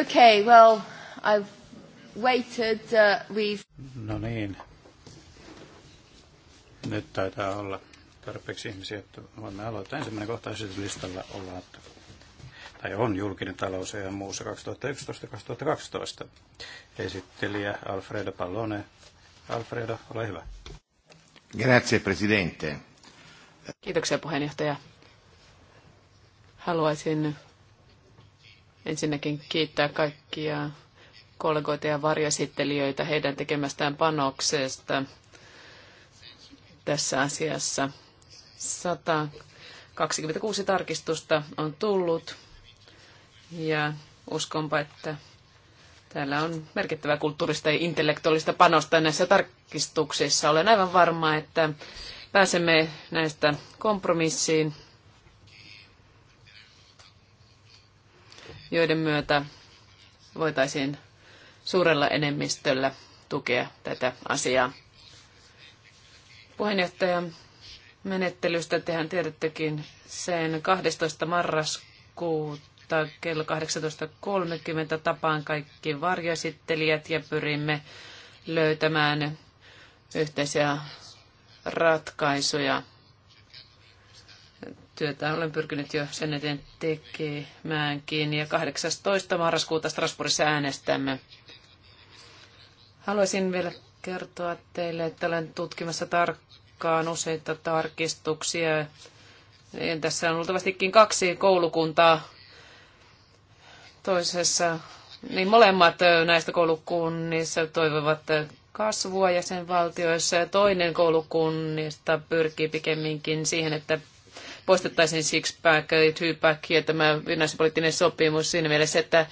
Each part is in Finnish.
Okay, well, I've waited, uh, we've... No niin. Nyt taitaa olla tarpeeksi ihmisiä, että voimme aloittaa. Ensimmäinen kohta esityslistalla ollaan, tai on julkinen talous ja muussa 2011-2012. Esittelijä Alfredo Pallone. Alfredo, ole hyvä. Grazie, Presidente. Kiitoksia puheenjohtaja. Haluaisin ensinnäkin kiittää kaikkia kollegoita ja varjasittelijöitä heidän tekemästään panoksesta tässä asiassa. 126 tarkistusta on tullut ja uskonpa, että täällä on merkittävää kulttuurista ja intellektuaalista panosta näissä tarkistuksissa. Olen aivan varma, että pääsemme näistä kompromissiin joiden myötä voitaisiin suurella enemmistöllä tukea tätä asiaa. Puheenjohtaja menettelystä tehän tiedättekin sen 12. marraskuuta kello 18.30 tapaan kaikki varjoesittelijät ja pyrimme löytämään yhteisiä ratkaisuja työtä olen pyrkinyt jo sen eteen tekemäänkin. Ja 18. marraskuuta Strasbourgissa äänestämme. Haluaisin vielä kertoa teille, että olen tutkimassa tarkkaan useita tarkistuksia. En tässä on luultavastikin kaksi koulukuntaa toisessa. Niin molemmat näistä koulukunnissa toivovat kasvua jäsenvaltioissa ja toinen koulukunnista pyrkii pikemminkin siihen, että poistettaisiin six-pack, two-pack ja tämä finanssipoliittinen sopimus siinä mielessä, että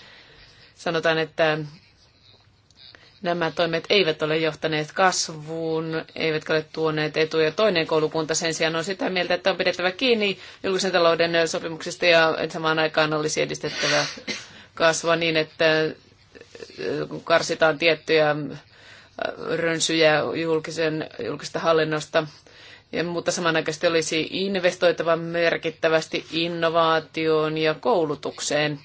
sanotaan, että nämä toimet eivät ole johtaneet kasvuun, eivätkä ole tuoneet etuja. Toinen koulukunta sen sijaan on sitä mieltä, että on pidettävä kiinni julkisen talouden sopimuksista ja samaan aikaan olisi edistettävä kasvua niin, että äh, karsitaan tiettyjä äh, rönsyjä julkisen, julkista hallinnosta ja, mutta samanaikaisesti olisi investoitava merkittävästi innovaatioon ja koulutukseen.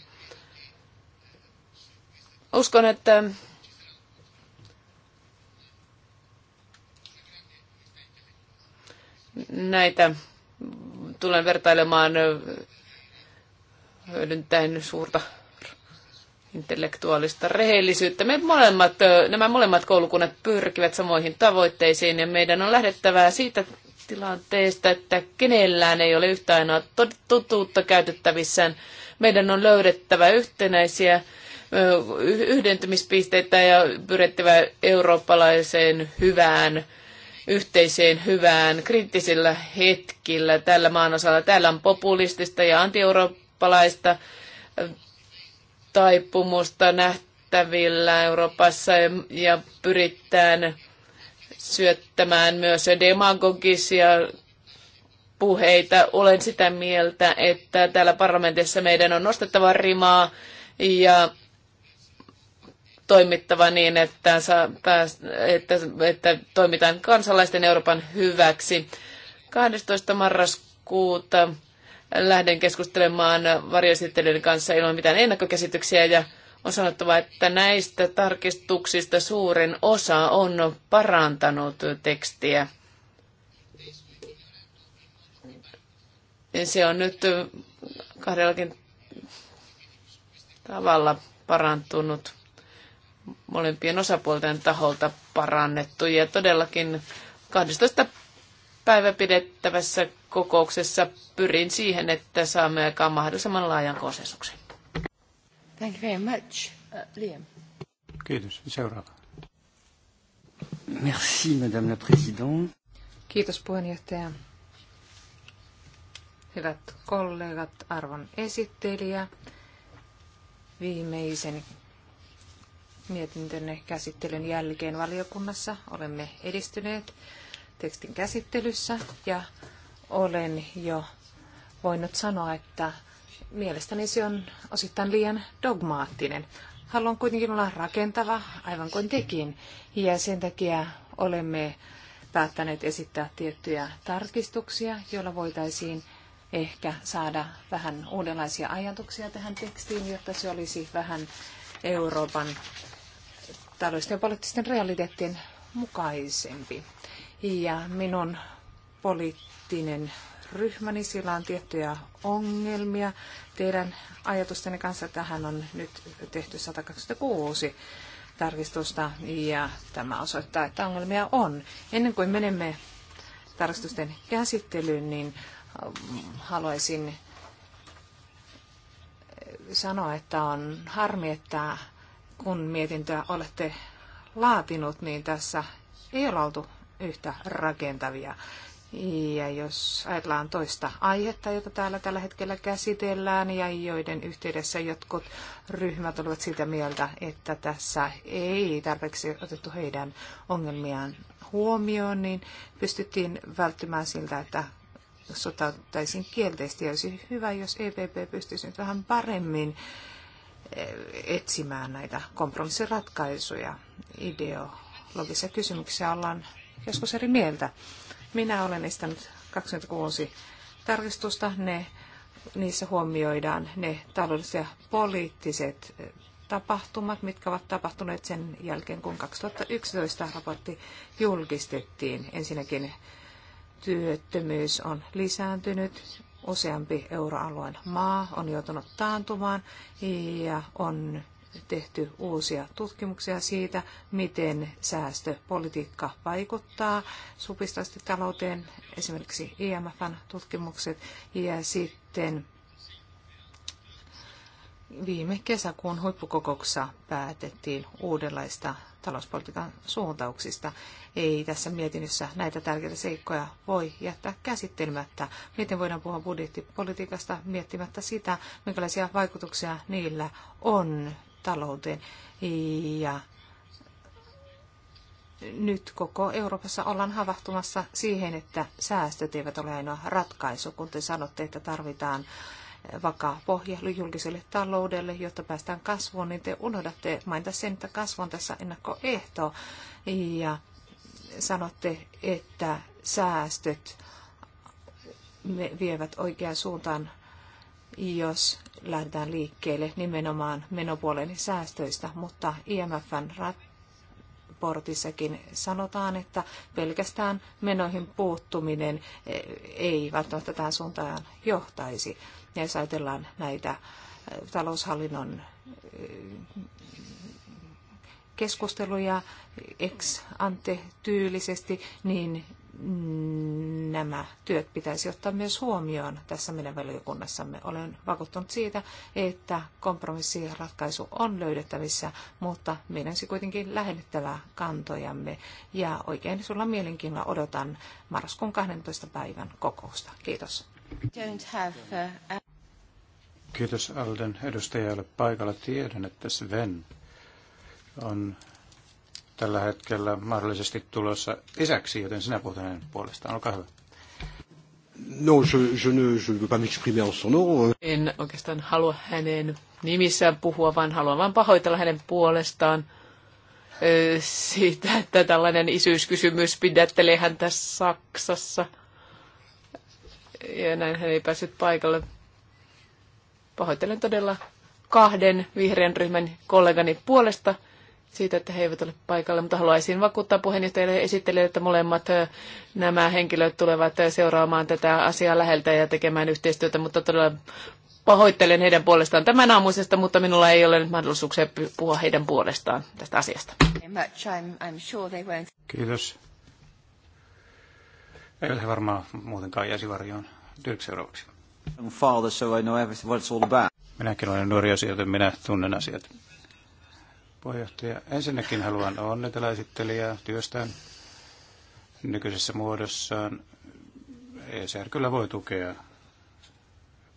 Uskon, että näitä tulen vertailemaan hyödyntäen suurta intellektuaalista rehellisyyttä. Me molemmat, nämä molemmat koulukunnat pyrkivät samoihin tavoitteisiin ja meidän on lähdettävää siitä tilanteesta, että kenellään ei ole yhtä ainoa totuutta käytettävissään. Meidän on löydettävä yhtenäisiä yhdentymispisteitä ja pyrittävä eurooppalaiseen hyvään, yhteiseen hyvään kriittisillä hetkillä tällä maanosalla. Täällä on populistista ja antieurooppalaista taipumusta nähtävillä Euroopassa ja pyritään syöttämään myös demagogisia puheita. Olen sitä mieltä, että täällä parlamentissa meidän on nostettava rimaa ja toimittava niin, että, saa pääs, että, että toimitaan kansalaisten Euroopan hyväksi. 12. marraskuuta lähden keskustelemaan varjoesittelyiden kanssa ilman mitään ennakkokäsityksiä ja on sanottava, että näistä tarkistuksista suurin osa on parantanut tekstiä. Se on nyt kahdellakin tavalla parantunut molempien osapuolten taholta parannettu. Ja todellakin 12 päivä pidettävässä kokouksessa pyrin siihen, että saamme aikaan mahdollisimman laajan konsensuksen. Thank you very much. Uh, Liam. Kiitos. Seuraava. Merci, Madame la Présidente. Kiitos puheenjohtaja. Hyvät kollegat, arvon esittelijä. Viimeisen mietintönne käsittelyn jälkeen valiokunnassa olemme edistyneet tekstin käsittelyssä ja olen jo voinut sanoa, että Mielestäni se on osittain liian dogmaattinen. Haluan kuitenkin olla rakentava, aivan kuin tekin, ja sen takia olemme päättäneet esittää tiettyjä tarkistuksia, joilla voitaisiin ehkä saada vähän uudenlaisia ajatuksia tähän tekstiin, jotta se olisi vähän Euroopan taloudellisten ja poliittisten realiteettien mukaisempi. Ja minun poliittinen ryhmäni, sillä on tiettyjä ongelmia teidän ajatustenne kanssa. Tähän on nyt tehty 126 tarkistusta ja tämä osoittaa, että ongelmia on. Ennen kuin menemme tarkistusten käsittelyyn, niin ähm, haluaisin äh, sanoa, että on harmi, että kun mietintöä olette laatinut, niin tässä ei ole oltu yhtä rakentavia. Ja jos ajatellaan toista aihetta, jota täällä tällä hetkellä käsitellään ja joiden yhteydessä jotkut ryhmät olivat sitä mieltä, että tässä ei tarpeeksi otettu heidän ongelmiaan huomioon, niin pystyttiin välttymään siltä, että sotauttaisiin kielteisesti. Ja olisi hyvä, jos EPP pystyisi nyt vähän paremmin eh, etsimään näitä kompromissiratkaisuja ideologisissa kysymyksiä ollaan joskus eri mieltä. Minä olen estänyt 26 tarkistusta. Ne, niissä huomioidaan ne taloudelliset ja poliittiset eh, tapahtumat, mitkä ovat tapahtuneet sen jälkeen, kun 2011 raportti julkistettiin. Ensinnäkin työttömyys on lisääntynyt, useampi euroalueen maa on joutunut taantumaan ja on tehty uusia tutkimuksia siitä, miten säästöpolitiikka vaikuttaa supistavasti talouteen, esimerkiksi IMFn tutkimukset ja sitten viime kesäkuun huippukokouksessa päätettiin uudenlaista talouspolitiikan suuntauksista. Ei tässä mietinnössä näitä tärkeitä seikkoja voi jättää käsittelemättä. Miten voidaan puhua budjettipolitiikasta miettimättä sitä, minkälaisia vaikutuksia niillä on talouteen. Ja nyt koko Euroopassa ollaan havahtumassa siihen, että säästöt eivät ole ainoa ratkaisu, kun te sanotte, että tarvitaan vakaa pohja julkiselle taloudelle, jotta päästään kasvuun, niin te unohdatte mainita sen, että kasvu on tässä ennakkoehto. Ja sanotte, että säästöt vievät oikeaan suuntaan jos lähdetään liikkeelle nimenomaan menopuolen säästöistä, mutta IMFn raportissakin sanotaan, että pelkästään menoihin puuttuminen eh, ei välttämättä tähän suuntaan johtaisi. Ja jos ajatellaan näitä eh, taloushallinnon eh, keskusteluja ex ante tyylisesti, niin nämä työt pitäisi ottaa myös huomioon tässä meidän valiokunnassamme. Olen vakuuttunut siitä, että kompromissiratkaisu on löydettävissä, mutta meidän se kuitenkin lähennettävä kantojamme. Ja oikein sulla mielenkiinnolla odotan marraskuun 12. päivän kokousta. Kiitos. Uh, Kiitos Alden edustajalle paikalla. Tiedän, että Sven on tällä hetkellä mahdollisesti tulossa isäksi, joten sinä puhut hänen puolestaan. Olkaa hyvä. Non, je, je ne je veux pas m'exprimer en son nom. Euh. En oikeastaan halua hänen nimissään puhua, vaan haluan vain pahoitella hänen puolestaan siitä, että tällainen isyyskysymys pidättelee häntä Saksassa. Ja näin hän ei päässyt paikalle. Pahoittelen todella kahden vihreän ryhmän kollegani puolesta – siitä, että he eivät ole paikalla, mutta haluaisin vakuuttaa puheenjohtajille ja esittelijöille, että molemmat nämä henkilöt tulevat seuraamaan tätä asiaa läheltä ja tekemään yhteistyötä, mutta todella pahoittelen heidän puolestaan tämän aamuisesta, mutta minulla ei ole nyt mahdollisuuksia puhua heidän puolestaan tästä asiasta. Kiitos. Eivät he varmaan muutenkaan jäisi varjoon. Dirk seuraavaksi. Minäkin olen nuori asia, joten minä tunnen asiat puheenjohtaja. Ensinnäkin haluan onnitella esittelijää työstään nykyisessä muodossaan. ECR kyllä voi tukea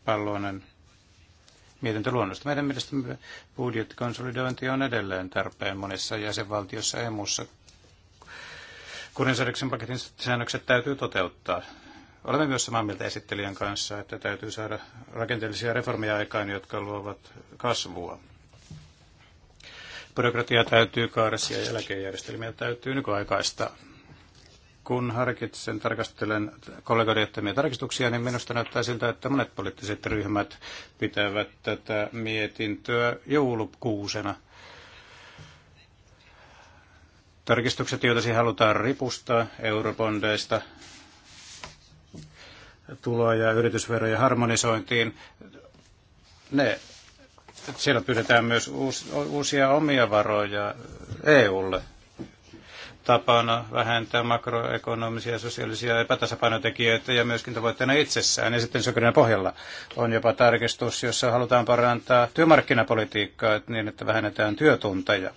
palloinen mietintöluonnosta. Meidän mielestämme budjettikonsolidointi on edelleen tarpeen monissa jäsenvaltiossa ja muussa. Kurinsäädöksen paketin säännökset täytyy toteuttaa. Olemme myös samaa mieltä esittelijän kanssa, että täytyy saada rakenteellisia reformia aikaan, jotka luovat kasvua. Byrokratiaa täytyy karsia ja eläkejärjestelmiä täytyy nykyaikaistaa. Kun harkitsen, tarkastelen kollegoiden jättämiä tarkistuksia, niin minusta näyttää siltä, että monet poliittiset ryhmät pitävät tätä mietintöä joulukuusena – tarkistukset, joita siihen halutaan ripustaa eurobondeista, tuloja ja yritysverojen harmonisointiin, ne siellä pyydetään myös uusia omia varoja EUlle tapana vähentää makroekonomisia ja sosiaalisia epätasapainotekijöitä ja myöskin tavoitteena itsessään. Ja sitten sokerina pohjalla on jopa tarkistus, jossa halutaan parantaa työmarkkinapolitiikkaa niin, että vähennetään työtunteja.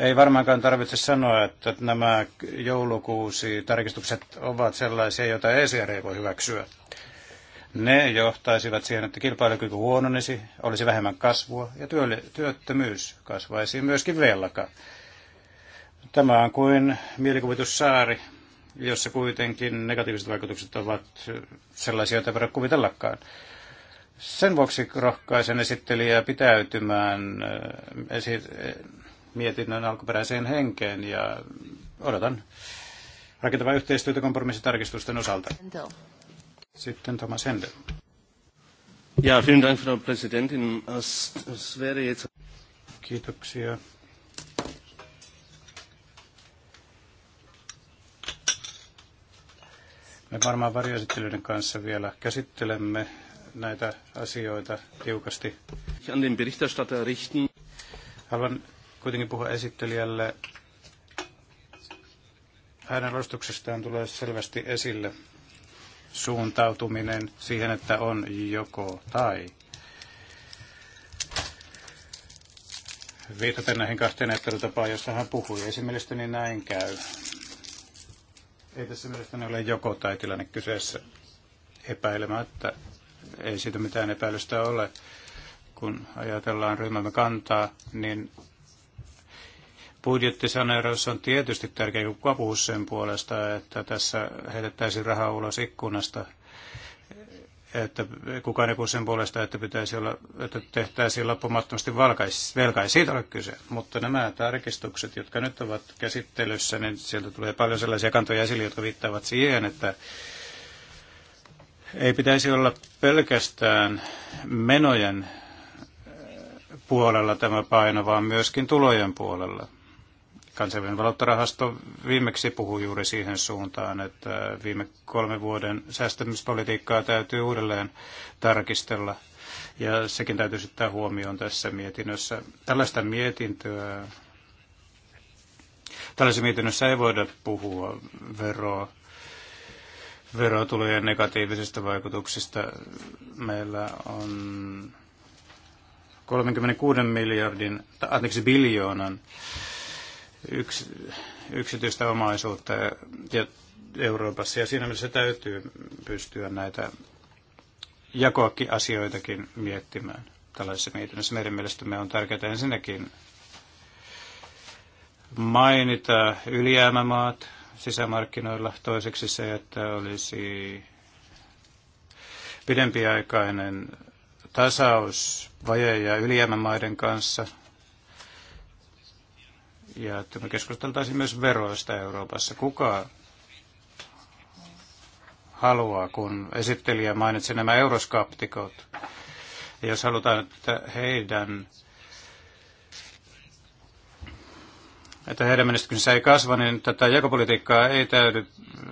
Ei varmaankaan tarvitse sanoa, että nämä joulukuusi tarkistukset ovat sellaisia, joita ECR ei voi hyväksyä. Ne johtaisivat siihen, että kilpailukyky huononisi, olisi vähemmän kasvua ja työttömyys kasvaisi myöskin velka. Tämä on kuin mielikuvitussaari, jossa kuitenkin negatiiviset vaikutukset ovat sellaisia, joita ei voida kuvitellakaan. Sen vuoksi rohkaisen esittelijää pitäytymään äh, esi- äh, mietinnön alkuperäiseen henkeen ja odotan rakentavaa yhteistyötä kompromissitarkistusten osalta. Sitten Thomas Händel. Ja, vielen Dank, Frau Präsidentin. Es wäre jetzt... Kiitoksia. Me varmaan varjoesittelyiden kanssa vielä käsittelemme näitä asioita tiukasti. An den Berichterstatter richten. Haluan kuitenkin puhua esittelijälle. Hänen alustuksestaan tulee selvästi esille, suuntautuminen siihen, että on joko tai. Viitaten näihin kahteen ajattelutapaan, jossa hän puhui. Ei se mielestäni näin käy. Ei tässä mielestäni ole joko tai tilanne kyseessä epäilemättä. Ei siitä mitään epäilystä ole. Kun ajatellaan ryhmämme kantaa, niin Budjettisaneeraus on tietysti tärkeä, kun puhuu sen puolesta, että tässä heitettäisiin rahaa ulos ikkunasta. Että kukaan ei puhu sen puolesta, että, pitäisi olla, että tehtäisiin loppumattomasti velkaa. Siitä ole kyse. Mutta nämä tarkistukset, jotka nyt ovat käsittelyssä, niin sieltä tulee paljon sellaisia kantoja esille, jotka viittaavat siihen, että ei pitäisi olla pelkästään menojen puolella tämä paino, vaan myöskin tulojen puolella. Kansainvälinen valuuttarahasto viimeksi puhui juuri siihen suuntaan, että viime kolmen vuoden säästämispolitiikkaa täytyy uudelleen tarkistella. Ja sekin täytyy sitten huomioon tässä mietinnössä. Tällaista mietintöä, tällaisessa mietinnössä ei voida puhua veroa verotulojen negatiivisista vaikutuksista. Meillä on 36 miljardin, anteeksi biljoonan yks, yksityistä omaisuutta Euroopassa. Ja siinä mielessä täytyy pystyä näitä jakoakin asioitakin miettimään tällaisessa mietinnössä. Meidän mielestämme on tärkeää ensinnäkin mainita ylijäämämaat sisämarkkinoilla. Toiseksi se, että olisi pidempiaikainen tasaus vajeja ylijäämämaiden kanssa – ja että me keskusteltaisiin myös veroista Euroopassa. Kuka haluaa, kun esittelijä mainitsi nämä euroskaptikot? Ja jos halutaan, että heidän että heidän menestyksensä ei kasva, niin tätä jakopolitiikkaa ei täydy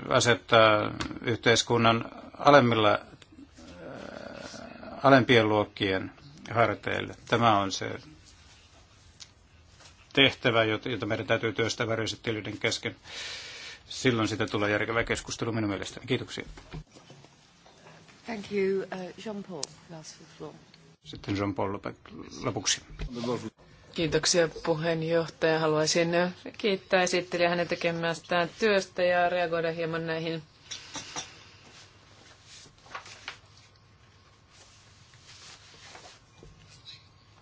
asettaa yhteiskunnan alemmilla, äh, alempien luokkien harteille. Tämä on se tehtävä, jota meidän täytyy työstää väriesittelyiden kesken. Silloin sitä tulee järkevä keskustelu minun mielestäni. Kiitoksia. Thank you, uh, Jean-Paul. Sitten Jean-Paul lopuksi. Kiitoksia puheenjohtaja. Haluaisin uh, kiittää esittelijä hänen tekemästään työstä ja reagoida hieman näihin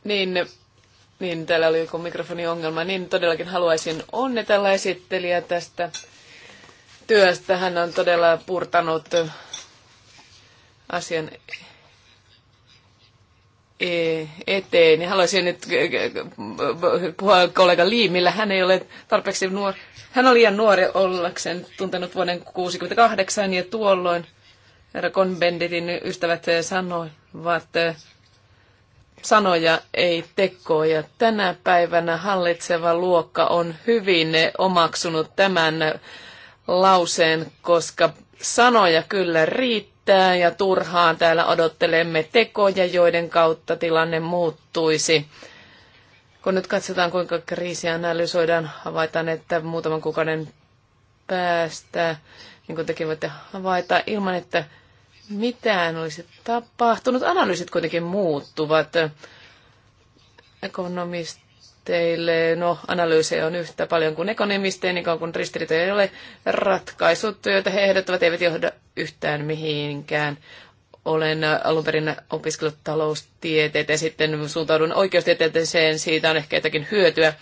niin niin, täällä oli joku mikrofoniongelma. Niin, todellakin haluaisin onnitella esittelijä tästä työstä. Hän on todella purtanut asian e- eteen. Niin haluaisin nyt puhua kollega Liimillä. Hän ei ole tarpeeksi nuori. Hän oli liian nuori ollakseen tuntenut vuoden 1968 ja tuolloin herra Konbenditin ystävät sanoivat sanoja, ei tekoja. Tänä päivänä hallitseva luokka on hyvin omaksunut tämän lauseen, koska sanoja kyllä riittää ja turhaan täällä odottelemme tekoja, joiden kautta tilanne muuttuisi. Kun nyt katsotaan, kuinka kriisiä analysoidaan, havaitaan, että muutaman kuukauden päästä, niin kuin tekin voitte havaita, ilman että mitään olisi tapahtunut. Analyysit kuitenkin muuttuvat ekonomisteille. No, analyysejä on yhtä paljon kuin ekonomisteja, niin kauan kuin ristiriitoja ei ole. Ratkaisut, joita he ehdottavat, eivät johda yhtään mihinkään. Olen alun perin opiskellut taloustieteitä ja sitten suuntaudun oikeustieteeseen. Siitä on ehkä jotakin hyötyä.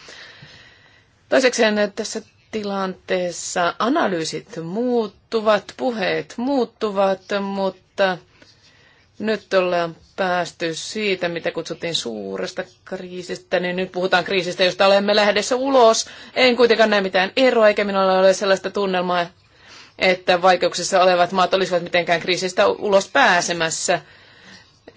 Toisekseen tässä tilanteessa analyysit muuttuvat, puheet muuttuvat, mutta nyt ollaan päästy siitä, mitä kutsuttiin suuresta kriisistä, niin nyt puhutaan kriisistä, josta olemme lähdessä ulos. En kuitenkaan näe mitään eroa, eikä minulla ole sellaista tunnelmaa, että vaikeuksissa olevat maat olisivat mitenkään kriisistä ulos pääsemässä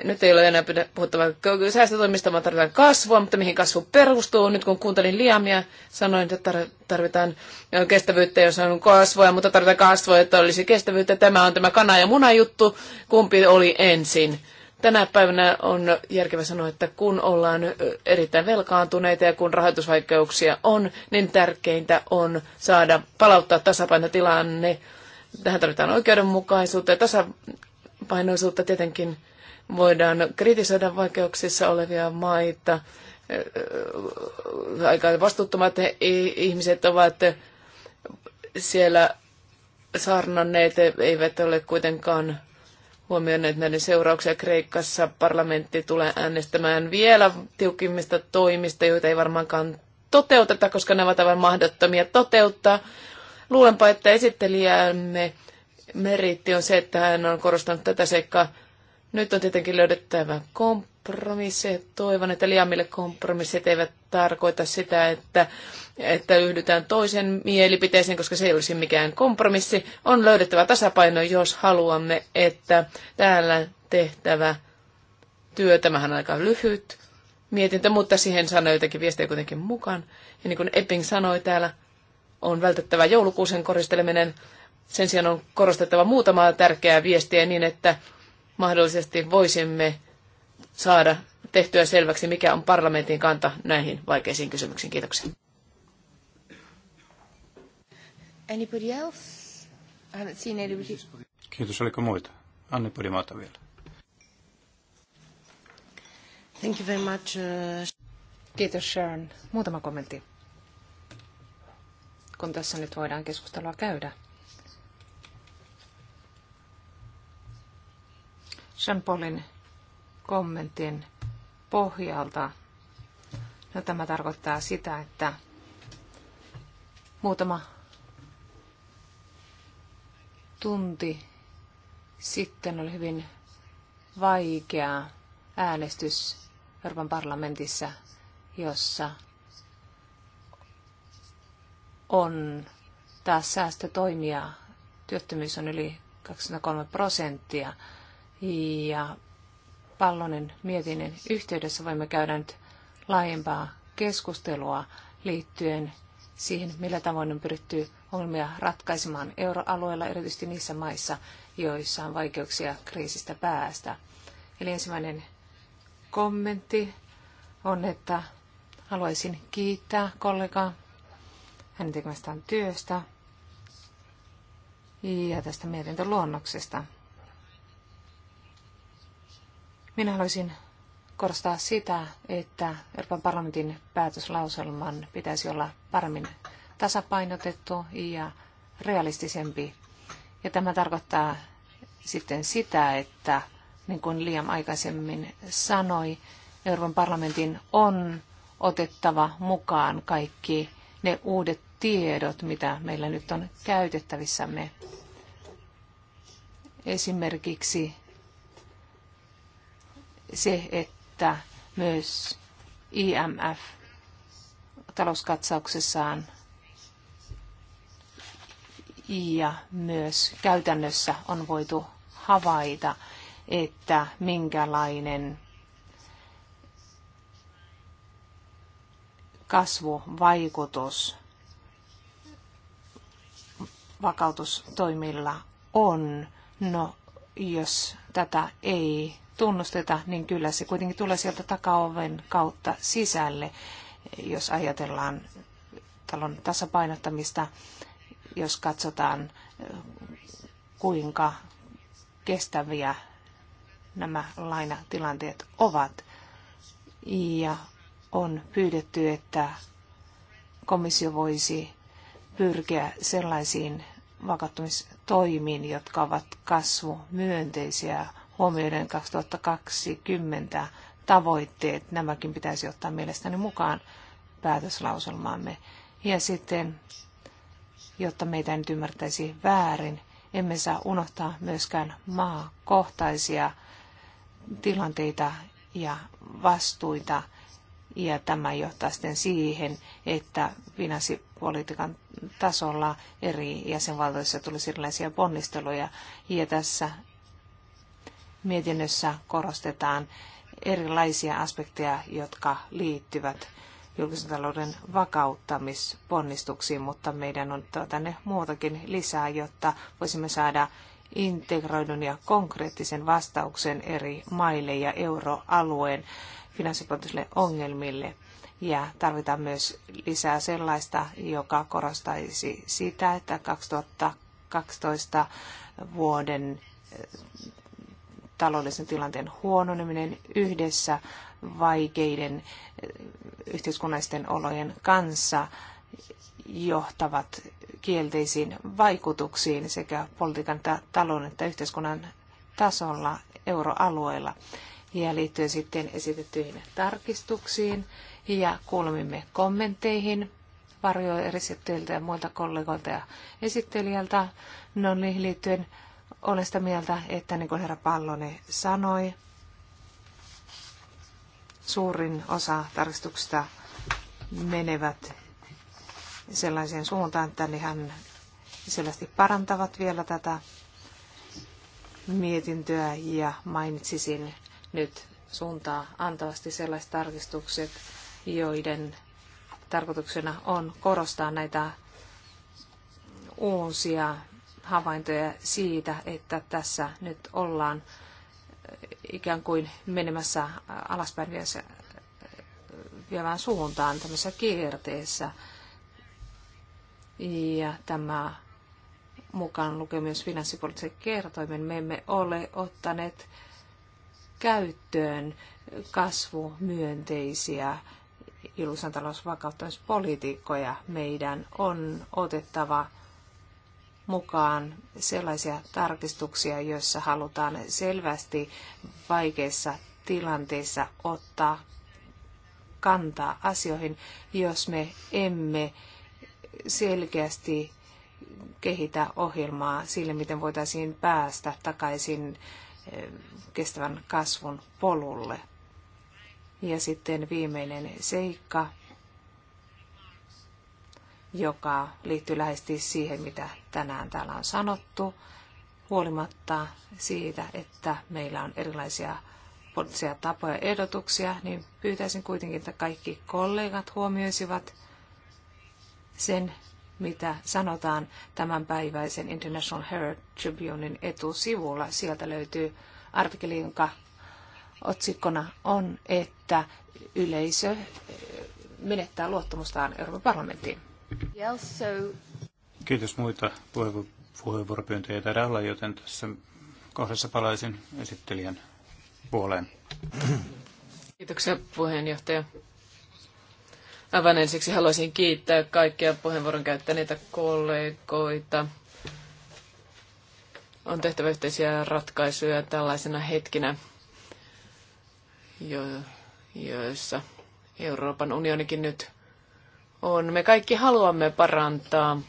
nyt ei ole enää puhuttava säästötoimista, vaan tarvitaan kasvua, mutta mihin kasvu perustuu? Nyt kun kuuntelin Liamia, sanoin, että tarvitaan kestävyyttä, jos on kasvua, mutta tarvitaan kasvua, että olisi kestävyyttä. Tämä on tämä kana- ja munajuttu, kumpi oli ensin. Tänä päivänä on järkevä sanoa, että kun ollaan erittäin velkaantuneita ja kun rahoitusvaikeuksia on, niin tärkeintä on saada palauttaa tasapainotilanne. Tähän tarvitaan oikeudenmukaisuutta ja tasapainoisuutta tietenkin voidaan kritisoida vaikeuksissa olevia maita. Äh, äh, aika vastuuttomat ihmiset ovat siellä saarnanneet, eivät ole kuitenkaan huomioineet näiden seurauksia. Kreikassa parlamentti tulee äänestämään vielä tiukimmista toimista, joita ei varmaankaan toteuteta, koska ne ovat aivan mahdottomia toteuttaa. Luulenpa, että esittelijämme meritti on se, että hän on korostanut tätä seikkaa nyt on tietenkin löydettävä kompromissi. Toivon, että liamille kompromissit eivät tarkoita sitä, että, että yhdytään toisen mielipiteeseen, koska se ei olisi mikään kompromissi. On löydettävä tasapaino, jos haluamme, että täällä tehtävä työ, tämähän on aika lyhyt mietintö, mutta siihen sanoi jotenkin viestejä kuitenkin mukaan. Ja niin kuin Epping sanoi täällä, on vältettävä joulukuusen koristeleminen. Sen sijaan on korostettava muutamaa tärkeää viestiä niin, että mahdollisesti voisimme saada tehtyä selväksi, mikä on parlamentin kanta näihin vaikeisiin kysymyksiin. Kiitoksia. Anybody else? I haven't seen anybody. Kiitos. Oliko muita? Anne Podimata vielä. Thank you very much. Uh, Kiitos Sharon. Muutama kommentti, kun tässä nyt voidaan keskustelua käydä. Jean Paulin kommentin pohjalta. No, tämä tarkoittaa sitä, että muutama tunti sitten oli hyvin vaikea äänestys Euroopan parlamentissa, jossa on taas säästötoimia. Työttömyys on yli 23 prosenttia ja Pallonen mietinnön yhteydessä voimme käydä nyt laajempaa keskustelua liittyen siihen, millä tavoin on pyritty ongelmia ratkaisemaan euroalueella, erityisesti niissä maissa, joissa on vaikeuksia kriisistä päästä. Eli ensimmäinen kommentti on, että haluaisin kiittää kollegaa hänen tekemästään työstä ja tästä mietintöluonnoksesta. luonnoksesta. Minä haluaisin korostaa sitä, että Euroopan parlamentin päätöslauselman pitäisi olla paremmin tasapainotettu ja realistisempi. Ja tämä tarkoittaa sitten sitä, että niin kuin Liam aikaisemmin sanoi, Euroopan parlamentin on otettava mukaan kaikki ne uudet tiedot, mitä meillä nyt on käytettävissämme. Esimerkiksi se, että myös IMF talouskatsauksessaan ja myös käytännössä on voitu havaita, että minkälainen kasvuvaikutus vakautustoimilla on. No, jos tätä ei tunnusteta, niin kyllä se kuitenkin tulee sieltä takaoven kautta sisälle, jos ajatellaan talon tasapainottamista, jos katsotaan kuinka kestäviä nämä lainatilanteet ovat. Ja on pyydetty, että komissio voisi pyrkiä sellaisiin vakauttamistoimiin, jotka ovat kasvumyönteisiä huomioiden 2020 tavoitteet. Nämäkin pitäisi ottaa mielestäni mukaan päätöslauselmaamme. Ja sitten, jotta meitä nyt ymmärtäisi väärin, emme saa unohtaa myöskään maakohtaisia tilanteita ja vastuita. Ja tämä johtaa sitten siihen, että finanssipolitiikan tasolla eri jäsenvaltioissa tulisi erilaisia ponnisteluja. Ja tässä Mietinnössä korostetaan erilaisia aspekteja, jotka liittyvät julkisen talouden vakauttamisponnistuksiin, mutta meidän on tänne muutakin lisää, jotta voisimme saada integroidun ja konkreettisen vastauksen eri maille ja euroalueen finanssipoliittisille ongelmille. Ja tarvitaan myös lisää sellaista, joka korostaisi sitä, että 2012 vuoden taloudellisen tilanteen huononeminen yhdessä vaikeiden eh, yhteiskunnallisten olojen kanssa johtavat kielteisiin vaikutuksiin sekä politiikan, talouden että yhteiskunnan tasolla euroalueella. Ja liittyen sitten esitettyihin tarkistuksiin ja kuulemimme kommentteihin varjoesittäjiltä ja muilta kollegoilta ja esittelijältä. No niin, liittyen olen sitä mieltä, että niin kuin herra Pallone sanoi, suurin osa tarkistuksista menevät sellaiseen suuntaan, että hän selvästi parantavat vielä tätä mietintöä ja mainitsisin nyt suuntaa antavasti sellaiset tarkistukset, joiden tarkoituksena on korostaa näitä uusia havaintoja siitä, että tässä nyt ollaan eh, ikään kuin menemässä alaspäin vievään eh, suuntaan tämmöisessä kierteessä. Ja tämä mukaan lukee myös finanssipoliittisen kertoimen. Me emme ole ottaneet käyttöön kasvumyönteisiä ilusan talousvakauttamispolitiikkoja. Meidän on otettava mukaan sellaisia tarkistuksia, joissa halutaan selvästi vaikeissa tilanteissa ottaa kantaa asioihin, jos me emme selkeästi kehitä ohjelmaa sille, miten voitaisiin päästä takaisin eh, kestävän kasvun polulle. Ja sitten viimeinen seikka, joka liittyy läheisesti siihen, mitä tänään täällä on sanottu, huolimatta siitä, että meillä on erilaisia poliittisia tapoja ja ehdotuksia, niin pyytäisin kuitenkin, että kaikki kollegat huomioisivat sen, mitä sanotaan tämänpäiväisen International Herald Tribunein etusivulla. Sieltä löytyy artikkeli, jonka otsikkona on, että yleisö menettää luottamustaan Euroopan parlamenttiin. Kiitos muita puheenvuoropyyntöjä ei taida olla, joten tässä kohdassa palaisin esittelijän puoleen. Kiitoksia puheenjohtaja. Aivan ensiksi haluaisin kiittää kaikkia puheenvuoron käyttäneitä kollegoita. On tehtävä yhteisiä ratkaisuja tällaisena hetkinä, jo, joissa Euroopan unionikin nyt on. Me kaikki haluamme parantaa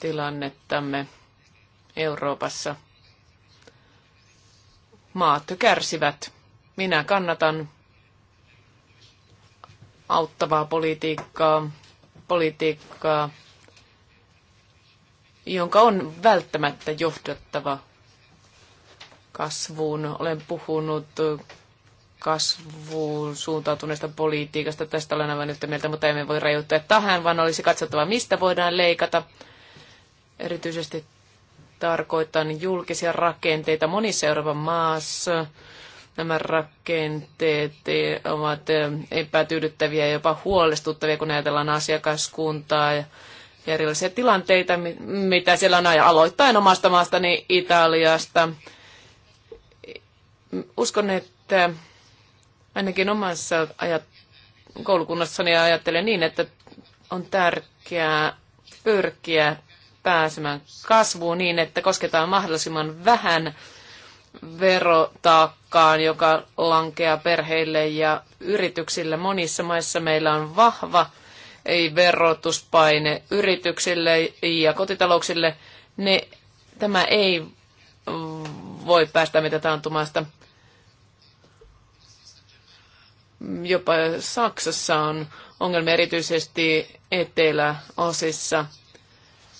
tilannettamme Euroopassa. Maat kärsivät. Minä kannatan auttavaa politiikkaa, politiikkaa, jonka on välttämättä johdattava kasvuun. Olen puhunut kasvuun suuntautuneesta politiikasta. Tästä olen aivan yhtä mieltä, mutta emme voi rajoittaa tähän, vaan olisi katsottava, mistä voidaan leikata. Erityisesti tarkoitan julkisia rakenteita monissa Euroopan maassa. Nämä rakenteet ovat epätyydyttäviä ja jopa huolestuttavia, kun ajatellaan asiakaskuntaa ja erilaisia tilanteita, mitä siellä on aloittain omasta maastani Italiasta. Uskon, että Ainakin omassa ajat, koulukunnassani ajattelen niin, että on tärkeää pyrkiä pääsemään kasvuun niin, että kosketaan mahdollisimman vähän verotaakkaan, joka lankeaa perheille ja yrityksille. Monissa maissa meillä on vahva ei verotuspaine yrityksille ja kotitalouksille. Ne, tämä ei voi päästä mitä taantumasta. Jopa Saksassa on ongelmia erityisesti eteläosissa.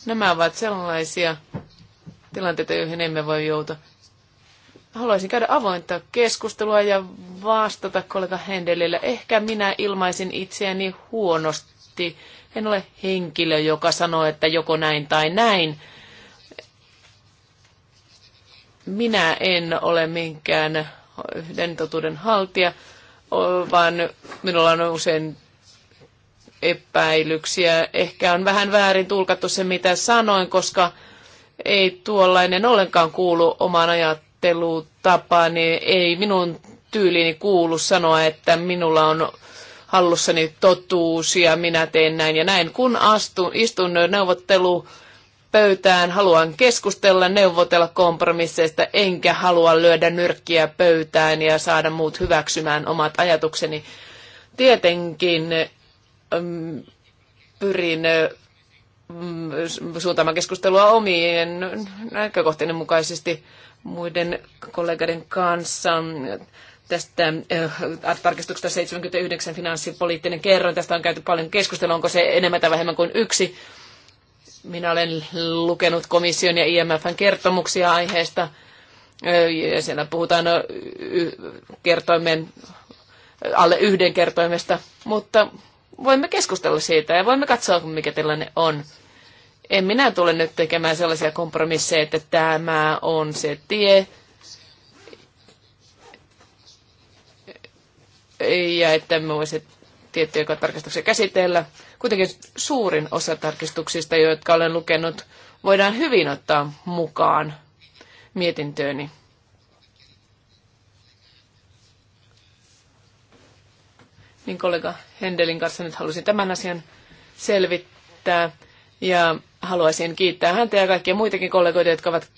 Nämä ovat sellaisia tilanteita, joihin emme voi joutua. Haluaisin käydä avointa keskustelua ja vastata kollega Hendelillä. Ehkä minä ilmaisin itseäni huonosti. En ole henkilö, joka sanoo, että joko näin tai näin. Minä en ole minkään yhden totuuden haltija vaan minulla on usein epäilyksiä. Ehkä on vähän väärin tulkattu se, mitä sanoin, koska ei tuollainen ollenkaan kuulu omaan ajattelutapaan. Ei minun tyyliini kuulu sanoa, että minulla on hallussani totuus ja minä teen näin ja näin. Kun astun, istun neuvottelu pöytään, haluan keskustella, neuvotella kompromisseista, enkä halua lyödä nyrkkiä pöytään ja saada muut hyväksymään omat ajatukseni. Tietenkin mm, pyrin mm, suuntaamaan keskustelua omien näkökohtien mukaisesti muiden kollegoiden kanssa tästä äh, tarkistuksesta 79 finanssipoliittinen kerroin. Tästä on käyty paljon keskustelua, onko se enemmän tai vähemmän kuin yksi minä olen lukenut komission ja IMFn kertomuksia aiheesta. Ja siellä puhutaan kertoimen, alle yhden kertoimesta, mutta voimme keskustella siitä ja voimme katsoa, mikä tilanne on. En minä tule nyt tekemään sellaisia kompromisseja, että tämä on se tie, ja että me voisi tiettyjä tarkastuksia käsitellä. Kuitenkin suurin osa tarkistuksista, jotka olen lukenut, voidaan hyvin ottaa mukaan mietintööni. Niin kollega Hendelin kanssa nyt halusin tämän asian selvittää ja haluaisin kiittää häntä ja kaikkia muitakin kollegoita, jotka ovat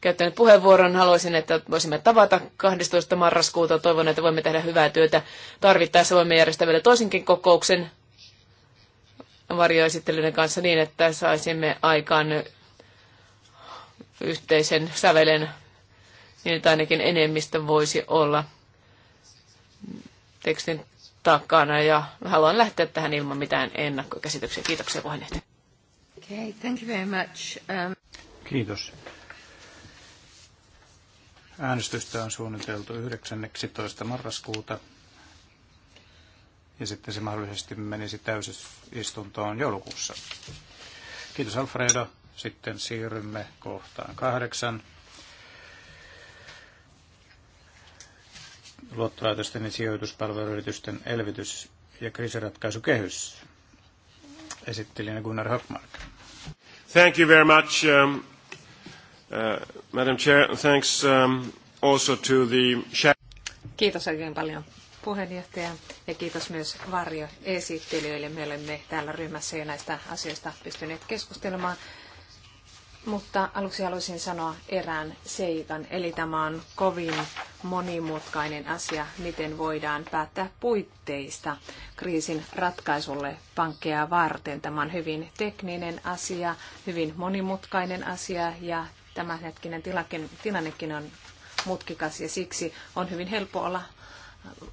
käyttäneet puheenvuoron. Haluaisin, että voisimme tavata 12. marraskuuta. Toivon, että voimme tehdä hyvää työtä. Tarvittaessa voimme järjestää vielä toisinkin kokouksen varjoesittelyiden kanssa niin, että saisimme aikaan yhteisen sävelen, niin että ainakin enemmistö voisi olla tekstin takana ja haluan lähteä tähän ilman mitään ennakkokäsityksiä. Kiitoksia puheenjohtaja. Okay, thank you very much. Um... Kiitos. Äänestystä on suunniteltu 19. marraskuuta ja sitten se mahdollisesti menisi täysistuntoon joulukuussa. Kiitos Alfredo. Sitten siirrymme kohtaan kahdeksan. Luottolaitosten ja sijoituspalveluyritysten elvytys- ja kriisiratkaisukehys. Esittelijänä Gunnar Hockmark. Thank you very much, um, uh, Madam Chair. Thanks um, also to the... Kiitos oikein paljon puheenjohtaja ja kiitos myös varjoesittelijöille. Me olemme täällä ryhmässä jo näistä asioista pystyneet keskustelemaan. Mutta aluksi haluaisin sanoa erään seikan, eli tämä on kovin monimutkainen asia, miten voidaan päättää puitteista kriisin ratkaisulle pankkeja varten. Tämä on hyvin tekninen asia, hyvin monimutkainen asia ja tämänhetkinen tilannekin on mutkikas ja siksi on hyvin helppo olla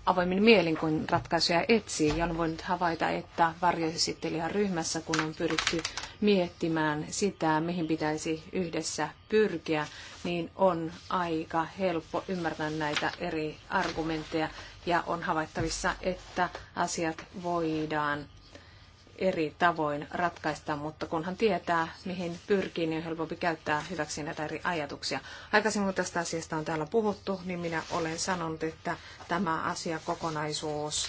avoimin mielin, kun ratkaisuja etsii. Ja on voinut havaita, että varjoesittelijän ryhmässä, kun on pyritty miettimään sitä, mihin pitäisi yhdessä pyrkiä, niin on aika helppo ymmärtää näitä eri argumentteja ja on havaittavissa, että asiat voidaan eri tavoin ratkaista, mutta kunhan tietää, mihin pyrkii, niin on helpompi käyttää hyväksi näitä eri ajatuksia. Aikaisemmin kun tästä asiasta on täällä puhuttu, niin minä olen sanonut, että tämä asia kokonaisuus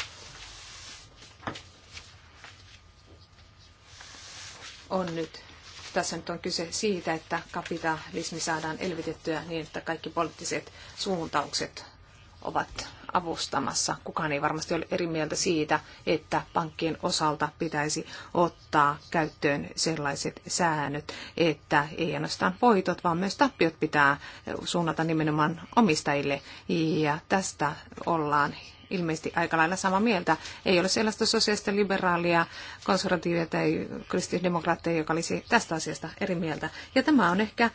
on nyt tässä nyt on kyse siitä, että kapitalismi saadaan elvytettyä niin, että kaikki poliittiset suuntaukset ovat avustamassa. Kukaan ei varmasti ole eri mieltä siitä, että pankkien osalta pitäisi ottaa käyttöön sellaiset säännöt, että ei ainoastaan voitot, vaan myös tappiot pitää suunnata nimenomaan omistajille. Ja tästä ollaan ilmeisesti aika lailla samaa mieltä. Ei ole sellaista sosiaalista liberaalia, konservatiivia tai kristillisdemokraatteja, joka olisi tästä asiasta eri mieltä. Ja tämä on ehkä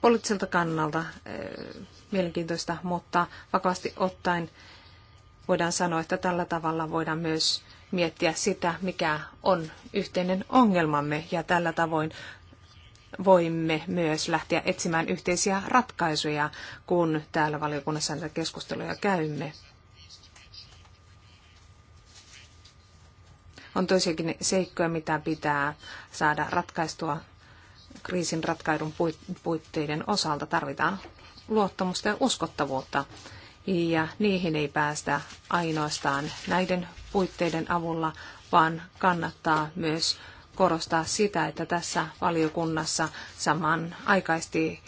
poliittiselta kannalta eh, mielenkiintoista, mutta vakavasti ottaen voidaan sanoa, että tällä tavalla voidaan myös miettiä sitä, mikä on yhteinen ongelmamme ja tällä tavoin voimme myös lähteä etsimään yhteisiä ratkaisuja, kun täällä valiokunnassa näitä keskusteluja käymme. On toisiakin seikkoja, mitä pitää saada ratkaistua kriisin ratkaidun puitteiden osalta. Tarvitaan luottamusta ja uskottavuutta. Ja niihin ei päästä ainoastaan näiden puitteiden avulla, vaan kannattaa myös korostaa sitä, että tässä valiokunnassa samanaikaisesti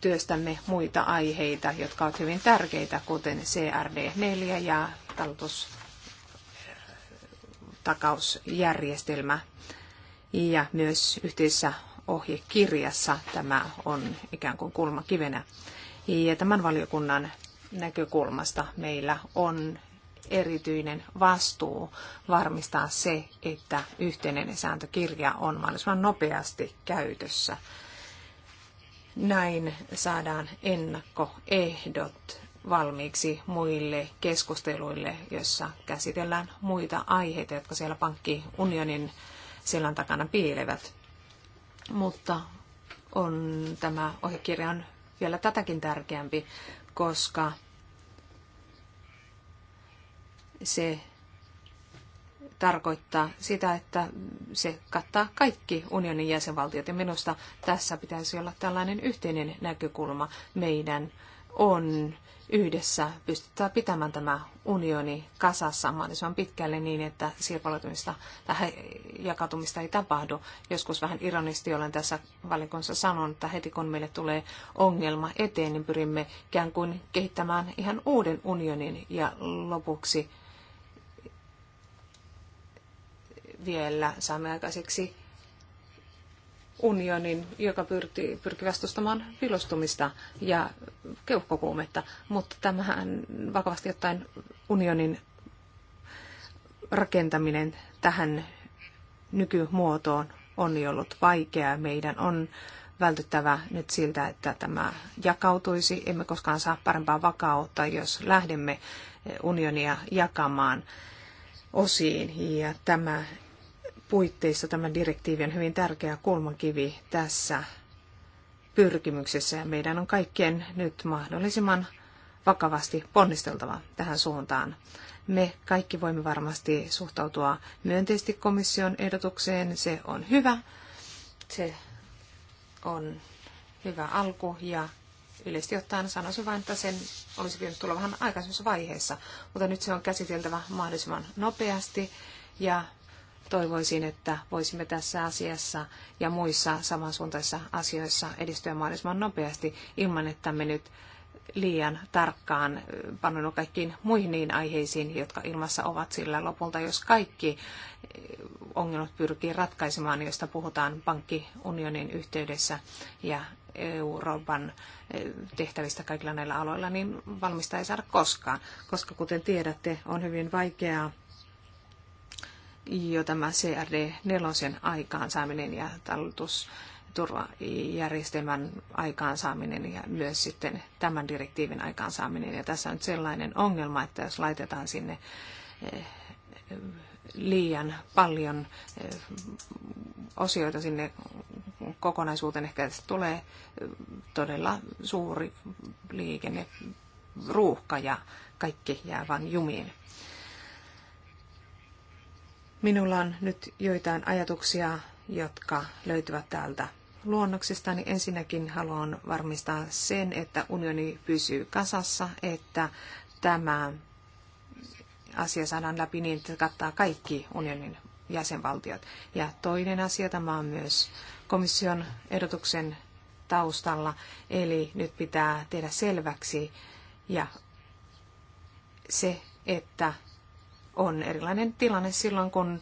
työstämme muita aiheita, jotka ovat hyvin tärkeitä, kuten CRD4 ja talutustakausjärjestelmä ja myös yhteisessä ohjekirjassa tämä on ikään kuin kulmakivenä. Ja tämän valiokunnan näkökulmasta meillä on erityinen vastuu varmistaa se, että yhteinen sääntökirja on mahdollisimman nopeasti käytössä. Näin saadaan ennakkoehdot valmiiksi muille keskusteluille, joissa käsitellään muita aiheita, jotka siellä pankkiunionin sillan takana piilevät mutta on, tämä ohjekirja on vielä tätäkin tärkeämpi, koska se tarkoittaa sitä, että se kattaa kaikki unionin jäsenvaltiot. Ja minusta tässä pitäisi olla tällainen yhteinen näkökulma meidän on yhdessä pystytään pitämään tämä unioni kasassa mahdollisimman pitkälle niin, että sirpaloitumista tai jakautumista ei tapahdu. Joskus vähän ironisti olen tässä valikunnassa sanonut, että heti kun meille tulee ongelma eteen, niin pyrimme ikään kuin kehittämään ihan uuden unionin ja lopuksi vielä saamme aikaiseksi unionin, joka pyrki, pyrki vastustamaan vilostumista ja keuhkokuumetta, mutta tämähän vakavasti ottaen unionin rakentaminen tähän nykymuotoon on ollut vaikeaa. Meidän on vältyttävä nyt siltä, että tämä jakautuisi. Emme koskaan saa parempaa vakautta, jos lähdemme unionia jakamaan osiin. Ja tämä puitteissa tämä direktiivi on hyvin tärkeä kulmakivi tässä pyrkimyksessä ja meidän on kaikkien nyt mahdollisimman vakavasti ponnisteltava tähän suuntaan. Me kaikki voimme varmasti suhtautua myönteisesti komission ehdotukseen. Se on hyvä. Se on hyvä alku ja yleisesti ottaen sanoisin vain, että sen olisi pitänyt tulla vähän aikaisemmassa vaiheessa, mutta nyt se on käsiteltävä mahdollisimman nopeasti ja toivoisin, että voisimme tässä asiassa ja muissa samansuuntaisissa asioissa edistyä mahdollisimman nopeasti ilman, että me nyt liian tarkkaan panonut kaikkiin muihin niin aiheisiin, jotka ilmassa ovat, sillä lopulta jos kaikki ongelmat pyrkii ratkaisemaan, joista puhutaan pankkiunionin yhteydessä ja Euroopan tehtävistä kaikilla näillä aloilla, niin valmista ei saada koskaan, koska kuten tiedätte, on hyvin vaikeaa jo tämä CRD4 aikaansaaminen ja talletusturvajärjestelmän aikaansaaminen ja myös sitten tämän direktiivin aikaansaaminen. Ja tässä on nyt sellainen ongelma, että jos laitetaan sinne eh, liian paljon eh, osioita sinne kokonaisuuteen. Ehkä tästä tulee eh, todella suuri liikenneruuhka ja kaikki jää vain jumiin. Minulla on nyt joitain ajatuksia, jotka löytyvät täältä luonnoksesta, niin ensinnäkin haluan varmistaa sen, että unioni pysyy kasassa, että tämä asia saadaan läpi niin, että kattaa kaikki unionin jäsenvaltiot. Ja toinen asia, tämä on myös komission ehdotuksen taustalla, eli nyt pitää tehdä selväksi ja se, että on erilainen tilanne silloin, kun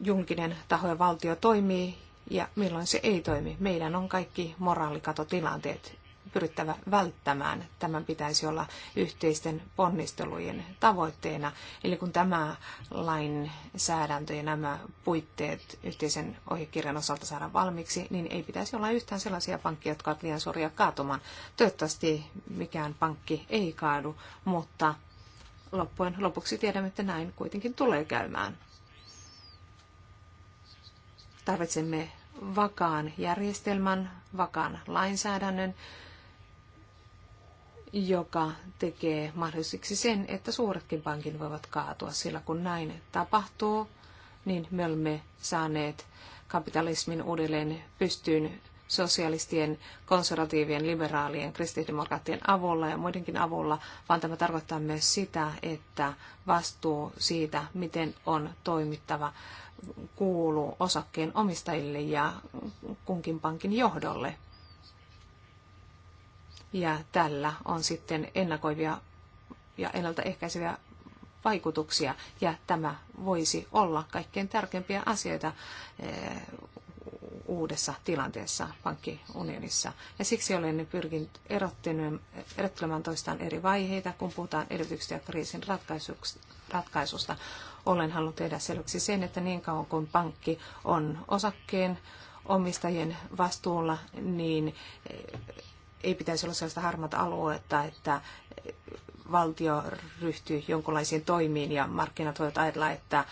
julkinen taho ja valtio toimii ja milloin se ei toimi. Meidän on kaikki moraalikatotilanteet pyrittävä välttämään. Tämän pitäisi olla yhteisten ponnistelujen tavoitteena. Eli kun tämä lainsäädäntö ja nämä puitteet yhteisen ohjekirjan osalta saadaan valmiiksi, niin ei pitäisi olla yhtään sellaisia pankkeja, jotka ovat liian suuria kaatumaan. Toivottavasti mikään pankki ei kaadu, mutta loppujen lopuksi tiedämme, että näin kuitenkin tulee käymään. Tarvitsemme vakaan järjestelmän, vakaan lainsäädännön, joka tekee mahdolliseksi sen, että suuretkin pankin voivat kaatua, sillä kun näin tapahtuu, niin me olemme saaneet kapitalismin uudelleen pystyyn sosialistien, konservatiivien, liberaalien, kristillisdemokraattien avulla ja muidenkin avulla, vaan tämä tarkoittaa myös sitä, että vastuu siitä, miten on toimittava, kuuluu osakkeen omistajille ja kunkin pankin johdolle. Ja tällä on sitten ennakoivia ja ennaltaehkäiseviä vaikutuksia, ja tämä voisi olla kaikkein tärkeimpiä asioita eh, uudessa tilanteessa pankkiunionissa. Ja siksi olen pyrkinyt erottelemaan toistaan eri vaiheita, kun puhutaan elvytyksestä ja kriisin ratkaisusta. Olen halunnut tehdä selväksi sen, että niin kauan kuin pankki on osakkeen omistajien vastuulla, niin ei pitäisi olla sellaista harmaata aluetta, että valtio ryhtyy jonkinlaisiin toimiin ja markkinat voivat ajatella, että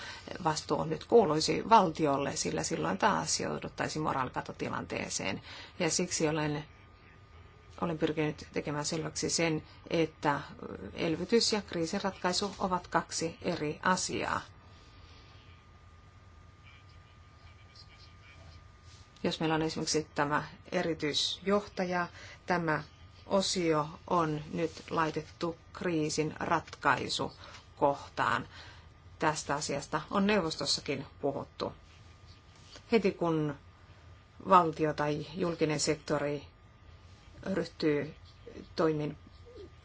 vastuu on nyt kuuluisi valtiolle, sillä silloin taas jouduttaisiin moraalikatotilanteeseen. Ja siksi olen, olen pyrkinyt tekemään selväksi sen, että elvytys ja kriisinratkaisu ovat kaksi eri asiaa. Jos meillä on esimerkiksi tämä erityisjohtaja, tämä osio on nyt laitettu kriisin ratkaisu kohtaan. Tästä asiasta on neuvostossakin puhuttu. Heti kun valtio tai julkinen sektori ryhtyy toimin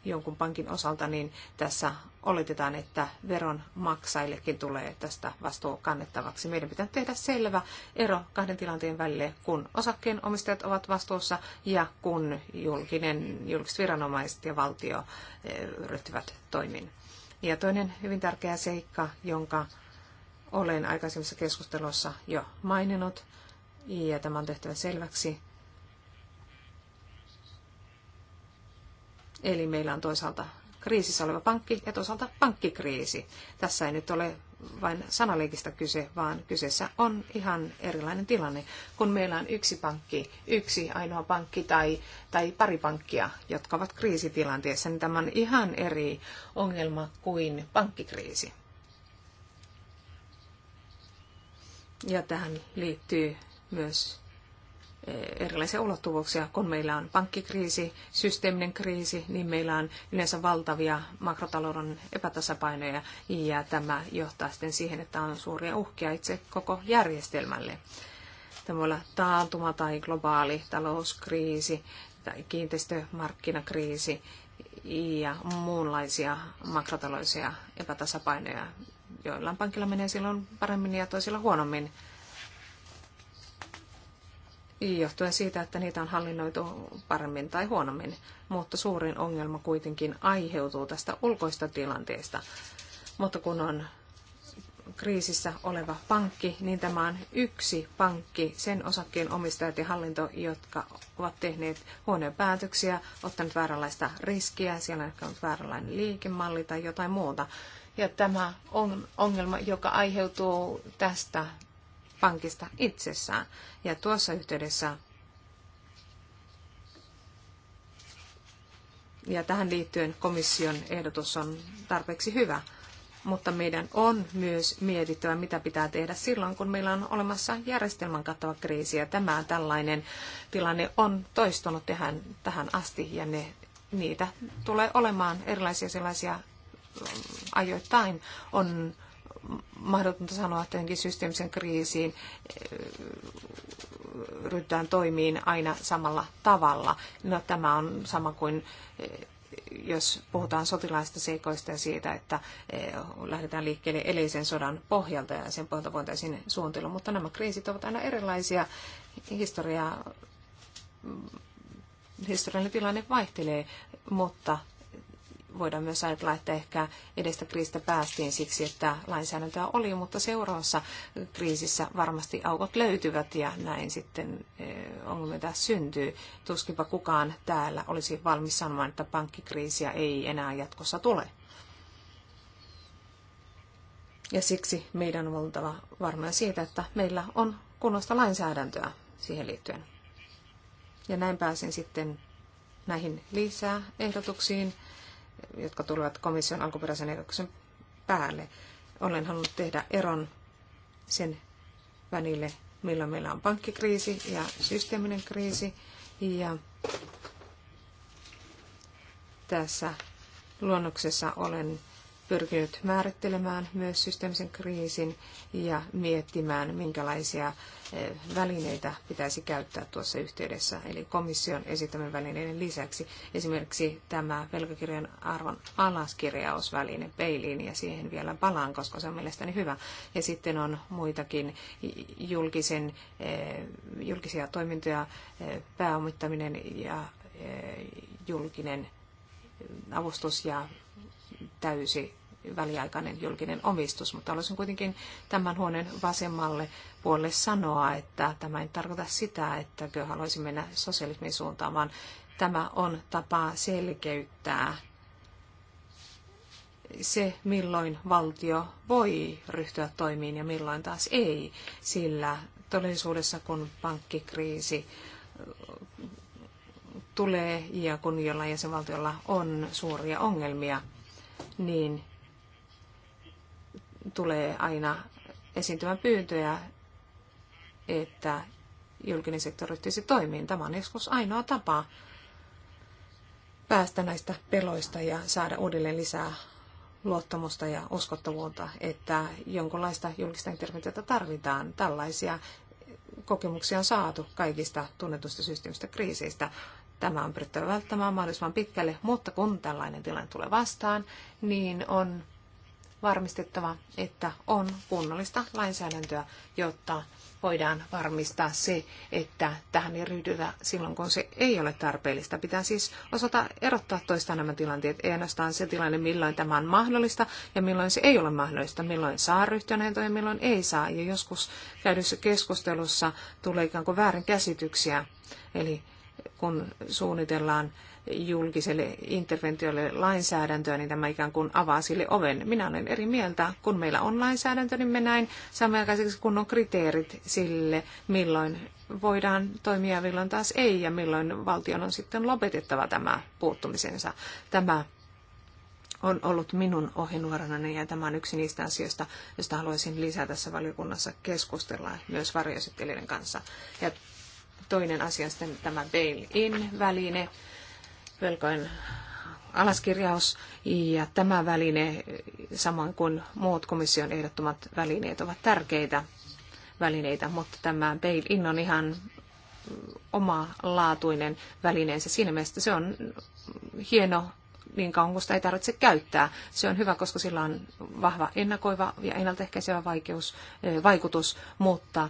jonkun pankin osalta, niin tässä oletetaan, että veronmaksajillekin tulee tästä vastuu kannettavaksi. Meidän pitää tehdä selvä ero kahden tilanteen välille, kun omistajat ovat vastuussa ja kun julkinen, julkiset viranomaiset ja valtio eh, ryhtyvät toimiin. Ja toinen hyvin tärkeä seikka, jonka olen aikaisemmissa keskustelussa jo maininnut, ja tämä on tehtävä selväksi, Eli meillä on toisaalta kriisissä oleva pankki ja toisaalta pankkikriisi. Tässä ei nyt ole vain sanaleikistä kyse, vaan kyseessä on ihan erilainen tilanne, kun meillä on yksi pankki, yksi ainoa pankki tai, tai pari pankkia, jotka ovat kriisitilanteessa, niin tämä on ihan eri ongelma kuin pankkikriisi. Ja tähän liittyy myös erilaisia ulottuvuuksia. Kun meillä on pankkikriisi, systeeminen kriisi, niin meillä on yleensä valtavia makrotalouden epätasapainoja ja tämä johtaa sitten siihen, että on suuria uhkia itse koko järjestelmälle. Tämä voi olla taantuma tai globaali talouskriisi tai kiinteistömarkkinakriisi ja muunlaisia makrotaloisia epätasapainoja. Joillain pankilla menee silloin paremmin ja toisilla huonommin johtuen siitä, että niitä on hallinnoitu paremmin tai huonommin. Mutta suurin ongelma kuitenkin aiheutuu tästä ulkoista tilanteesta. Mutta kun on kriisissä oleva pankki, niin tämä on yksi pankki, sen osakkeen omistajat ja hallinto, jotka ovat tehneet huonoja päätöksiä, ottaneet vääränlaista riskiä, siellä on ollut vääränlainen liikemalli tai jotain muuta. Ja tämä on ongelma, joka aiheutuu tästä pankista itsessään. Ja tuossa yhteydessä ja tähän liittyen komission ehdotus on tarpeeksi hyvä. Mutta meidän on myös mietittävä, mitä pitää tehdä silloin, kun meillä on olemassa järjestelmän kattava kriisi. Ja tämä tällainen tilanne on toistunut tähän, tähän asti ja ne, niitä tulee olemaan erilaisia sellaisia mm, ajoittain. On mahdotonta sanoa, että johonkin systeemisen kriisiin eh, ryhdytään toimiin aina samalla tavalla. No, tämä on sama kuin eh, jos puhutaan sotilaista seikoista ja siitä, että eh, lähdetään liikkeelle eleisen sodan pohjalta ja sen pohjalta voitaisiin suunnitella, mutta nämä kriisit ovat aina erilaisia. Historia, mm, historiallinen tilanne vaihtelee, mutta voidaan myös ajatella, että ehkä edestä kriisistä päästiin siksi, että lainsäädäntöä oli, mutta seuraavassa kriisissä varmasti aukot löytyvät ja näin sitten eh, ongelmia syntyy. Tuskinpa kukaan täällä olisi valmis sanomaan, että pankkikriisiä ei enää jatkossa tule. Ja siksi meidän on oltava varmoja siitä, että meillä on kunnosta lainsäädäntöä siihen liittyen. Ja näin pääsen sitten näihin lisää ehdotuksiin jotka tulevat komission alkuperäisen ehdotuksen päälle. Olen halunnut tehdä eron sen välille, milloin meillä on pankkikriisi ja systeeminen kriisi. Ja tässä luonnoksessa olen pyrkinyt määrittelemään myös systeemisen kriisin ja miettimään, minkälaisia eh, välineitä pitäisi käyttää tuossa yhteydessä, eli komission esittämän välineiden lisäksi. Esimerkiksi tämä velkakirjan arvon alaskirjausväline peiliin, ja siihen vielä palaan, koska se on mielestäni hyvä. Ja sitten on muitakin julkisen, eh, julkisia toimintoja, eh, pääomittaminen ja julkinen avustus ja täysi väliaikainen julkinen omistus, mutta haluaisin kuitenkin tämän huoneen vasemmalle puolelle sanoa, että tämä ei tarkoita sitä, että haluaisin mennä sosialismin suuntaan, vaan tämä on tapa selkeyttää se, milloin valtio voi ryhtyä toimiin ja milloin taas ei, sillä todellisuudessa kun pankkikriisi äh, tulee ja kun jollain jäsenvaltiolla on suuria ongelmia, niin tulee aina esiintymään pyyntöjä, että julkinen sektori ryhtyisi toimiin. Tämä on joskus ainoa tapa päästä näistä peloista ja saada uudelleen lisää luottamusta ja uskottavuutta, että jonkinlaista julkista interventiota tarvitaan. Tällaisia kokemuksia on saatu kaikista tunnetusta systeemistä kriiseistä. Tämä on pyrittävä välttämään mahdollisimman pitkälle, mutta kun tällainen tilanne tulee vastaan, niin on varmistettava, että on kunnollista lainsäädäntöä, jotta voidaan varmistaa se, että tähän ei ryhdytä silloin, kun se ei ole tarpeellista. Pitää siis osata erottaa toista nämä tilanteet, ei ainoastaan se tilanne, milloin tämä on mahdollista ja milloin se ei ole mahdollista, milloin saa ryhtyä näin ja milloin ei saa. Ja joskus käydyssä keskustelussa tulee ikään kuin väärinkäsityksiä, eli kun suunnitellaan julkiselle interventiolle lainsäädäntöä, niin tämä ikään kuin avaa sille oven. Minä olen eri mieltä. Kun meillä on lainsäädäntö, niin me näin samanaikaisesti aikaiseksi kunnon kriteerit sille, milloin voidaan toimia milloin taas ei, ja milloin valtion on sitten lopetettava tämä puuttumisensa. Tämä on ollut minun ohjenuoranani ja tämä on yksi niistä asioista, joista haluaisin lisää tässä valiokunnassa keskustella myös varjoesittelijöiden kanssa. Ja Toinen asia sitten tämä bail-in-väline, velkojen alaskirjaus ja tämä väline, samoin kuin muut komission ehdottomat välineet, ovat tärkeitä välineitä, mutta tämä bail-in on ihan oma laatuinen välineensä. Siinä mielessä se on hieno niin kauan kuin sitä ei tarvitse käyttää. Se on hyvä, koska sillä on vahva ennakoiva ja ennaltaehkäisevä vaikeus, vaikutus, mutta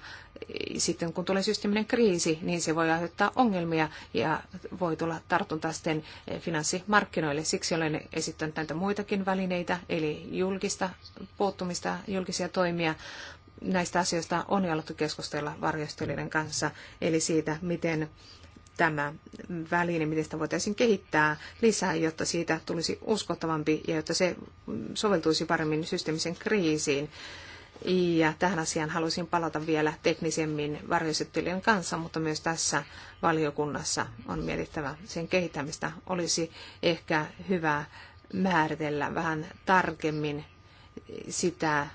sitten kun tulee systeeminen kriisi, niin se voi aiheuttaa ongelmia ja voi tulla tartunta sitten finanssimarkkinoille. Siksi olen esittänyt näitä muitakin välineitä, eli julkista puuttumista, julkisia toimia, näistä asioista on jo alettu keskustella varjostelijoiden kanssa, eli siitä, miten tämä väline, miten sitä voitaisiin kehittää lisää, jotta siitä tulisi uskottavampi ja jotta se soveltuisi paremmin systeemisen kriisiin. Ja tähän asiaan haluaisin palata vielä teknisemmin varjoesittelijän kanssa, mutta myös tässä valiokunnassa on mietittävä sen kehittämistä. Olisi ehkä hyvä määritellä vähän tarkemmin sitä,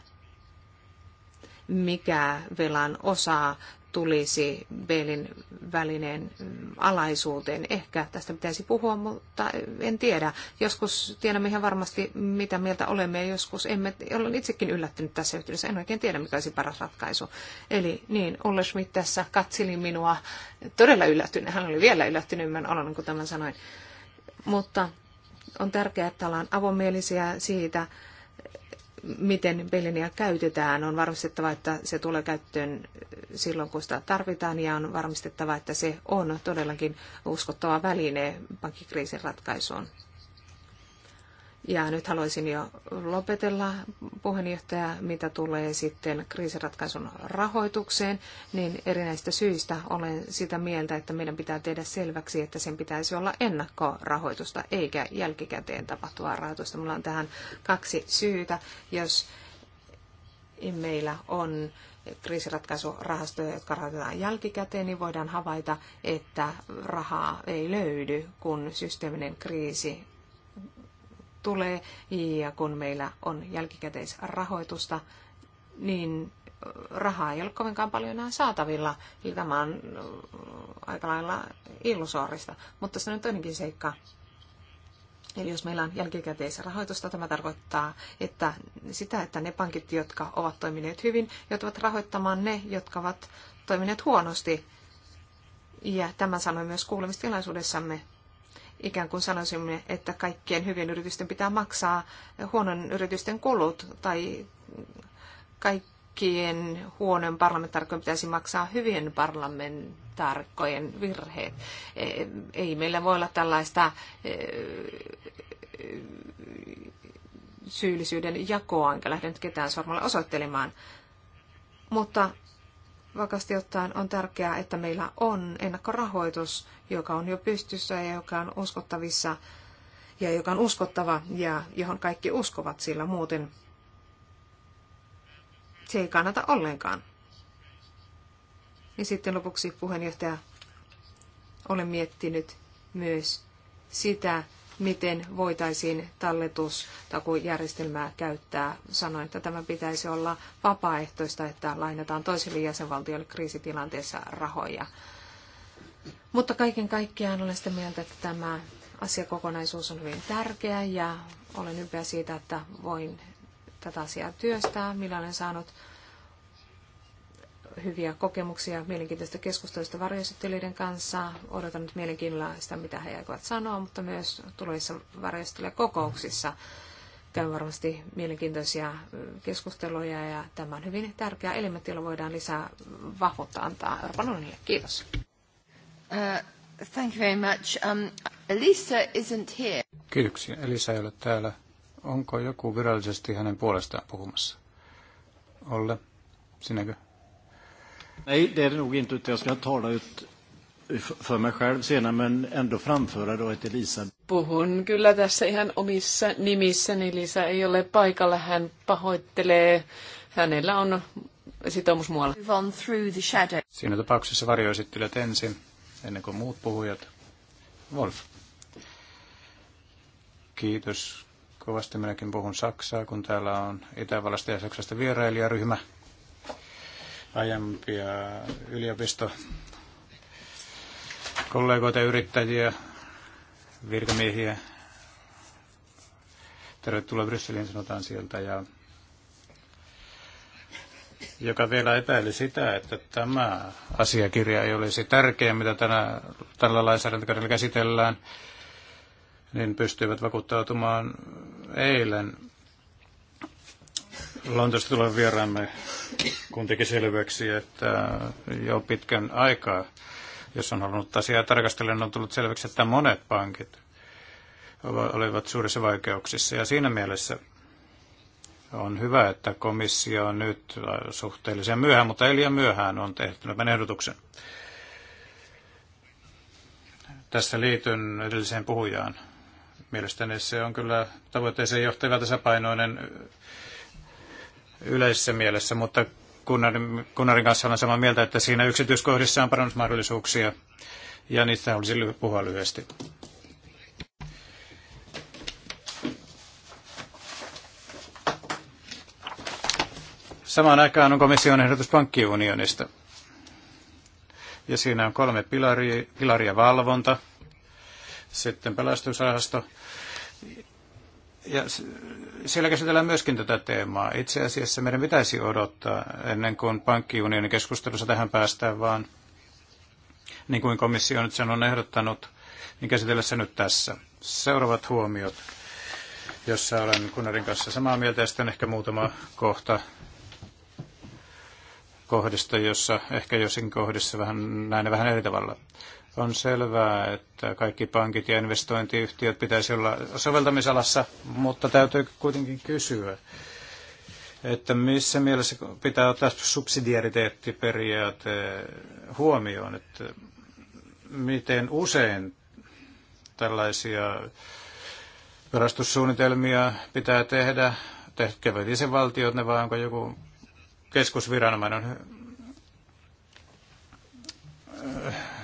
mikä velan osaa tulisi Belin välineen alaisuuteen. Ehkä tästä pitäisi puhua, mutta en tiedä. Joskus tiedämme ihan varmasti, mitä mieltä olemme ja joskus emme. Olen itsekin yllättynyt tässä yhteydessä. En oikein tiedä, mikä olisi paras ratkaisu. Eli niin, Olle Schmidt tässä katseli minua todella yllättynyt. Hän oli vielä yllättynyt, mä olen, kun tämän sanoin. Mutta on tärkeää, että ollaan avomielisiä siitä, miten peliniä käytetään. On varmistettava, että se tulee käyttöön silloin, kun sitä tarvitaan, ja on varmistettava, että se on todellakin uskottava väline pankkikriisin ratkaisuun. Ja nyt haluaisin jo lopetella puheenjohtaja, mitä tulee sitten kriisiratkaisun rahoitukseen, niin erinäistä syistä olen sitä mieltä, että meidän pitää tehdä selväksi, että sen pitäisi olla ennakkorahoitusta eikä jälkikäteen tapahtuvaa rahoitusta. Meillä on tähän kaksi syytä. Jos meillä on kriisiratkaisurahastoja, jotka rahoitetaan jälkikäteen, niin voidaan havaita, että rahaa ei löydy, kun systeeminen kriisi tulee ja kun meillä on jälkikäteisrahoitusta, niin rahaa ei ole kovinkaan paljon enää saatavilla. Eli tämä on aika lailla illusoorista. Mutta se on toinenkin seikka. Eli jos meillä on jälkikäteisrahoitusta, tämä tarkoittaa että sitä, että ne pankit, jotka ovat toimineet hyvin, joutuvat rahoittamaan ne, jotka ovat toimineet huonosti. Ja tämän sanoin myös kuulemistilaisuudessamme ikään kuin sanoisimme, että kaikkien hyvien yritysten pitää maksaa huonon yritysten kulut tai kaikkien huonon parlamentaarikkojen pitäisi maksaa hyvien parlamentaarikkojen virheet. E, ei meillä voi olla tällaista e, syyllisyyden jakoa, enkä lähde nyt ketään sormalla osoittelemaan. Mutta vakasti ottaen on tärkeää, että meillä on ennakkorahoitus, joka on jo pystyssä ja joka on uskottavissa ja joka on uskottava ja johon kaikki uskovat, sillä muuten se ei kannata ollenkaan. Ja sitten lopuksi puheenjohtaja, olen miettinyt myös sitä, miten voitaisiin talletustakujärjestelmää käyttää. Sanoin, että tämä pitäisi olla vapaaehtoista, että lainataan toisille jäsenvaltioille kriisitilanteessa rahoja. Mutta kaiken kaikkiaan olen sitä mieltä, että tämä asiakokonaisuus on hyvin tärkeä ja olen ylpeä siitä, että voin tätä asiaa työstää, millä olen saanut hyviä kokemuksia mielenkiintoista keskustelusta varjoesittelijöiden kanssa. Odotan nyt mielenkiinnolla sitä, mitä he aikovat sanoa, mutta myös tulevissa varjostelijakokouksissa käy varmasti mielenkiintoisia keskusteluja ja tämä on hyvin tärkeä elementti, jolla voidaan lisää vahvuutta antaa Euroopan unionille. Kiitos. Uh, thank you very much. Um, Elisa isn't here. Kiitoksia. Elisa ei ole täällä. Onko joku virallisesti hänen puolestaan puhumassa? Olle, sinäkö? Nej, det är det nog inte. Jag ska tala ut för mig själv senare, men ändå framföra då ett Elisa. Puhun kyllä tässä ihan omissa nimissäni. Elisa ei ole paikalla. Hän pahoittelee. Hänellä on sitoumus muualla. Siinä tapauksessa varjoesittelijät ensin, ennen kuin muut puhujat. Wolf. Kiitos. Kovasti minäkin puhun Saksaa, kun täällä on Itävallasta ja Saksasta vierailijaryhmä aiempia yliopistokollegoita, yrittäjiä, virkamiehiä. Tervetuloa Brysseliin, sanotaan sieltä. Ja joka vielä epäili sitä, että tämä asiakirja ei olisi tärkeä, mitä tänä, tällä lainsäädäntökaudella käsitellään, niin pystyivät vakuuttautumaan eilen Lontoosta tuleva vieraamme, kun teki selväksi, että jo pitkän aikaa, jos on halunnut asiaa tarkastella, on tullut selväksi, että monet pankit olivat suurissa vaikeuksissa. Ja siinä mielessä on hyvä, että komissio on nyt suhteellisen myöhään, mutta ei liian myöhään on tehty tämän ehdotuksen. Tässä liityn edelliseen puhujaan. Mielestäni se on kyllä tavoitteeseen johtava tasapainoinen yleisessä mielessä, mutta Kunnarin, Kunnarin kanssa olen samaa mieltä, että siinä yksityiskohdissa on parannusmahdollisuuksia ja niistä olisi lyhy- puhua lyhyesti. Samaan aikaan on komission ehdotus pankkiunionista. Ja siinä on kolme pilaria, pilaria valvonta, sitten pelastusrahasto ja siellä käsitellään myöskin tätä teemaa. Itse asiassa meidän pitäisi odottaa ennen kuin pankkiunionin keskustelussa tähän päästään, vaan niin kuin komissio nyt sen on ehdottanut, niin käsitellä se nyt tässä. Seuraavat huomiot, jossa olen Kunnarin kanssa samaa mieltä ja sitten ehkä muutama kohta kohdista, jossa ehkä jossakin kohdissa vähän, näin vähän eri tavalla. On selvää, että kaikki pankit ja investointiyhtiöt pitäisi olla soveltamisalassa, mutta täytyy kuitenkin kysyä, että missä mielessä pitää ottaa subsidiariteettiperiaate huomioon, että miten usein tällaisia pelastussuunnitelmia pitää tehdä, tekevät jäsenvaltiot ne vai onko joku keskusviranomainen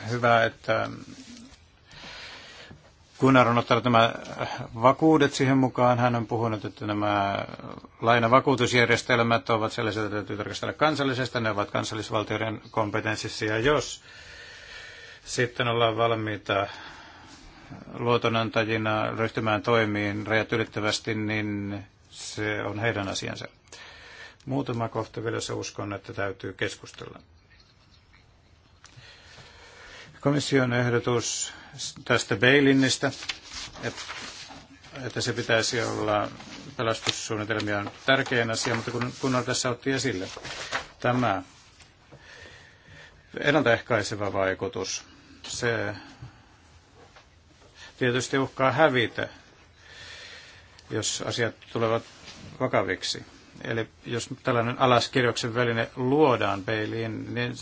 hyvä, että Gunnar on ottanut nämä vakuudet siihen mukaan. Hän on puhunut, että nämä lainavakuutusjärjestelmät ovat sellaiset, että täytyy tarkastella kansallisesta. Ne ovat kansallisvaltioiden kompetenssissa. Ja jos sitten ollaan valmiita luotonantajina ryhtymään toimiin rajat ylittävästi, niin se on heidän asiansa. Muutama kohta vielä, jos uskon, että täytyy keskustella. Komission ehdotus tästä Beilinistä, että se pitäisi olla pelastussuunnitelmien tärkein asia, mutta kun, kun tässä otti esille tämä ennaltaehkäisevä vaikutus, se tietysti uhkaa hävitä, jos asiat tulevat vakaviksi. Eli jos tällainen alaskirjauksen väline luodaan peiliin, niin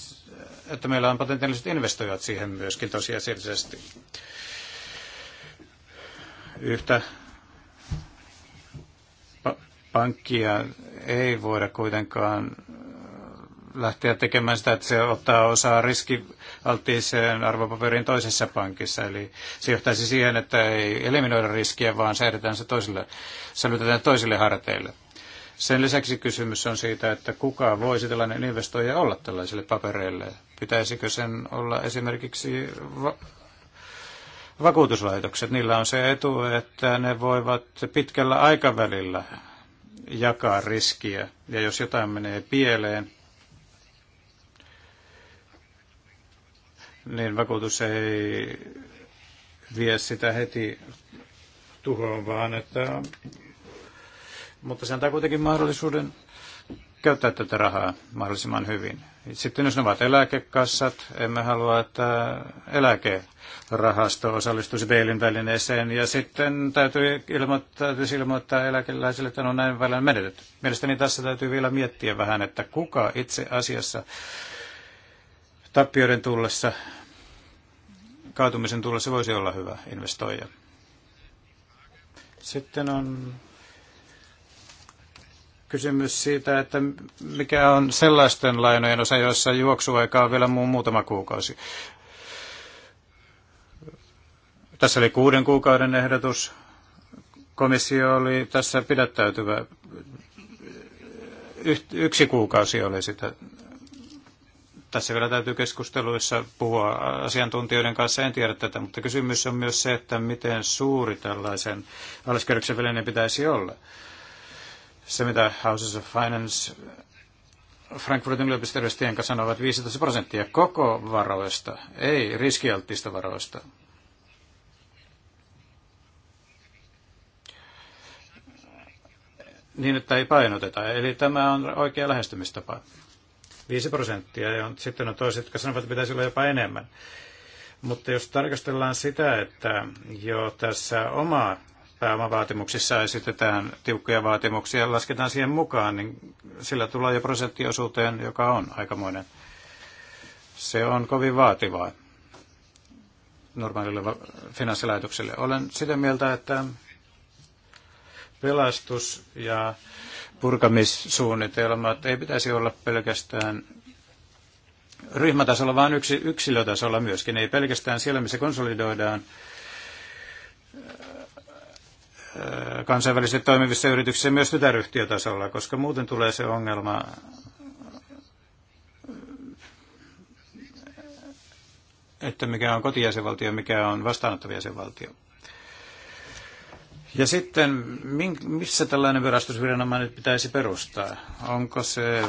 että meillä on potentiaaliset investoijat siihen myöskin tosiasiallisesti. Yhtä pankkia ei voida kuitenkaan lähteä tekemään sitä, että se ottaa osaa riskialttiiseen arvopaperin toisessa pankissa. Eli se johtaisi siihen, että ei eliminoida riskiä, vaan säädetään se toisille, sälytetään toisille harteille. Sen lisäksi kysymys on siitä, että kuka voisi tällainen investoija olla tällaisille papereille. Pitäisikö sen olla esimerkiksi va- vakuutuslaitokset? Niillä on se etu, että ne voivat pitkällä aikavälillä jakaa riskiä. Ja jos jotain menee pieleen, niin vakuutus ei vie sitä heti tuhoon, vaan että... Mutta se antaa kuitenkin mahdollisuuden käyttää tätä rahaa mahdollisimman hyvin. Sitten jos ne ovat eläkekassat, emme halua, että eläkerahasto osallistuisi Beilin välineeseen, ja sitten täytyy ilmoittaa, täytyy ilmoittaa eläkeläisille, että on no näin välillä menetetty. Mielestäni tässä täytyy vielä miettiä vähän, että kuka itse asiassa tappioiden tullessa, kaatumisen tullessa voisi olla hyvä investoija. Sitten on kysymys siitä, että mikä on sellaisten lainojen osa, joissa juoksuaika on vielä muun muutama kuukausi. Tässä oli kuuden kuukauden ehdotus. Komissio oli tässä pidättäytyvä. Yksi kuukausi oli sitä. Tässä vielä täytyy keskusteluissa puhua asiantuntijoiden kanssa, en tiedä tätä, mutta kysymys on myös se, että miten suuri tällaisen alleskeräyksen välinen pitäisi olla. Se, Houses of Finance Frankfurtin yliopistojärjestöjen kanssa sanovat 15 prosenttia koko varoista, ei riskialttista varoista. Niin, että ei painoteta. Eli tämä on oikea lähestymistapa. 5 prosenttia. Ja on, sitten on toiset, jotka sanovat, että pitäisi olla jopa enemmän. Mutta jos tarkastellaan sitä, että jo tässä oma pääomavaatimuksissa esitetään tiukkoja vaatimuksia ja lasketaan siihen mukaan, niin sillä tulee jo prosenttiosuuteen, joka on aikamoinen. Se on kovin vaativaa normaalille finanssilaitokselle. Olen sitä mieltä, että pelastus- ja purkamissuunnitelmat ei pitäisi olla pelkästään ryhmätasolla, vaan yksi, yksilötasolla myöskin. Ei pelkästään siellä, missä konsolidoidaan kansainvälisesti toimivissa yrityksissä myös tytäryhtiötasolla, koska muuten tulee se ongelma, että mikä on kotijäsenvaltio, mikä on vastaanottava jäsenvaltio. Ja sitten, missä tällainen virastusviranomainen pitäisi perustaa? Onko se,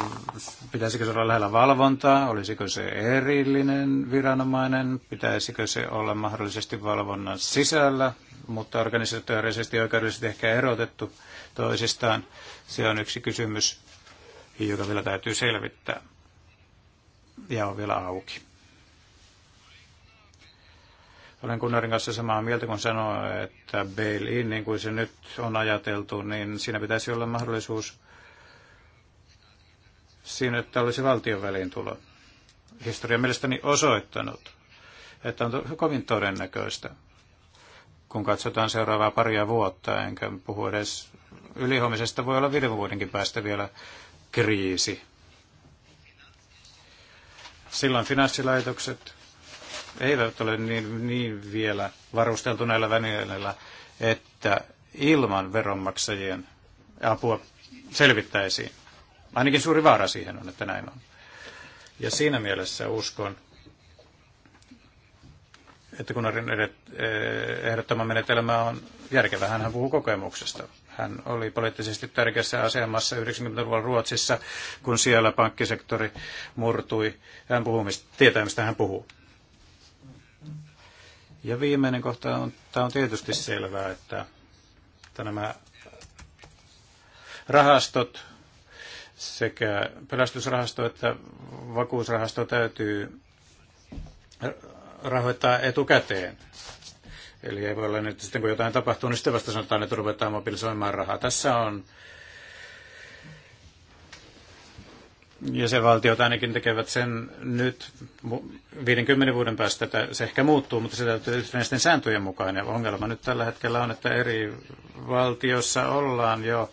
pitäisikö se olla lähellä valvontaa? Olisiko se erillinen viranomainen? Pitäisikö se olla mahdollisesti valvonnan sisällä, mutta organisatorisesti ja oikeudellisesti ehkä erotettu toisistaan? Se on yksi kysymys, joka vielä täytyy selvittää ja on vielä auki. Olen Kunnarin kanssa samaa mieltä, kun sanoo, että bail-in, niin kuin se nyt on ajateltu, niin siinä pitäisi olla mahdollisuus siinä, että olisi valtion väliintulo. Historia mielestäni osoittanut, että on kovin todennäköistä, kun katsotaan seuraavaa paria vuotta, enkä puhu edes ylihomisesta, voi olla viiden vuodenkin päästä vielä kriisi. Silloin finanssilaitokset eivät ole niin, niin vielä varusteltu näillä välineillä, että ilman veronmaksajien apua selvittäisiin. Ainakin suuri vaara siihen on, että näin on. Ja siinä mielessä uskon, että kun eh, ehdottama menetelmä on järkevä, hän puhuu kokemuksesta. Hän oli poliittisesti tärkeässä asemassa 90-luvulla Ruotsissa, kun siellä pankkisektori murtui. Hän puhuu, mistä, tietää, mistä hän puhuu. Ja viimeinen kohta on, tämä on tietysti selvää, että, että nämä rahastot, sekä pelastusrahasto että vakuusrahasto täytyy rahoittaa etukäteen. Eli ei voi olla nyt niin, sitten, kun jotain tapahtuu, niin sitten vasta sanotaan, että ruvetaan mobilisoimaan rahaa. Tässä on jäsenvaltiot ainakin tekevät sen nyt 50 vuoden päästä, että se ehkä muuttuu, mutta se täytyy yhtenäisten sääntöjen mukainen. Ongelma nyt tällä hetkellä on, että eri valtiossa ollaan jo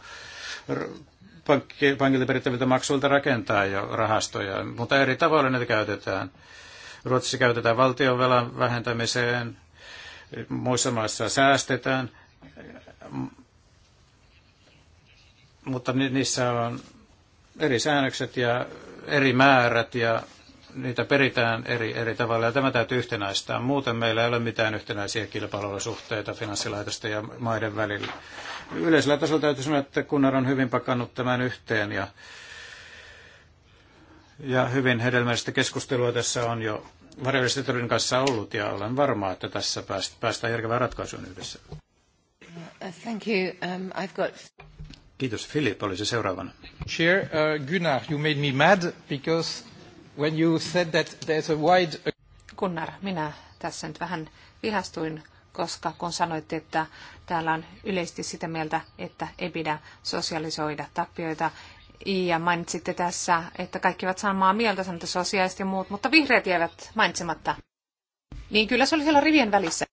pankille perittäviltä maksuilta rakentaa jo rahastoja, mutta eri tavoilla niitä käytetään. Ruotsissa käytetään valtionvelan vähentämiseen, muissa maissa säästetään, mutta niissä on eri säännökset ja eri määrät ja niitä peritään eri, eri tavalla ja tämä täytyy yhtenäistää. Muuten meillä ei ole mitään yhtenäisiä kilpailuolosuhteita finanssilaitosten ja maiden välillä. Yleisellä tasolla täytyy sanoa, että kunnar on hyvin pakannut tämän yhteen ja, ja hyvin hedelmällistä keskustelua tässä on jo varjoisteturin kanssa ollut ja olen varma, että tässä päästään järkevään ratkaisuun yhdessä. Uh, thank you. Um, I've got... Kiitos. Philip olisi seuraavana. Chair, uh, Gunnar, you made me mad because when you said that there's a wide... Gunnar, minä tässä nyt vähän vihastuin, koska kun sanoitte, että täällä on yleisesti sitä mieltä, että ei pidä sosialisoida tappioita, ja mainitsitte tässä, että kaikki ovat samaa mieltä, sanotaan sosiaalisesti ja muut, mutta vihreät jäävät mainitsematta. Niin kyllä se oli siellä rivien välissä.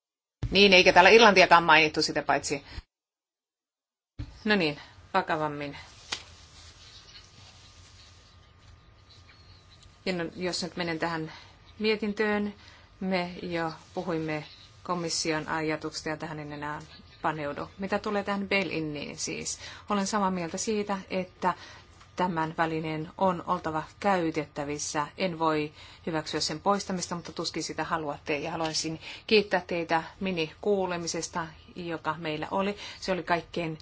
Niin, eikä täällä Irlantiakaan mainittu sitä paitsi. No niin, vakavammin. Ja no, jos nyt menen tähän mietintöön, me jo puhuimme komission ajatuksista ja tähän en enää paneudu. Mitä tulee tähän bail-inniin siis? Olen samaa mieltä siitä, että tämän välineen on oltava käytettävissä. En voi hyväksyä sen poistamista, mutta tuskin sitä haluatte. Ja haluaisin kiittää teitä kuulemisesta, joka meillä oli. Se oli kaikkein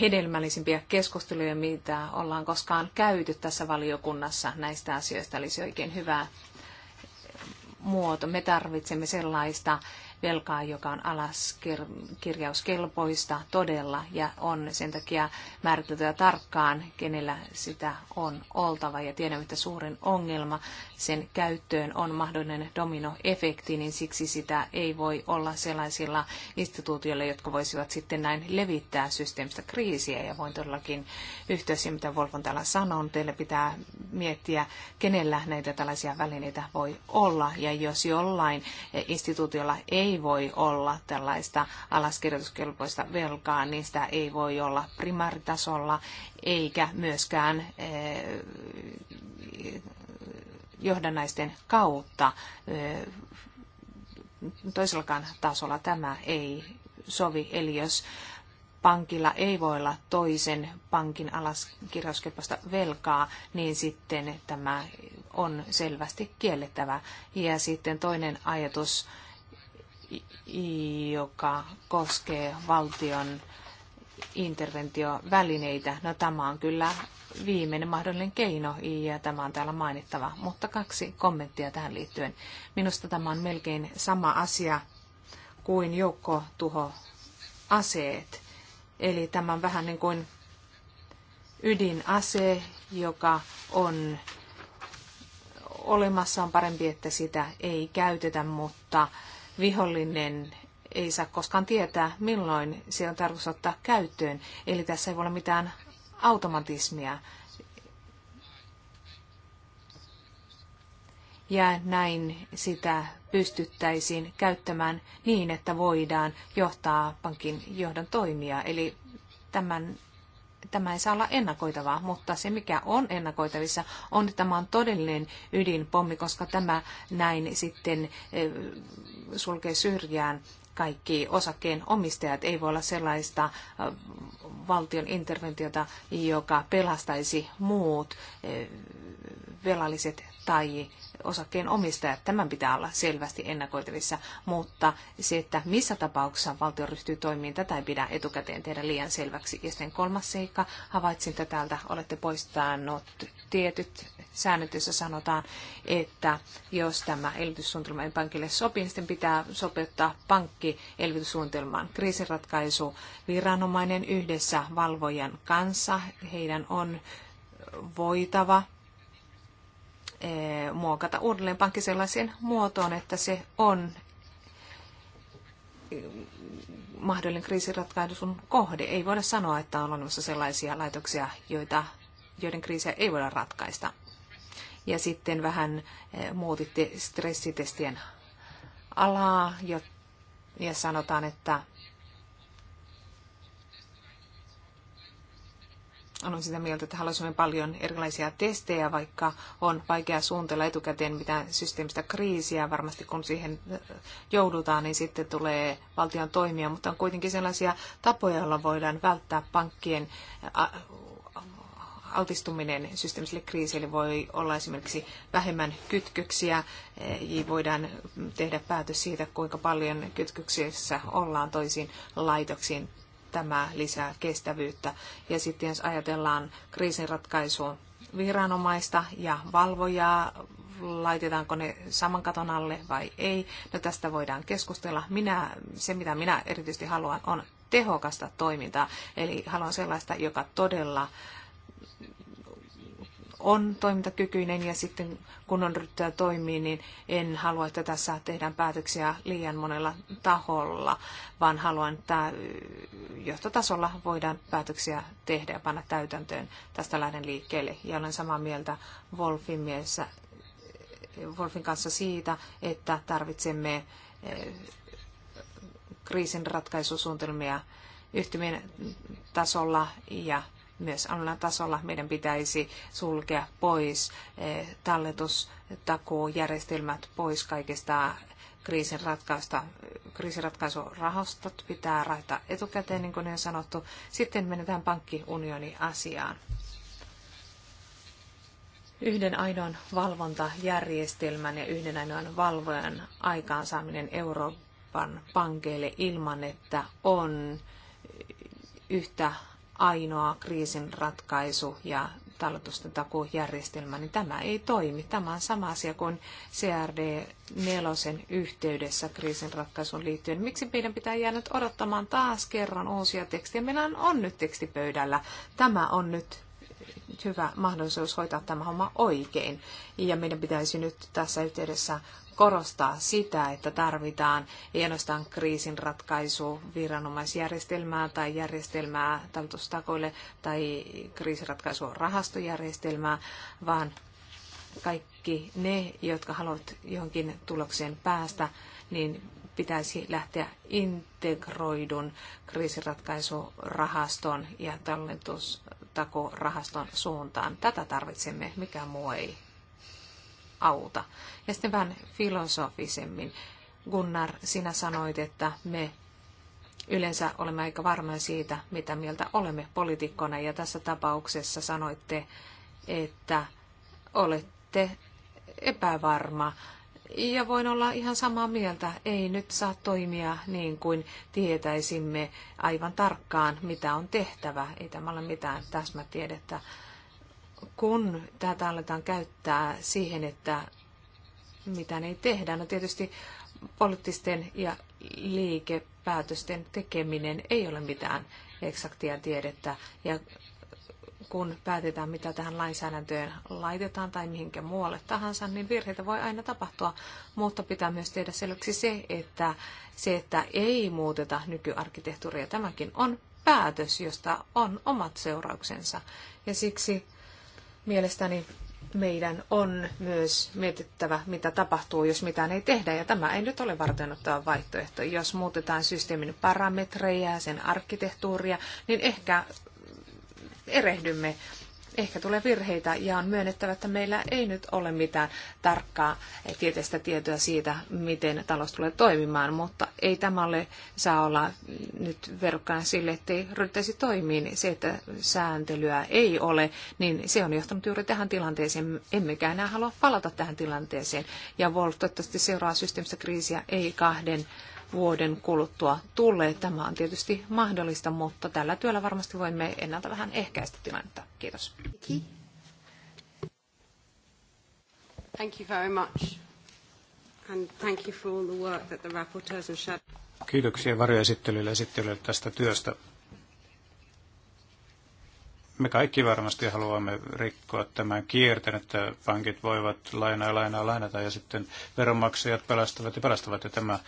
hedelmällisimpiä keskusteluja, mitä ollaan koskaan käyty tässä valiokunnassa näistä asioista. Eli se oikein hyvä muoto. Me tarvitsemme sellaista velkaa, joka on alaskirjauskelpoista todella ja on sen takia määriteltyä tarkkaan, kenellä sitä on oltava. Ja tiedämme, että suurin ongelma sen käyttöön on mahdollinen dominoefekti, niin siksi sitä ei voi olla sellaisilla instituutioilla, jotka voisivat sitten näin levittää systeemistä kriisiä. Ja voin todellakin yhtyä siihen, mitä Wolf on täällä sanonut. Teille pitää miettiä, kenellä näitä tällaisia välineitä voi olla. Ja jos jollain instituutiolla ei ei voi olla tällaista alaskirjoituskelpoista velkaa, niin sitä ei voi olla primaritasolla eikä myöskään eh, johdannaisten kautta eh, toisellakaan tasolla tämä ei sovi. Eli jos pankilla ei voi olla toisen pankin alaskirjauskelpoista velkaa, niin sitten tämä on selvästi kiellettävä. Ja sitten toinen ajatus joka koskee valtion interventiovälineitä. No tämä on kyllä viimeinen mahdollinen keino ja tämä on täällä mainittava, mutta kaksi kommenttia tähän liittyen. Minusta tämä on melkein sama asia kuin joukkotuhoaseet. Eli tämä on vähän niin kuin ydinase, joka on olemassa, on parempi, että sitä ei käytetä, mutta vihollinen ei saa koskaan tietää, milloin se on tarkoitus ottaa käyttöön. Eli tässä ei voi olla mitään automatismia. Ja näin sitä pystyttäisiin käyttämään niin, että voidaan johtaa pankin johdon toimia. Eli tämän tämä ei saa olla ennakoitavaa, mutta se mikä on ennakoitavissa on, että tämä on todellinen ydinpommi, koska tämä näin sitten eh, sulkee syrjään kaikki osakkeen omistajat. Ei voi olla sellaista eh, valtion interventiota, joka pelastaisi muut eh, velalliset tai osakkeen omistajat. Tämän pitää olla selvästi ennakoitavissa, mutta se, että missä tapauksessa valtio ryhtyy toimiin, tätä ei pidä etukäteen tehdä liian selväksi. Ja sitten kolmas seikka, havaitsin, että täältä olette poistanut tietyt säännöt, joissa sanotaan, että jos tämä elvytyssuunnitelma ei pankille sopii, niin sitten pitää sopeuttaa pankki elvytyssuunnitelmaan. Kriisinratkaisu viranomainen yhdessä valvojan kanssa, heidän on voitava Eh, muokata uudelleen pankki sellaiseen muotoon, että se on eh, mahdollinen kriisiratkaisun kohde. Ei voida sanoa, että on olemassa sellaisia laitoksia, joita, joiden kriisiä ei voida ratkaista. Ja sitten vähän eh, muutitte stressitestien alaa, ja sanotaan, että olen sitä mieltä, että haluaisimme paljon erilaisia testejä, vaikka on vaikea suunnitella etukäteen mitään systeemistä kriisiä. Varmasti kun siihen joudutaan, niin sitten tulee valtion toimia, mutta on kuitenkin sellaisia tapoja, joilla voidaan välttää pankkien altistuminen systeemiselle kriisille voi olla esimerkiksi vähemmän kytköksiä ja voidaan tehdä päätös siitä, kuinka paljon kytköksissä ollaan toisiin laitoksiin tämä lisää kestävyyttä. Ja sitten jos ajatellaan kriisinratkaisua viranomaista ja valvojaa, laitetaanko ne saman katon alle vai ei. No tästä voidaan keskustella. Minä, se, mitä minä erityisesti haluan, on tehokasta toimintaa. Eli haluan sellaista, joka todella on toimintakykyinen ja sitten kun on ryhtyä toimii, niin en halua, että tässä tehdään päätöksiä liian monella taholla, vaan haluan, että johtotasolla voidaan päätöksiä tehdä ja panna täytäntöön. Tästä lähden liikkeelle ja olen samaa mieltä Wolfin, mielessä, Wolfin kanssa siitä, että tarvitsemme eh, kriisin ratkaisusuunnitelmia yhtymien tasolla ja myös alueen tasolla meidän pitäisi sulkea pois eh, talletustakuujärjestelmät pois kaikista kriisin ratkaista, kriisinratkaisurahastot pitää raita etukäteen, niin kuin on sanottu. Sitten menetään pankkiunioni asiaan. Yhden ainoan valvontajärjestelmän ja yhden ainoan valvojan aikaansaaminen Euroopan pankeille ilman, että on yhtä ainoa kriisinratkaisu ja talletusten takuujärjestelmä, niin tämä ei toimi. Tämä on sama asia kuin CRD 4 yhteydessä kriisinratkaisuun liittyen. Miksi meidän pitää jäädä nyt odottamaan taas kerran uusia tekstiä? Meillä on nyt teksti pöydällä. Tämä on nyt nyt hyvä mahdollisuus hoitaa tämä homma oikein. Ja meidän pitäisi nyt tässä yhteydessä korostaa sitä, että tarvitaan ei ainoastaan kriisinratkaisu viranomaisjärjestelmää tai järjestelmää taltustakoille tai rahastojärjestelmää, vaan kaikki ne, jotka haluavat johonkin tulokseen päästä, niin pitäisi lähteä integroidun kriisiratkaisurahaston ja talletus, Rahaston suuntaan. Tätä tarvitsemme, mikä muu ei auta. Ja sitten vähän filosofisemmin. Gunnar, sinä sanoit, että me yleensä olemme aika varmoja siitä, mitä mieltä olemme poliitikkona. Ja tässä tapauksessa sanoitte, että olette epävarma ja voin olla ihan samaa mieltä. Ei nyt saa toimia niin kuin tietäisimme aivan tarkkaan, mitä on tehtävä. Ei tämä ole mitään täsmätiedettä. Kun tätä aletaan käyttää siihen, että mitä ei tehdä, no tietysti poliittisten ja liikepäätösten tekeminen ei ole mitään eksaktia tiedettä. Ja kun päätetään, mitä tähän lainsäädäntöön laitetaan tai mihinkä muualle tahansa, niin virheitä voi aina tapahtua. Mutta pitää myös tehdä selväksi se, että se, että ei muuteta nykyarkkitehtuuria, tämäkin on päätös, josta on omat seurauksensa. Ja siksi mielestäni meidän on myös mietittävä, mitä tapahtuu, jos mitään ei tehdä. Ja tämä ei nyt ole varten ottaa vaihtoehto. Jos muutetaan systeemin parametreja ja sen arkkitehtuuria, niin ehkä erehdymme. Ehkä tulee virheitä ja on myönnettävä, että meillä ei nyt ole mitään tarkkaa tieteistä tietoa siitä, miten talous tulee toimimaan, mutta ei tämä ole, saa olla nyt verkkaan sille, ei ryhtäisi toimiin. Se, että sääntelyä ei ole, niin se on johtanut juuri tähän tilanteeseen. Emmekä enää halua palata tähän tilanteeseen. Ja Wolf toivottavasti seuraa systeemistä kriisiä ei kahden vuoden kuluttua tulee. Tämä on tietysti mahdollista, mutta tällä työllä varmasti voimme ennalta vähän ehkäistä tilannetta. Kiitos. Thank you very much. And thank you for all the work that the rapporteurs and shadow... Kiitoksia varjoesittelylle esittelylle tästä työstä. Me kaikki varmasti haluamme rikkoa tämän kierteen, että pankit voivat lainaa, lainaa, lainata ja sitten veronmaksajat pelastavat ja pelastavat. Ja tämä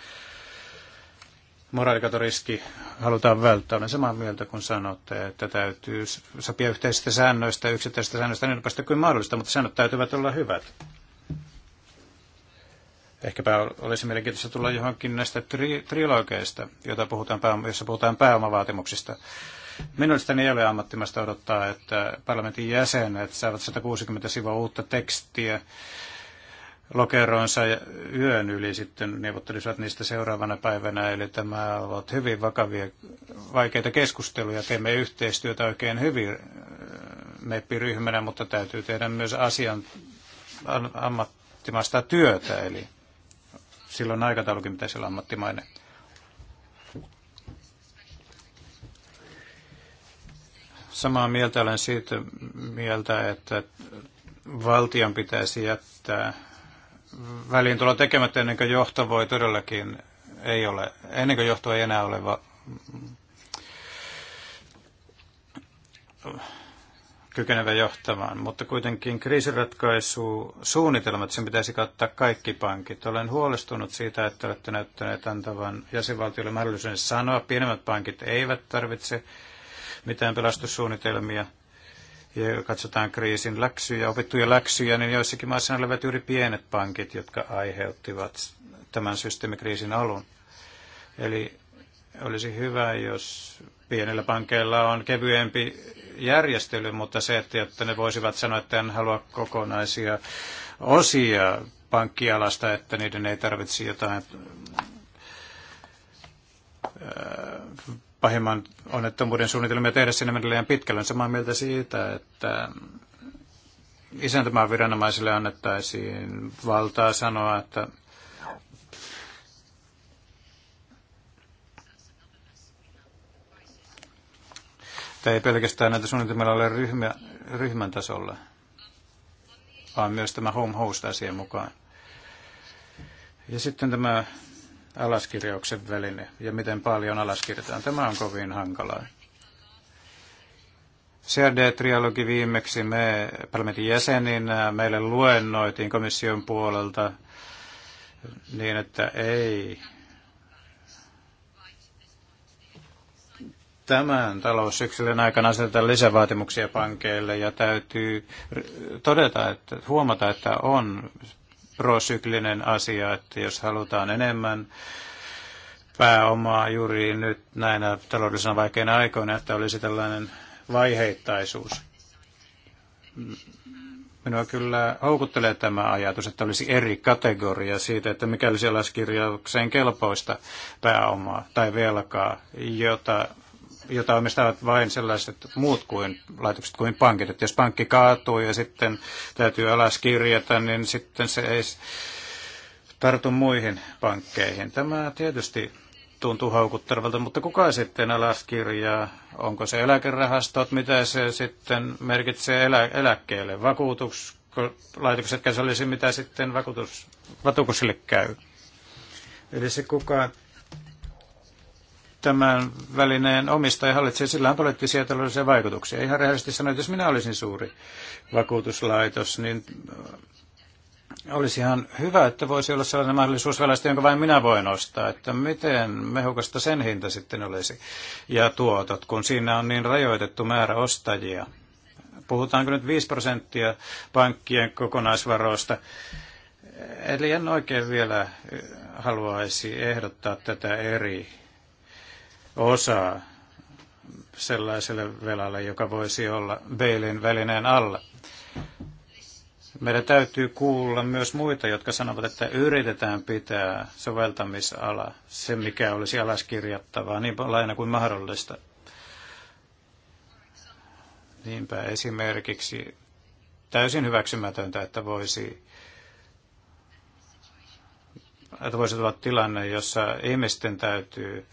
moraalikatoriski halutaan välttää. Olen samaa mieltä, kun sanotte, että täytyy sopia yhteisistä säännöistä, yksittäisistä säännöistä niin nopeasti kuin mahdollista, mutta säännöt täytyvät olla hyvät. Ehkäpä olisi mielenkiintoista tulla johonkin näistä tri- trilogeista, joita puhutaan pääoma- jossa puhutaan pääomavaatimuksista. Mielestäni ei ole ammattimasta odottaa, että parlamentin jäsenet saavat 160 sivua uutta tekstiä lokeroonsa yön yli sitten neuvottelisivat niistä seuraavana päivänä. Eli tämä ovat hyvin vakavia, vaikeita keskusteluja. Teemme yhteistyötä oikein hyvin äh, meppiryhmänä, mutta täytyy tehdä myös asian ammattimaista työtä. Eli silloin aikataulukin pitäisi olla ammattimainen. Samaa mieltä olen siitä mieltä, että valtion pitäisi jättää Väliin tulla tekemättä ennen kuin johto voi todellakin, ei ole, ennen kuin johto ei enää ole va- kykenevä johtamaan, mutta kuitenkin kriisiratkaisu suunnitelmat, sen pitäisi kattaa kaikki pankit. Olen huolestunut siitä, että olette näyttäneet antavan jäsenvaltiolle mahdollisuuden sanoa, pienemmät pankit eivät tarvitse mitään pelastussuunnitelmia ja katsotaan kriisin läksyjä, opittuja läksyjä, niin joissakin maissa olivat juuri pienet pankit, jotka aiheuttivat tämän systeemikriisin alun. Eli olisi hyvä, jos pienillä pankeilla on kevyempi järjestely, mutta se, että jotta ne voisivat sanoa, että en halua kokonaisia osia pankkialasta, että niiden ei tarvitse jotain pahimman onnettomuuden suunnitelmia tehdä sinne mennä liian pitkälle. Olen samaa mieltä siitä, että isäntämään viranomaisille annettaisiin valtaa sanoa, että Tämä ei pelkästään näitä suunnitelmia ole ryhmä, ryhmän tasolla, vaan myös tämä home host asia mukaan. Ja sitten tämä alaskirjauksen väline ja miten paljon alaskirjataan. Tämä on kovin hankalaa. CRD-trialogi viimeksi me parlamentin jäseninä meille luennoitiin komission puolelta niin, että ei tämän taloussyksyn aikana aseteta lisävaatimuksia pankeille ja täytyy todeta, että huomata, että on prosyklinen asia, että jos halutaan enemmän pääomaa juuri nyt näinä taloudellisena vaikeina aikoina, että olisi tällainen vaiheittaisuus. Minua kyllä houkuttelee tämä ajatus, että olisi eri kategoria siitä, että mikäli siellä olisi kirjaukseen kelpoista pääomaa tai velkaa, jota jota omistavat vain sellaiset muut kuin laitokset kuin pankit. Että jos pankki kaatuu ja sitten täytyy alas kirjata, niin sitten se ei tartu muihin pankkeihin. Tämä tietysti tuntuu haukuttavalta, mutta kuka sitten kirjaa? Onko se eläkerahastot? Mitä se sitten merkitsee elä, eläkkeelle? Vakuutuslaitokset käsallisi, mitä sitten vakuutus, vakuutusille käy? Eli se kukaan tämän välineen omistaja hallitsee, sillä on poliittisia ja taloudellisia vaikutuksia. Ihan rehellisesti sanoin, että jos minä olisin suuri vakuutuslaitos, niin äh, olisi ihan hyvä, että voisi olla sellainen mahdollisuus välistä, jonka vain minä voin ostaa, että miten mehukasta sen hinta sitten olisi ja tuotot, kun siinä on niin rajoitettu määrä ostajia. Puhutaanko nyt 5 prosenttia pankkien kokonaisvaroista? Eli en oikein vielä äh, haluaisi ehdottaa tätä eri osaa sellaiselle velalle, joka voisi olla Beilin välineen alla. Meidän täytyy kuulla myös muita, jotka sanovat, että yritetään pitää soveltamisala, se mikä olisi alaskirjattavaa, niin laina kuin mahdollista. Niinpä esimerkiksi täysin hyväksymätöntä, että voisi että voisi tulla tilanne, jossa ihmisten täytyy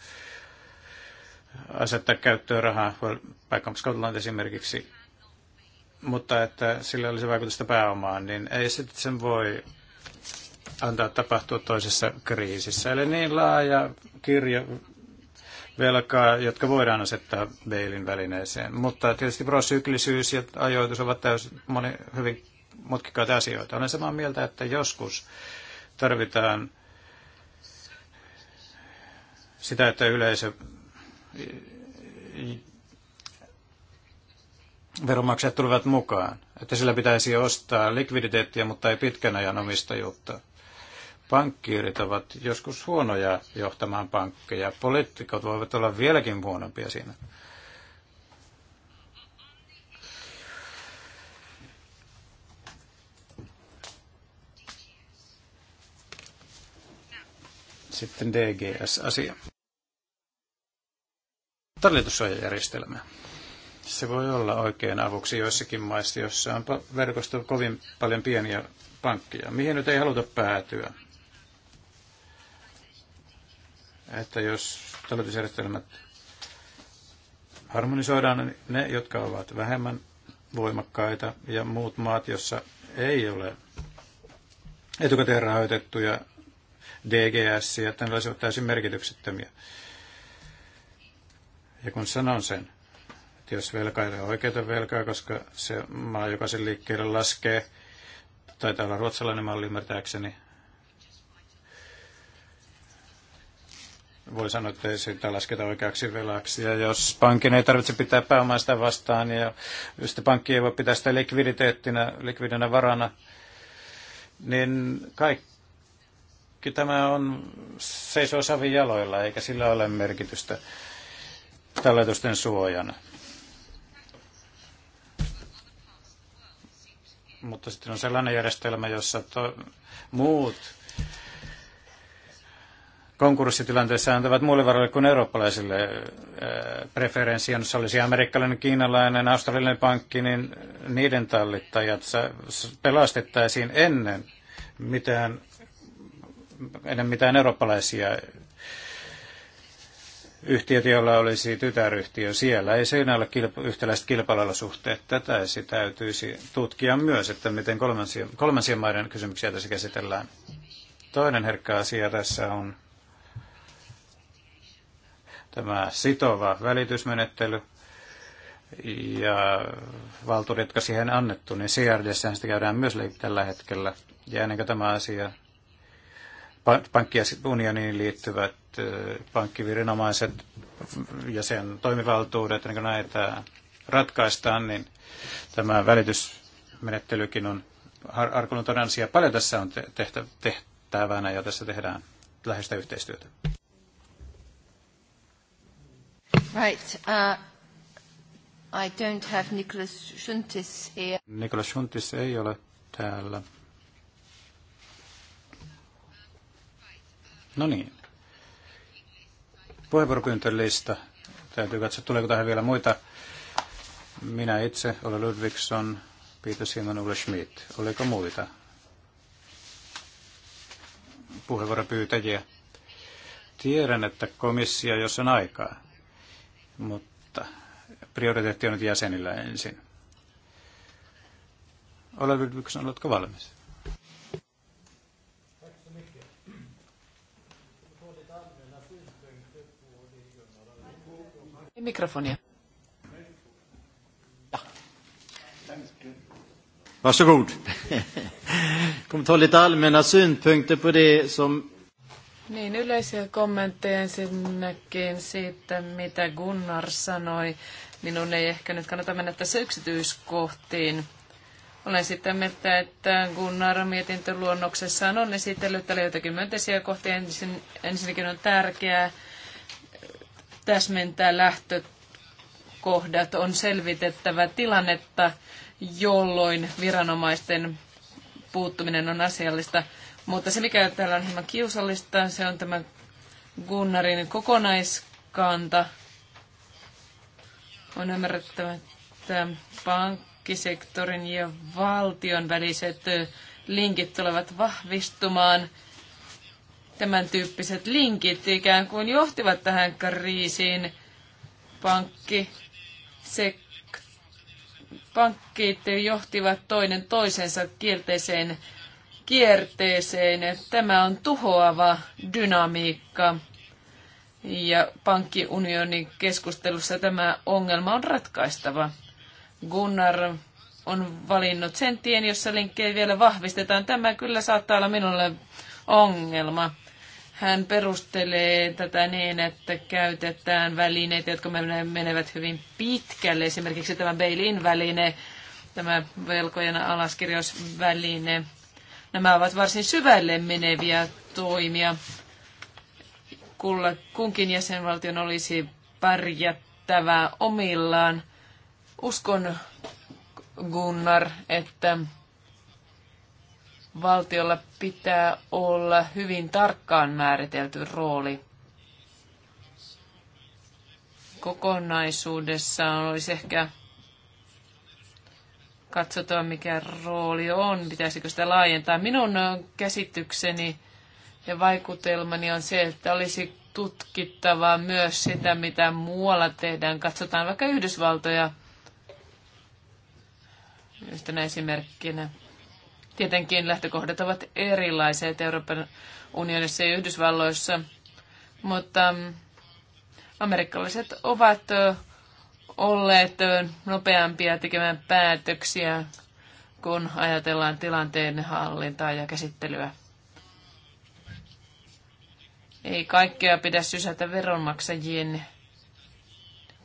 asettaa käyttöön rahaa, pääkaupunkiseudulla esimerkiksi, mutta että sillä olisi vaikutusta pääomaan, niin ei sitten sen voi antaa tapahtua toisessa kriisissä. Eli niin laaja kirja, velkaa, jotka voidaan asettaa Beilin välineeseen. Mutta tietysti prosyklisyys ja ajoitus ovat täysin moni, hyvin mutkikkaita asioita. Olen samaa mieltä, että joskus tarvitaan sitä, että yleisö veronmaksajat tulevat mukaan, että sillä pitäisi ostaa likviditeettiä, mutta ei pitkän ajan omistajuutta. Pankkiirit ovat joskus huonoja johtamaan pankkeja. Poliitikot voivat olla vieläkin huonompia siinä. Sitten DGS-asia talletussuojajärjestelmää. Se voi olla oikein avuksi joissakin maissa, joissa on verkosto kovin paljon pieniä pankkia, mihin nyt ei haluta päätyä. Että jos talletusjärjestelmät harmonisoidaan, niin ne, jotka ovat vähemmän voimakkaita ja muut maat, joissa ei ole etukäteen rahoitettuja DGS ja tällaiset ovat täysin merkityksettömiä. Ja kun sanon sen, että jos velka ei ole oikeuta velkaa, koska se maa, joka sen liikkeelle laskee, taitaa olla ruotsalainen malli ymmärtääkseni, voi sanoa, että ei sitä lasketa oikeaksi velaksi. Ja jos pankin ei tarvitse pitää pääomaista vastaan, ja jos pankki ei voi pitää sitä likviditeettinä, likvidinä varana, niin kaikki tämä on seisoo savin jaloilla, eikä sillä ole merkitystä talletusten suojana. Mutta sitten on sellainen järjestelmä, jossa to, muut konkurssitilanteessa antavat muille varoille kuin eurooppalaisille äh, preferenssiä. Jos olisi amerikkalainen, kiinalainen, australialainen pankki, niin niiden tallittajat pelastettaisiin ennen mitään, ennen mitään eurooppalaisia yhtiöt, joilla olisi tytäryhtiö siellä. Ei siinä ole kilpa- yhtäläiset kilpailuolosuhteet. Tätä se täytyisi tutkia myös, että miten kolmansien, kolmansien maiden kysymyksiä tässä käsitellään. Toinen herkkä asia tässä on tämä sitova välitysmenettely ja valtuudet, jotka siihen annettu, niin CRDS sitä käydään myös tällä hetkellä. Ja ennen kuin tämä asia pankkiunioniin liittyvät pankkiviranomaiset ja sen toimivaltuudet, niin kun näitä ratkaistaan, niin tämä välitysmenettelykin on arkunut asia. Paljon tässä on tehtävänä ja tässä tehdään läheistä yhteistyötä. Right. Uh, I don't have Nicholas Schuntis here. Nicholas Schuntis ei ole täällä. No niin. Puheenvuoropyyntölista. Täytyy katsoa, tuleeko tähän vielä muita. Minä itse olen Ludvigson, Peter Simon, Ulle Schmidt. Oliko muita puheenvuoropyytäjiä? Tiedän, että komissio jos on aikaa, mutta prioriteetti on nyt jäsenillä ensin. Ole Ludvigson, oletko valmis? Mikrofonia. Varsågod. Kommer ta lite allmänna synpunkter på det som... Niin, yleisiä kommentteja ensinnäkin siitä, mitä Gunnar sanoi. Minun ei ehkä nyt kannata mennä tässä yksityiskohtiin. Olen sitä mieltä, että Gunnar mietintöluonnoksessaan on esitellyt tällä joitakin myönteisiä kohtia. Ensin, ensinnäkin on tärkeää, täsmentää lähtökohdat. On selvitettävä tilannetta, jolloin viranomaisten puuttuminen on asiallista. Mutta se, mikä täällä on hieman kiusallista, se on tämä Gunnarin kokonaiskanta. On ymmärrettävä, että pankkisektorin ja valtion väliset linkit tulevat vahvistumaan – tämän tyyppiset linkit ikään kuin johtivat tähän kriisiin. Pankki, se, pankkit johtivat toinen toisensa kielteiseen kierteeseen. Tämä on tuhoava dynamiikka. Ja pankkiunionin keskustelussa tämä ongelma on ratkaistava. Gunnar on valinnut sen tien, jossa linkkejä vielä vahvistetaan. Tämä kyllä saattaa olla minulle ongelma. Hän perustelee tätä niin, että käytetään välineitä, jotka menevät hyvin pitkälle. Esimerkiksi tämä Beilin väline, tämä velkojen alaskirjausväline. Nämä ovat varsin syvälle meneviä toimia. Kulla, kunkin jäsenvaltion olisi pärjättävä omillaan. Uskon, Gunnar, että valtiolla pitää olla hyvin tarkkaan määritelty rooli. Kokonaisuudessaan olisi ehkä katsotaan, mikä rooli on, pitäisikö sitä laajentaa. Minun käsitykseni ja vaikutelmani on se, että olisi tutkittava myös sitä, mitä muualla tehdään. Katsotaan vaikka Yhdysvaltoja yhtenä esimerkkinä. Tietenkin lähtökohdat ovat erilaiset Euroopan unionissa ja Yhdysvalloissa, mutta mm, amerikkalaiset ovat olleet nopeampia tekemään päätöksiä, kun ajatellaan tilanteen hallintaa ja käsittelyä. Ei kaikkea pidä sysätä veronmaksajien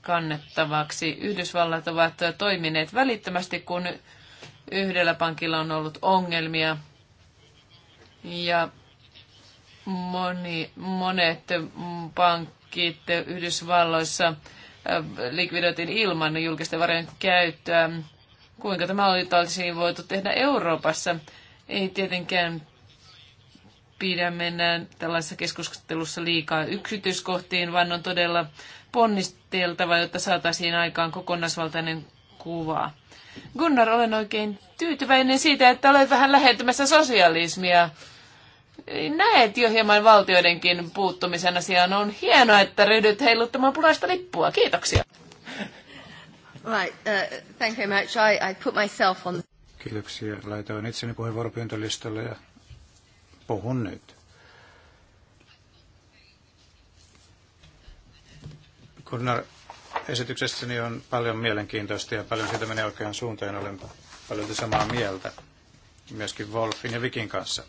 kannettavaksi. Yhdysvallat ovat toimineet välittömästi, kun Yhdellä pankilla on ollut ongelmia ja moni, monet pankit Yhdysvalloissa äh, likvidoitiin ilman julkisten varojen käyttöä. Kuinka tämä olisi voitu tehdä Euroopassa? Ei tietenkään pidä mennä tällaisessa keskustelussa liikaa yksityiskohtiin, vaan on todella ponnisteltava, jotta saataisiin aikaan kokonaisvaltainen kuva. Gunnar, olen oikein tyytyväinen siitä, että olet vähän lähentymässä sosialismia. Näet jo hieman valtioidenkin puuttumisen asiaan. On hienoa, että ryhdyt heiluttamaan punaista lippua. Kiitoksia. Right, uh, thank you much. I, I put myself on... Kiitoksia. Laitoin itseni puheenvuoropyyntölistalle ja puhun nyt. Gunnar esityksessäni on paljon mielenkiintoista ja paljon siitä menee oikeaan suuntaan. Olen paljon samaa mieltä myöskin Wolfin ja Vikin kanssa.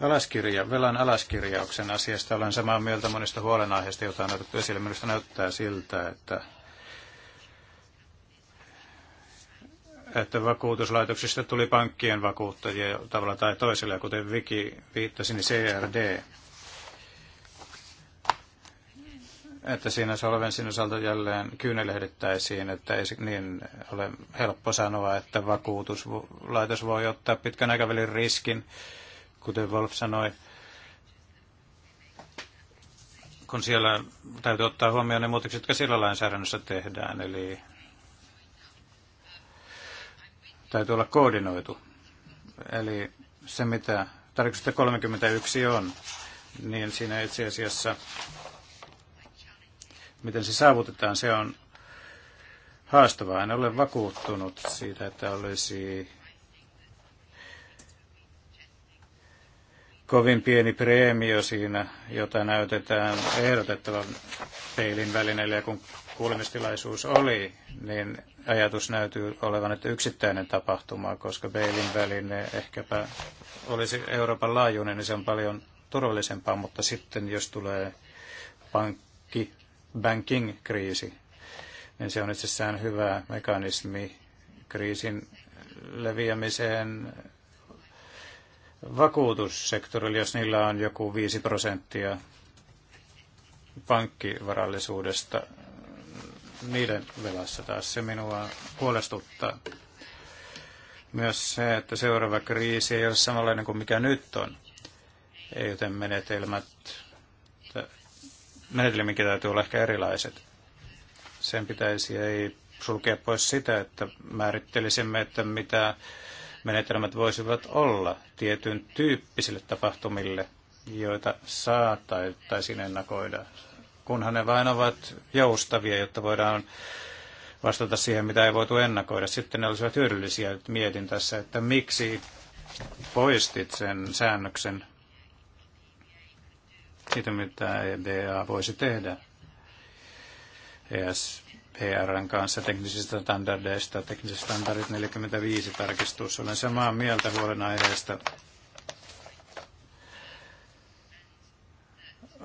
Alaskirja, velan alaskirjauksen asiasta olen samaa mieltä monista huolenaiheista, joita on otettu esille. Minusta näyttää siltä, että, että vakuutuslaitoksista tuli pankkien vakuuttajia tavalla tai toisella, kuten Viki viittasi, niin CRD että siinä Solvensin osalta jälleen kyynelehdittäisiin, että ei niin ole helppo sanoa, että vakuutuslaitos voi ottaa pitkän aikavälin riskin, kuten Wolf sanoi, kun siellä täytyy ottaa huomioon ne muutokset, jotka sillä lainsäädännössä tehdään, eli täytyy olla koordinoitu. Eli se, mitä tarkoitus 31 on, niin siinä itse asiassa Miten se saavutetaan, se on haastavaa. En ole vakuuttunut siitä, että olisi kovin pieni preemio siinä, jota näytetään ehdotettavan peilin välineelle. Ja kun kuulemistilaisuus oli, niin ajatus näytyy olevan, että yksittäinen tapahtuma, koska peilin väline ehkäpä olisi Euroopan laajuinen, niin se on paljon turvallisempaa, mutta sitten jos tulee pankki banking-kriisi, niin se on itsessään hyvä mekanismi kriisin leviämiseen vakuutussektorilla, jos niillä on joku 5 prosenttia pankkivarallisuudesta niiden velassa taas se minua huolestuttaa. Myös se, että seuraava kriisi ei ole samanlainen kuin mikä nyt on, ei joten menetelmät menetelmikin täytyy olla ehkä erilaiset. Sen pitäisi ei sulkea pois sitä, että määrittelisimme, että mitä menetelmät voisivat olla tietyn tyyppisille tapahtumille, joita saa tai, tai sinne ennakoida, kunhan ne vain ovat joustavia, jotta voidaan vastata siihen, mitä ei voitu ennakoida. Sitten ne olisivat hyödyllisiä. Mietin tässä, että miksi poistit sen säännöksen siitä, mitä EBA voisi tehdä ESPRn kanssa teknisistä standardeista. Tekniset standardit 45 tarkistus. Olen samaa mieltä huolenaiheesta.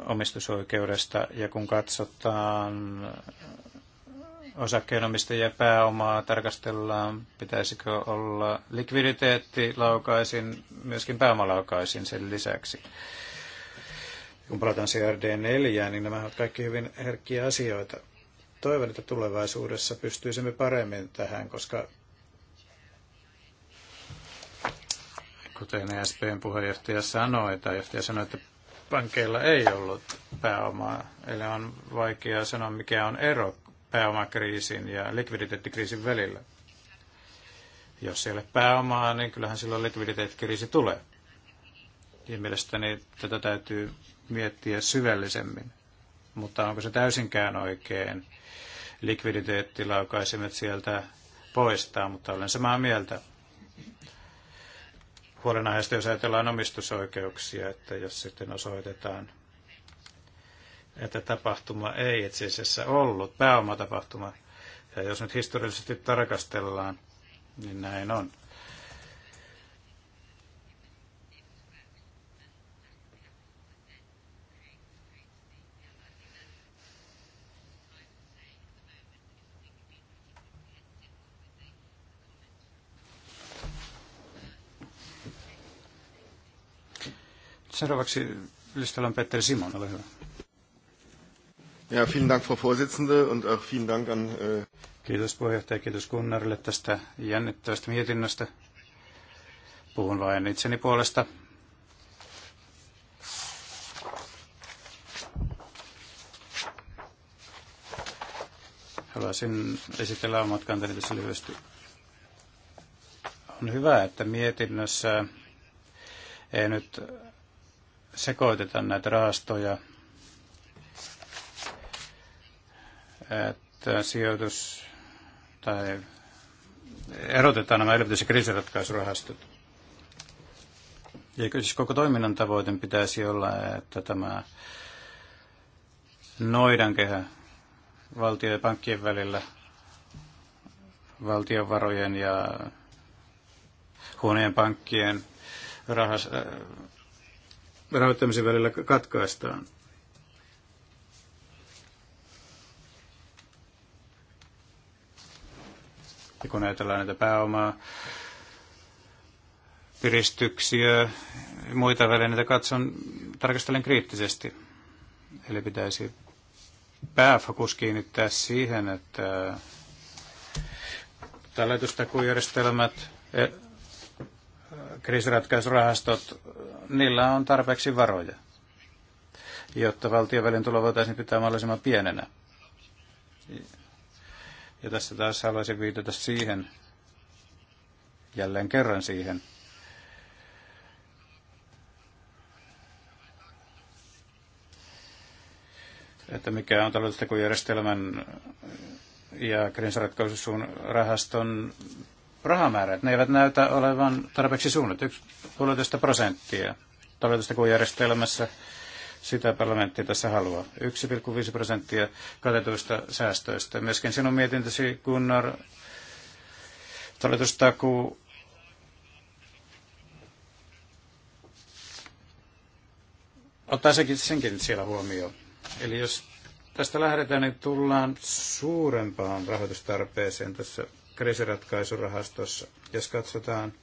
omistusoikeudesta ja kun katsotaan osakkeenomistajia pääomaa, tarkastellaan pitäisikö olla likviditeetti laukaisin, myöskin pääomalaukaisin sen lisäksi kun palataan CRD4, niin nämä ovat kaikki hyvin herkkiä asioita. Toivon, että tulevaisuudessa pystyisimme paremmin tähän, koska kuten ESPn puheenjohtaja sanoi, tai johtaja sanoi, että pankeilla ei ollut pääomaa. Eli on vaikea sanoa, mikä on ero pääomakriisin ja likviditeettikriisin välillä. Jos ei ole pääomaa, niin kyllähän silloin likviditeettikriisi tulee. Ja niin mielestäni tätä täytyy miettiä syvällisemmin. Mutta onko se täysinkään oikein likviditeettilaukaisimet sieltä poistaa, mutta olen samaa mieltä huolenaiheesta, jos ajatellaan omistusoikeuksia, että jos sitten osoitetaan, että tapahtuma ei itse asiassa ollut pääomatapahtuma, ja jos nyt historiallisesti tarkastellaan, niin näin on. Seuraavaksi listalla on Petteri Simon, ole hyvä. Ja, vielen Dank, Frau Vorsitzende, und auch vielen Dank an... Äh... Kiitos puheenjohtaja, kiitos Gunnarille tästä jännittävästä mietinnöstä. Puhun vain itseni puolesta. Haluaisin esitellä omat kantani tässä lyhyesti. On hyvä, että mietinnössä ei nyt sekoiteta näitä rahastoja, että sijoitus tai erotetaan nämä elvytys- ja kriisiratkaisurahastot. Eikö siis koko toiminnan tavoite pitäisi olla, että tämä noidankehä valtio- ja pankkien välillä valtionvarojen ja huoneen pankkien rahas, rahoittamisen välillä katkaistaan. Ja kun ajatellaan näitä pääomaa, piristyksiä ja muita välineitä katson, tarkastelen kriittisesti. Eli pitäisi pääfokus kiinnittää siihen, että talletustakujärjestelmät kriisiratkaisurahastot, niillä on tarpeeksi varoja, jotta valtiovälin tulo voitaisiin pitää mahdollisimman pienenä. Ja tässä taas haluaisin viitata siihen, jälleen kerran siihen, että mikä on taloudellisten järjestelmän ja kriisiratkaisuun rahaston rahamäärät, ne eivät näytä olevan tarpeeksi suunnat. puolitoista prosenttia talletustakuun järjestelmässä sitä parlamentti tässä haluaa. 1,5 prosenttia katetuista säästöistä. Myöskin sinun mietintäsi, Gunnar, talletustakuu ottaa sekin, senkin siellä huomioon. Eli jos tästä lähdetään, niin tullaan suurempaan rahoitustarpeeseen tässä kriisiratkaisurahastossa. Jos katsotaan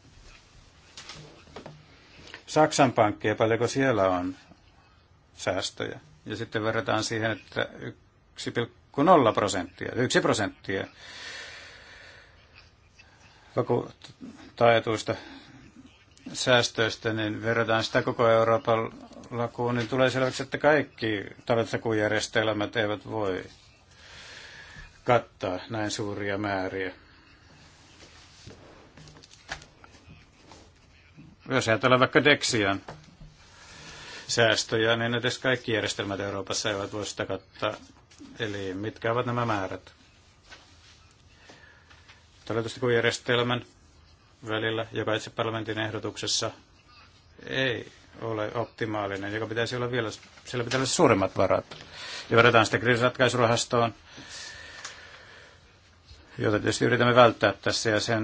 Saksan pankkeja, paljonko siellä on säästöjä. Ja sitten verrataan siihen, että 1,0 prosenttia, 1 prosenttia taetuista säästöistä, niin verrataan sitä koko Euroopan lakuun, niin tulee selväksi, että kaikki talletustakujärjestelmät eivät voi kattaa näin suuria määriä. Jos ajatellaan vaikka Dexian säästöjä, niin edes kaikki järjestelmät Euroopassa eivät voi sitä kattaa. Eli mitkä ovat nämä määrät? järjestelmän välillä, joka itse parlamentin ehdotuksessa ei ole optimaalinen, joka pitäisi olla vielä, sillä pitäisi olla suuremmat varat. Ja vedotaan sitä kriisiratkaisurahastoon, jota tietysti yritämme välttää tässä ja sen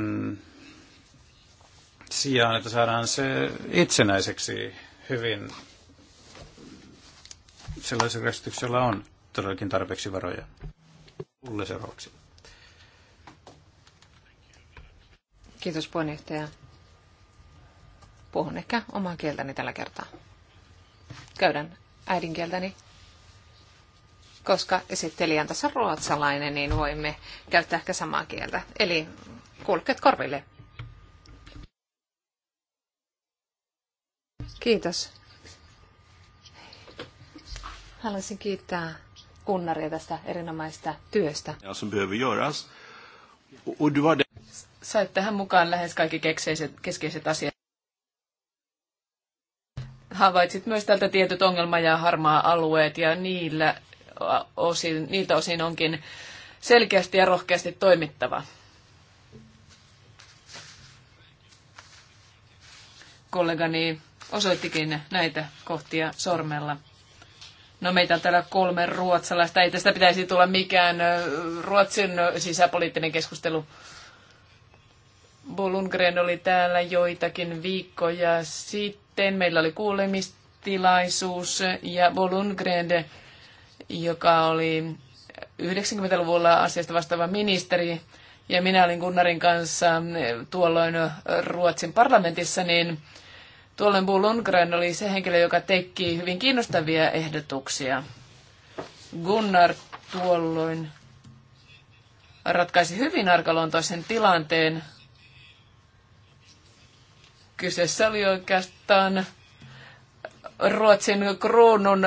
sijaan, että saadaan se itsenäiseksi hyvin sellaisella järjestyksellä on todellakin tarpeeksi varoja. Ulle seuraavaksi. Kiitos puheenjohtaja. Puhun ehkä omaa kieltäni tällä kertaa. Käydän äidinkieltäni. Koska esittelijän tässä ruotsalainen, niin voimme käyttää ehkä samaa kieltä. Eli kuulkeet korville. Kiitos. Haluaisin kiittää Kunnaria tästä erinomaista työstä. Ja Sait tähän mukaan lähes kaikki keskeiset, keskeiset asiat. Havaitsit myös tältä tietyt ongelma- ja harmaa alueet ja niillä osin, niiltä osin onkin selkeästi ja rohkeasti toimittava. Kollegani osoittikin näitä kohtia sormella. No meitä on täällä kolme ruotsalaista. Ei tästä pitäisi tulla mikään Ruotsin sisäpoliittinen keskustelu. Bolungren oli täällä joitakin viikkoja sitten. Meillä oli kuulemistilaisuus ja Bolungren, joka oli 90-luvulla asiasta vastaava ministeri, ja minä olin Gunnarin kanssa tuolloin Ruotsin parlamentissa, niin Tuolloin Bo Lundgren oli se henkilö, joka teki hyvin kiinnostavia ehdotuksia. Gunnar tuolloin ratkaisi hyvin arkaluontoisen tilanteen. Kyseessä oli oikeastaan Ruotsin kruunun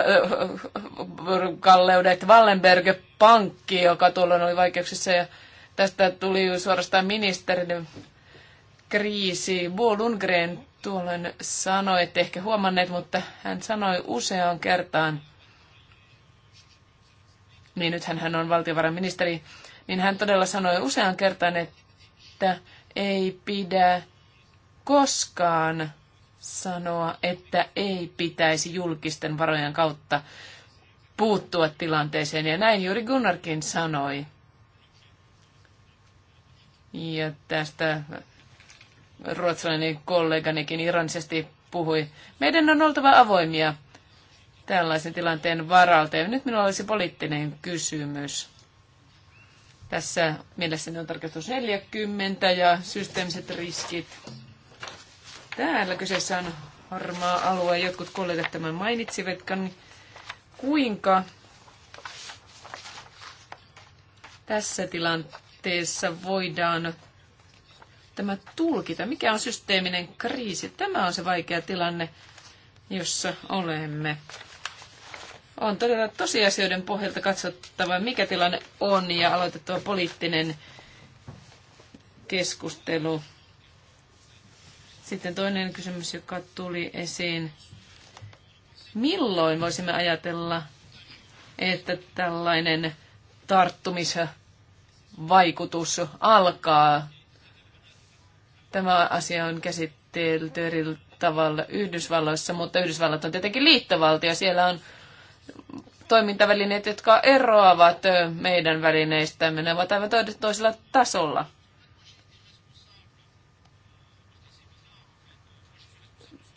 kalleudet Wallenberg-pankki, joka tuolloin oli vaikeuksissa ja tästä tuli suorastaan ministerin kriisi. Bo Lundgren tuolloin sanoi, että ehkä huomanneet, mutta hän sanoi useaan kertaan, niin nythän hän on valtiovarainministeri, niin hän todella sanoi useaan kertaan, että ei pidä koskaan sanoa, että ei pitäisi julkisten varojen kautta puuttua tilanteeseen. Ja näin juuri Gunnarkin sanoi. Ja tästä ruotsalainen kolleganikin ironisesti puhui. Meidän on oltava avoimia tällaisen tilanteen varalta. Ja nyt minulla olisi poliittinen kysymys. Tässä mielessäni on tarkastus 40 ja systeemiset riskit. Täällä kyseessä on harmaa alue. Jotkut kollegat tämän mainitsivatkaan. Kuinka tässä tilanteessa voidaan tämä tulkita? Mikä on systeeminen kriisi? Tämä on se vaikea tilanne, jossa olemme. On todella tosiasioiden pohjalta katsottava, mikä tilanne on ja aloitettava poliittinen keskustelu. Sitten toinen kysymys, joka tuli esiin. Milloin voisimme ajatella, että tällainen tarttumisvaikutus alkaa Tämä asia on käsitelty eri tavalla Yhdysvalloissa, mutta Yhdysvallat on tietenkin liittovaltio. Siellä on toimintavälineet, jotka eroavat meidän välineistämme. Ne ovat aivan toisella tasolla.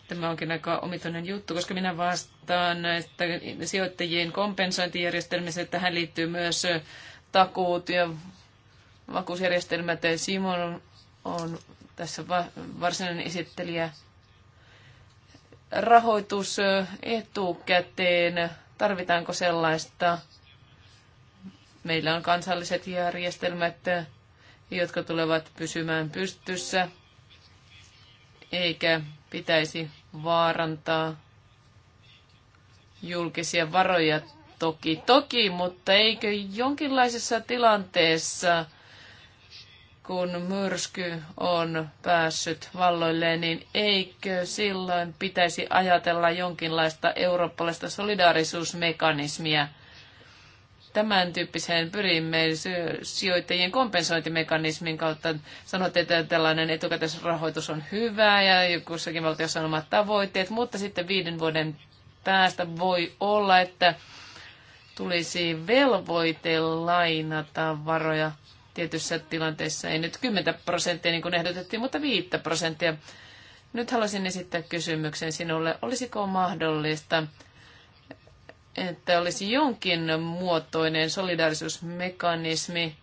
Tämä onkin aika omituinen juttu, koska minä vastaan näistä sijoittajien kompensointijärjestelmistä. Tähän liittyy myös takuut ja vakuusjärjestelmät. Simon on tässä va- varsinainen esittelijä, rahoitus etukäteen, tarvitaanko sellaista? Meillä on kansalliset järjestelmät, jotka tulevat pysymään pystyssä, eikä pitäisi vaarantaa julkisia varoja toki, toki, mutta eikö jonkinlaisessa tilanteessa – kun myrsky on päässyt valloilleen, niin eikö silloin pitäisi ajatella jonkinlaista eurooppalaista solidaarisuusmekanismia? Tämän tyyppiseen pyrimme sijoittajien kompensointimekanismin kautta. Sanoitte, että tällainen etukäteisrahoitus on hyvä ja kussakin valtiossa on omat tavoitteet, mutta sitten viiden vuoden päästä voi olla, että tulisi velvoite lainata varoja tietyissä tilanteissa, ei nyt 10 prosenttia niin kuin ehdotettiin, mutta 5 prosenttia. Nyt haluaisin esittää kysymyksen sinulle. Olisiko mahdollista, että olisi jonkin muotoinen solidaarisuusmekanismi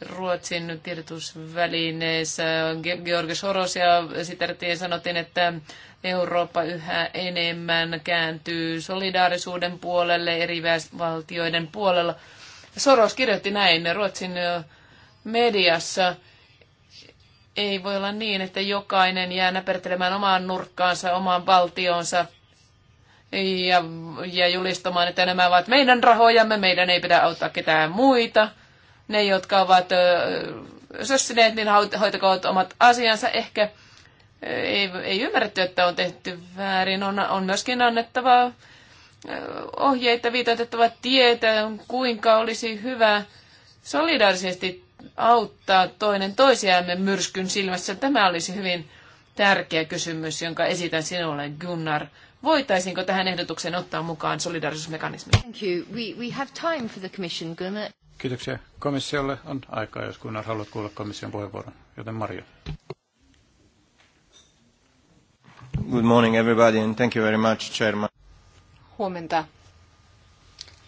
Ruotsin tiedotusvälineessä. George Soros ja sitertiin sanottiin, että Eurooppa yhä enemmän kääntyy solidaarisuuden puolelle eri valtioiden puolella. Soros kirjoitti näin Ruotsin mediassa ei voi olla niin, että jokainen jää näpertelemään omaan nurkkaansa, omaan valtioonsa ja, ja julistamaan, että nämä ovat meidän rahojamme, meidän ei pidä auttaa ketään muita. Ne, jotka ovat ö, sössineet, niin hoitakoot omat asiansa. Ehkä ei, ei ymmärretty, että on tehty väärin. On, on myöskin annettava ohjeita, viitoitettava tietä, kuinka olisi hyvä solidaarisesti auttaa toinen toisiamme myrskyn silmässä? Tämä olisi hyvin tärkeä kysymys, jonka esitän sinulle, Gunnar. Voitaisiinko tähän ehdotukseen ottaa mukaan solidarisuusmekanismi? Thank you. We, we have time for the commission, Gunnar. Kiitoksia. Komissiolle on aikaa, jos Gunnar haluat kuulla komission puheenvuoron. Joten Mario. Good morning everybody and thank you very much, Chairman. Huomenta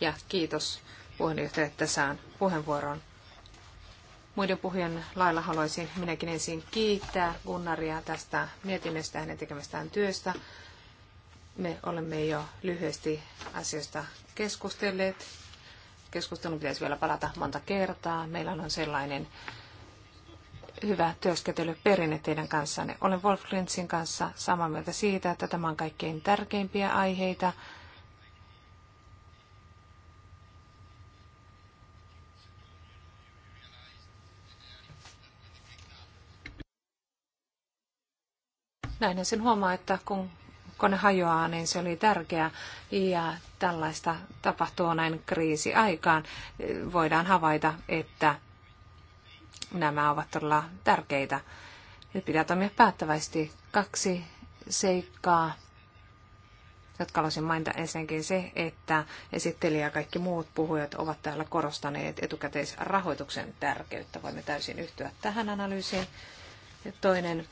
ja kiitos puheenjohtaja, että saan puheenvuoron. Muiden puhujan lailla haluaisin minäkin ensin kiittää Gunnaria tästä mietinnöstä hänen tekemästään työstä. Me olemme jo lyhyesti asiasta keskustelleet. Keskustelun pitäisi vielä palata monta kertaa. Meillä on sellainen hyvä työskentelyperinne teidän kanssanne. Olen Wolf Lintzin kanssa samaa mieltä siitä, että tämä on kaikkein tärkeimpiä aiheita – Näinhän sen huomaa, että kun kone hajoaa, niin se oli tärkeää ja tällaista tapahtuu näin kriisiaikaan. Voidaan havaita, että nämä ovat todella tärkeitä. Nyt pitää toimia päättävästi kaksi seikkaa, jotka haluaisin mainita ensinnäkin se, että esittelijä ja kaikki muut puhujat ovat täällä korostaneet etukäteisrahoituksen tärkeyttä. Voimme täysin yhtyä tähän analyysiin. Ja toinen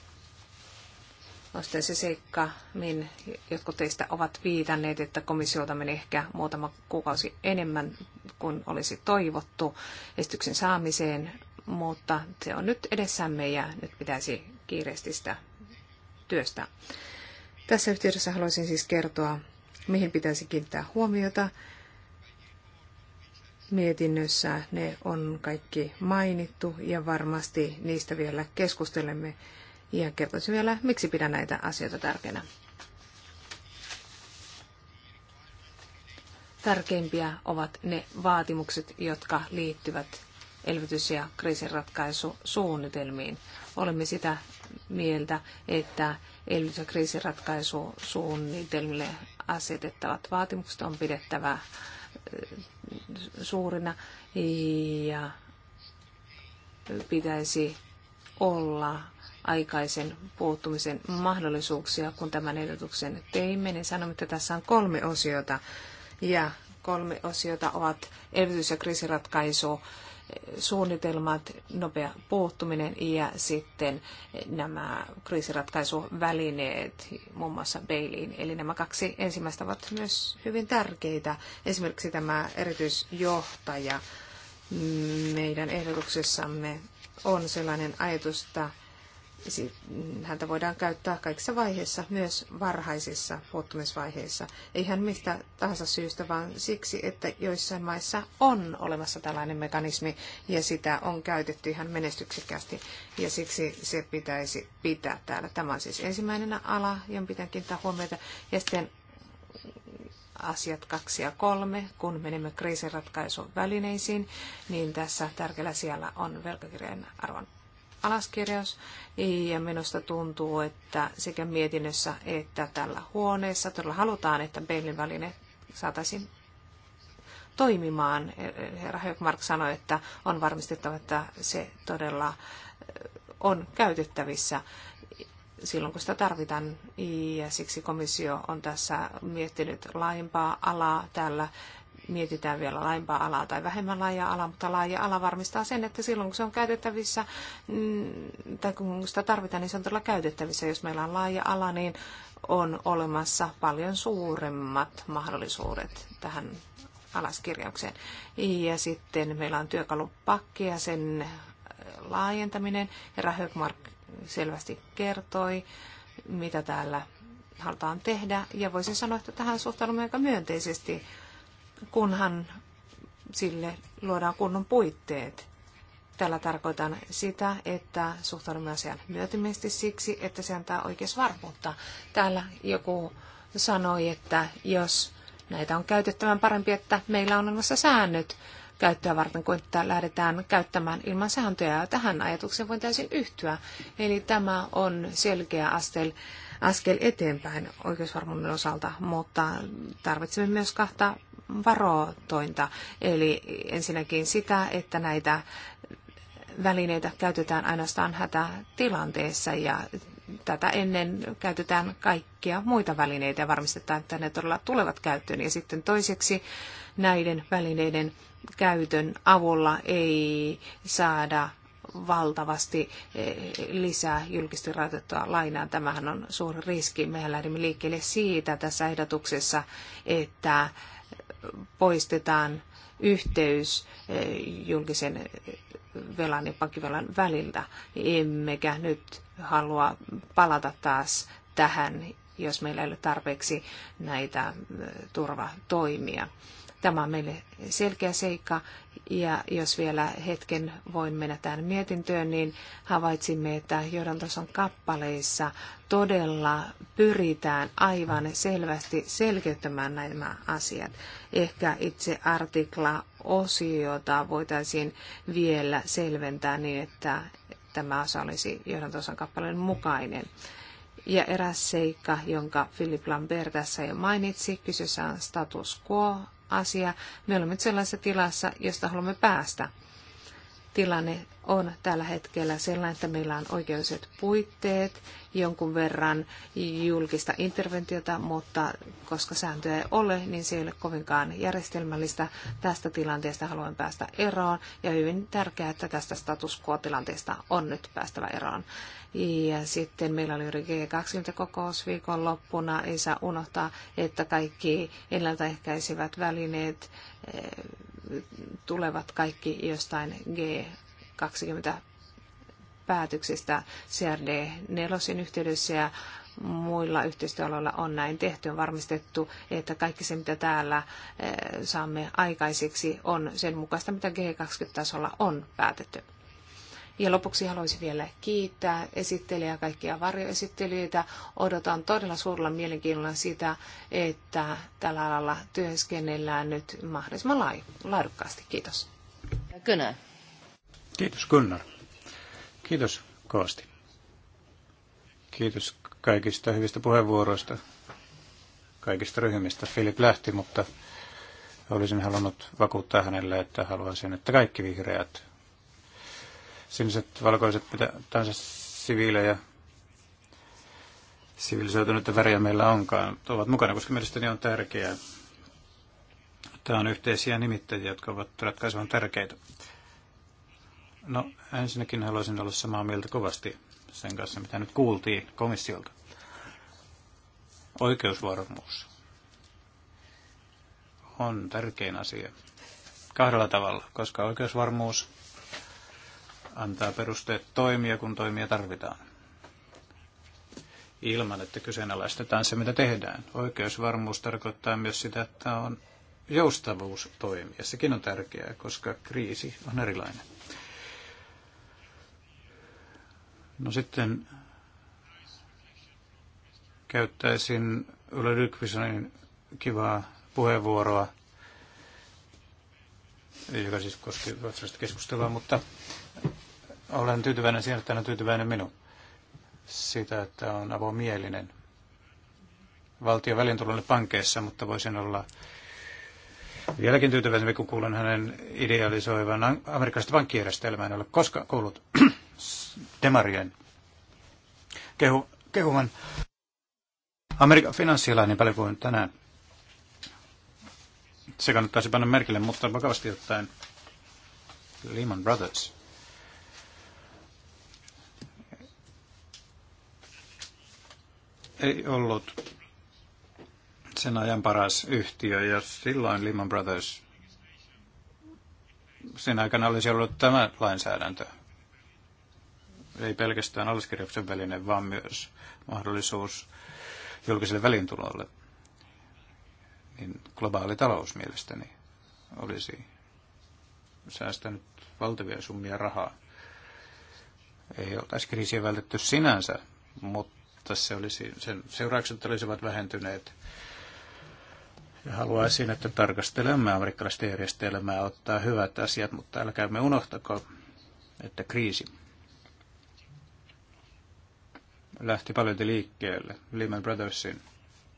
nostan se seikka, mihin jotkut teistä ovat viitanneet, että komissiolta meni ehkä muutama kuukausi enemmän kuin olisi toivottu esityksen saamiseen, mutta se on nyt edessämme ja nyt pitäisi kiireesti sitä työstä. Tässä yhteydessä haluaisin siis kertoa, mihin pitäisi kiinnittää huomiota. Mietinnössä ne on kaikki mainittu ja varmasti niistä vielä keskustelemme ja kertoisi vielä, miksi pidän näitä asioita tärkeänä. Tärkeimpiä ovat ne vaatimukset, jotka liittyvät elvytys- ja kriisinratkaisusuunnitelmiin. Olemme sitä mieltä, että elvytys- ja kriisinratkaisusuunnitelmille asetettavat vaatimukset on pidettävä suurina ja pitäisi olla aikaisen puuttumisen mahdollisuuksia, kun tämän ehdotuksen teimme, niin sanomme, että tässä on kolme osiota. Ja kolme osiota ovat elvytys- ja kriisiratkaisu, suunnitelmat, nopea puuttuminen ja sitten nämä kriisiratkaisuvälineet, muun muassa Beiliin. Eli nämä kaksi ensimmäistä ovat myös hyvin tärkeitä. Esimerkiksi tämä erityisjohtaja meidän ehdotuksessamme on sellainen ajatus, että häntä voidaan käyttää kaikissa vaiheissa, myös varhaisissa puuttumisvaiheissa. Eihän mistä tahansa syystä, vaan siksi, että joissain maissa on olemassa tällainen mekanismi ja sitä on käytetty ihan menestyksekkäästi ja siksi se pitäisi pitää täällä. Tämä on siis ensimmäinen ala, johon pitää kiinnittää huomiota. Ja sitten asiat kaksi ja kolme, kun menemme kriisinratkaisun välineisiin, niin tässä tärkeällä siellä on velkakirjan arvon alaskirjaus. Ja minusta tuntuu, että sekä mietinnössä että tällä huoneessa todella halutaan, että Beilin väline saataisiin toimimaan. Herra Högmark sanoi, että on varmistettava, että se todella eh, on käytettävissä silloin, kun sitä tarvitaan. Ja siksi komissio on tässä miettinyt laajempaa alaa täällä mietitään vielä laajempaa alaa tai vähemmän laajaa alaa, mutta laaja ala varmistaa sen, että silloin kun se on käytettävissä, mm, tai kun sitä tarvitaan, niin se on todella käytettävissä. Jos meillä on laaja ala, niin on olemassa paljon suuremmat mahdollisuudet tähän alaskirjaukseen. Ja sitten meillä on työkalupakki ja sen äh, laajentaminen. Herra Högmark selvästi kertoi, mitä täällä halutaan tehdä. Ja voisin sanoa, että tähän suhtaudumme aika myönteisesti kunhan sille luodaan kunnon puitteet. Tällä tarkoitan sitä, että suhtaudumme asiaan myötymisesti siksi, että se antaa oikeus varmuutta. Täällä joku sanoi, että jos näitä on käytettävän parempi, että meillä on olemassa säännöt käyttöä varten, kuin että lähdetään käyttämään ilman sääntöjä. Tähän ajatukseen voin täysin yhtyä. Eli tämä on selkeä askel, askel eteenpäin oikeusvarmuuden osalta, mutta tarvitsemme myös kahta varotointa, eli ensinnäkin sitä, että näitä välineitä käytetään ainoastaan hätätilanteessa ja tätä ennen käytetään kaikkia muita välineitä ja varmistetaan, että ne todella tulevat käyttöön. Ja sitten toiseksi näiden välineiden käytön avulla ei saada valtavasti eh, lisää julkisesti rajoitettua lainaa. Tämähän on suuri riski. Mehän lähdimme liikkeelle siitä tässä ehdotuksessa, että poistetaan yhteys eh, julkisen velan ja pankkivelan väliltä, emmekä nyt halua palata taas tähän, jos meillä ei ole tarpeeksi näitä eh, turvatoimia. Tämä on meille selkeä seikka ja jos vielä hetken voin mennä tähän mietintöön, niin havaitsimme, että johdantason kappaleissa todella pyritään aivan selvästi selkeyttämään nämä asiat. Ehkä itse artikla osiota voitaisiin vielä selventää niin, että tämä osa olisi johdantosan kappaleen mukainen. Ja eräs seikka, jonka Philip Lambert tässä jo mainitsi, kyseessä on status quo-asia. Me olemme sellaisessa tilassa, josta haluamme päästä. Tilanne on tällä hetkellä sellainen, että meillä on oikeuset puitteet, jonkun verran julkista interventiota, mutta koska sääntöä ei ole, niin se ei ole kovinkaan järjestelmällistä. Tästä tilanteesta haluan päästä eroon ja hyvin tärkeää, että tästä status quo-tilanteesta on nyt päästävä eroon. Ja sitten meillä oli G20-kokous loppuna. Ei saa unohtaa, että kaikki ennaltaehkäisevät välineet eh, tulevat kaikki jostain G 20 päätöksistä CRD 4 yhteydessä ja muilla yhteistyöaloilla on näin tehty. On varmistettu, että kaikki se, mitä täällä eh, saamme aikaiseksi, on sen mukaista, mitä G20-tasolla on päätetty. Ja lopuksi haluaisin vielä kiittää esittelijä kaikkia varjoesittelijöitä. Odotan todella suurella mielenkiinnolla sitä, että tällä alalla työskennellään nyt mahdollisimman laadukkaasti. Kiitos. Kynä. Kiitos Gunnar. Kiitos Koosti. Kiitos kaikista hyvistä puheenvuoroista, kaikista ryhmistä. Filip lähti, mutta olisin halunnut vakuuttaa hänelle, että haluaisin, että kaikki vihreät, siniset, valkoiset, mitä tahansa siviilejä, sivilisoituneita väriä meillä onkaan, ovat mukana, koska mielestäni on tärkeää. Tämä on yhteisiä nimittäjiä, jotka ovat ratkaisevan tärkeitä. No ensinnäkin haluaisin olla samaa mieltä kovasti sen kanssa, mitä nyt kuultiin komissiolta. Oikeusvarmuus on tärkein asia kahdella tavalla, koska oikeusvarmuus antaa perusteet toimia, kun toimia tarvitaan. Ilman, että kyseenalaistetaan se, mitä tehdään. Oikeusvarmuus tarkoittaa myös sitä, että on joustavuus toimia. Sekin on tärkeää, koska kriisi on erilainen. No sitten käyttäisin Yle Rykvisonin kivaa puheenvuoroa, joka siis koski ruotsalaista keskustelua, mutta olen tyytyväinen siihen, että hän on tyytyväinen minun siitä, että on avomielinen valtion välintulolle pankeissa, mutta voisin olla vieläkin tyytyväisempi, kun kuulen hänen idealisoivan amerikkalaista pankkijärjestelmää. En ole koskaan kuullut demarien kehu, kehuvan Amerikan finanssialainen paljon kuin tänään. Se kannattaisi panna merkille, mutta vakavasti ottaen Lehman Brothers. Ei ollut sen ajan paras yhtiö ja silloin Lehman Brothers sen aikana olisi ollut tämä lainsäädäntö ei pelkästään alaskirjauksen väline, vaan myös mahdollisuus julkiselle välintulolle. Niin globaali talous mielestäni olisi säästänyt valtavia summia rahaa. Ei oltaisi kriisiä vältetty sinänsä, mutta se olisi, sen seuraukset olisivat vähentyneet. Ja haluaisin, että tarkastelemme amerikkalaista järjestelmää, ottaa hyvät asiat, mutta älkäämme unohtako, että kriisi lähti paljon liikkeelle Lehman Brothersin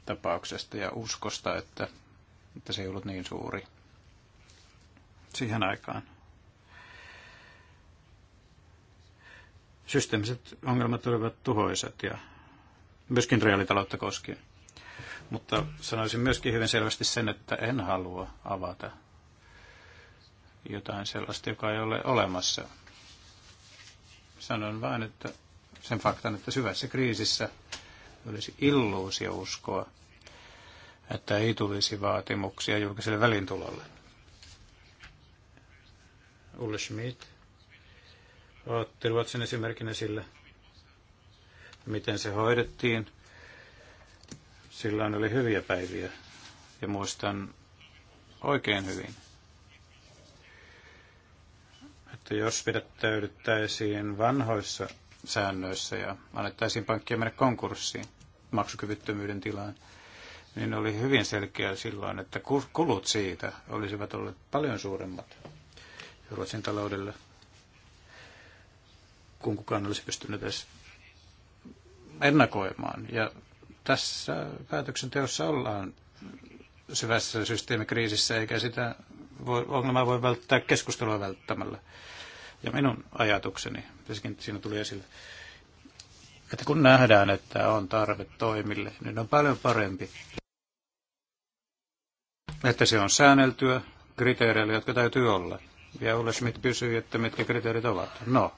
tapauksesta ja uskosta, että, että se ei ollut niin suuri siihen aikaan. Systeemiset ongelmat olivat tuhoiset ja myöskin reaalitaloutta koskien. Mutta sanoisin myöskin hyvin selvästi sen, että en halua avata jotain sellaista, joka ei ole olemassa. Sanon vain, että sen faktan, että syvässä kriisissä olisi illuusio uskoa, että ei tulisi vaatimuksia julkiselle välintulolle. Ulle Schmidt otti Ruotsin esimerkin esille, miten se hoidettiin. Silloin oli hyviä päiviä ja muistan oikein hyvin että jos pidättäydyttäisiin vanhoissa säännöissä ja annettaisiin pankkia mennä konkurssiin maksukyvyttömyyden tilaan, niin oli hyvin selkeä silloin, että kulut siitä olisivat olleet paljon suuremmat Ruotsin taloudelle, kun kukaan olisi pystynyt edes ennakoimaan. Ja tässä päätöksenteossa ollaan syvässä systeemikriisissä, eikä sitä voi, ongelmaa voi välttää keskustelua välttämällä. Ja minun ajatukseni, siinä tuli esille, että kun nähdään, että on tarve toimille, niin on paljon parempi, että se on säänneltyä kriteereillä, jotka täytyy olla. Ja Ulle Schmidt kysyi, että mitkä kriteerit ovat. No,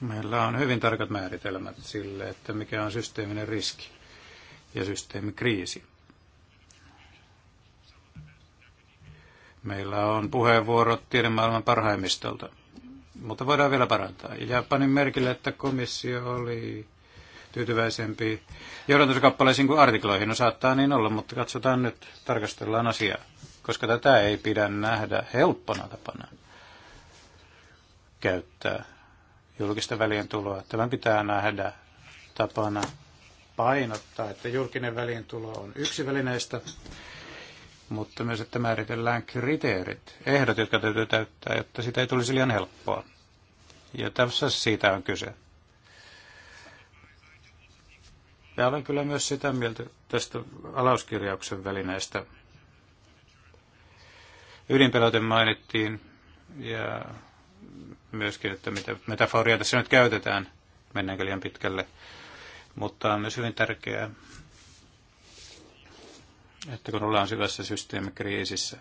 meillä on hyvin tarkat määritelmät sille, että mikä on systeeminen riski ja systeemikriisi. Meillä on puheenvuorot tiedemaailman parhaimmistolta mutta voidaan vielä parantaa. Ja panin merkille, että komissio oli tyytyväisempi johdantokappaleisiin kuin artikloihin. No saattaa niin olla, mutta katsotaan nyt, tarkastellaan asiaa, koska tätä ei pidä nähdä helppona tapana käyttää julkista tuloa. Tämän pitää nähdä tapana painottaa, että julkinen tulo on yksi välineistä, mutta myös, että määritellään kriteerit, ehdot, jotka täytyy täyttää, jotta sitä ei tulisi liian helppoa. Ja tässä siitä on kyse. Ja olen kyllä myös sitä mieltä tästä alauskirjauksen välineestä. Ydinpelote mainittiin ja myöskin, että mitä metaforia tässä nyt käytetään, mennäänkö liian pitkälle. Mutta on myös hyvin tärkeää että kun ollaan syvässä systeemikriisissä,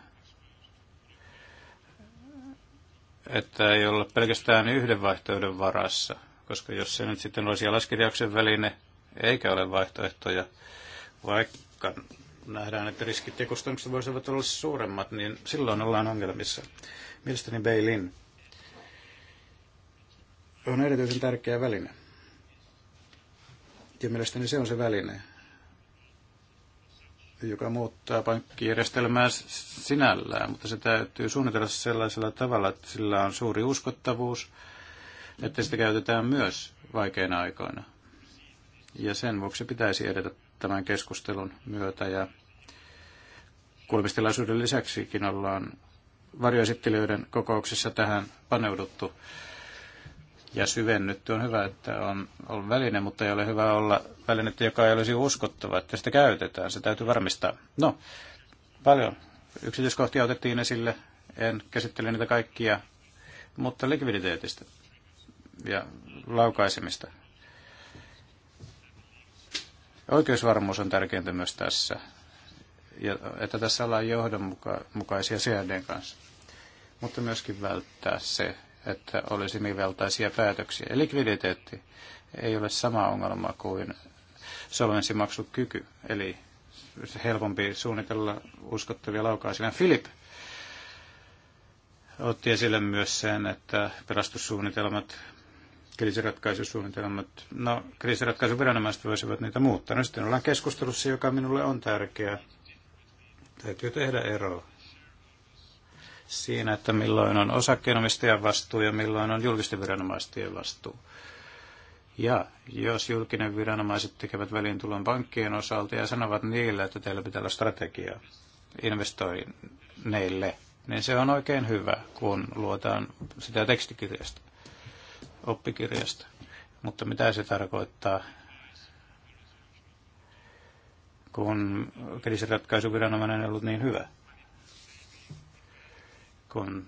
että ei olla pelkästään yhden vaihtoehdon varassa, koska jos se nyt sitten olisi jalaskirjauksen väline, eikä ole vaihtoehtoja, vaikka nähdään, että riskit ja kustannukset voisivat olla suuremmat, niin silloin ollaan ongelmissa. Mielestäni Beilin on erityisen tärkeä väline. Ja mielestäni se on se väline, joka muuttaa pankkijärjestelmää sinällään, mutta se täytyy suunnitella sellaisella tavalla, että sillä on suuri uskottavuus, että sitä käytetään myös vaikeina aikoina. Ja sen vuoksi pitäisi edetä tämän keskustelun myötä ja kuulemistilaisuuden lisäksikin ollaan varjoesittelijöiden kokouksessa tähän paneuduttu ja syvennytty. On hyvä, että on, on väline, mutta ei ole hyvä olla väline, joka ei olisi uskottava, että sitä käytetään. Se täytyy varmistaa. No, paljon yksityiskohtia otettiin esille. En käsittele niitä kaikkia, mutta likviditeetistä ja laukaisemista. Oikeusvarmuus on tärkeintä myös tässä, ja, että tässä ollaan johdonmukaisia CRDn kanssa, mutta myöskin välttää se, että olisi miveltaisia niin päätöksiä. Likviditeetti ei ole sama ongelma kuin solvenssimaksukyky, eli helpompi suunnitella uskottavia laukaisia. Filip otti esille myös sen, että pelastussuunnitelmat, kriisiratkaisusuunnitelmat, no kriisiratkaisuviranomaiset voisivat niitä muuttaa. No sitten ollaan keskustelussa, joka minulle on tärkeää. Täytyy tehdä ero siinä, että milloin on osakkeenomistajan vastuu ja milloin on julkisten viranomaisten vastuu. Ja jos julkinen viranomaiset tekevät väliintulon pankkien osalta ja sanovat niille, että teillä pitää olla strategia investoinneille, niin se on oikein hyvä, kun luotaan sitä tekstikirjasta, oppikirjasta. Mutta mitä se tarkoittaa, kun kriisiratkaisuviranomainen ei ollut niin hyvä? kun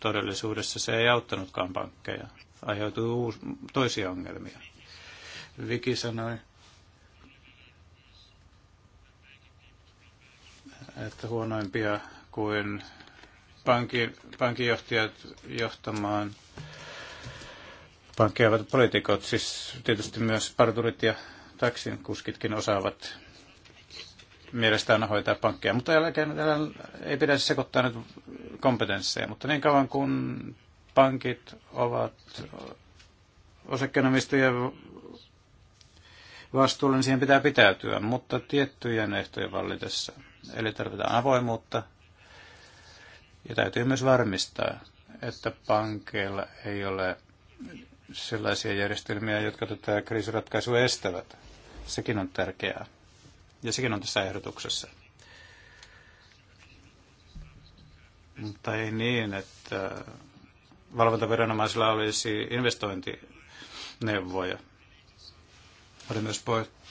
todellisuudessa se ei auttanutkaan pankkeja. Aiheutui uusi, toisia ongelmia. Viki sanoi, että huonoimpia kuin pankin, pankinjohtajat johtamaan pankkeja ovat poliitikot. Siis tietysti myös parturit ja taksin kuskitkin osaavat mielestään hoitaa pankkeja, mutta jälkeen ei pidä sekoittaa nyt kompetensseja, mutta niin kauan kun pankit ovat osakkeenomistajien vastuulla, niin siihen pitää pitäytyä, mutta tiettyjen ehtojen vallitessa. Eli tarvitaan avoimuutta ja täytyy myös varmistaa, että pankeilla ei ole sellaisia järjestelmiä, jotka tätä kriisiratkaisua estävät. Sekin on tärkeää ja sekin on tässä ehdotuksessa. Mutta ei niin, että valvontaviranomaisilla olisi investointineuvoja. Oli myös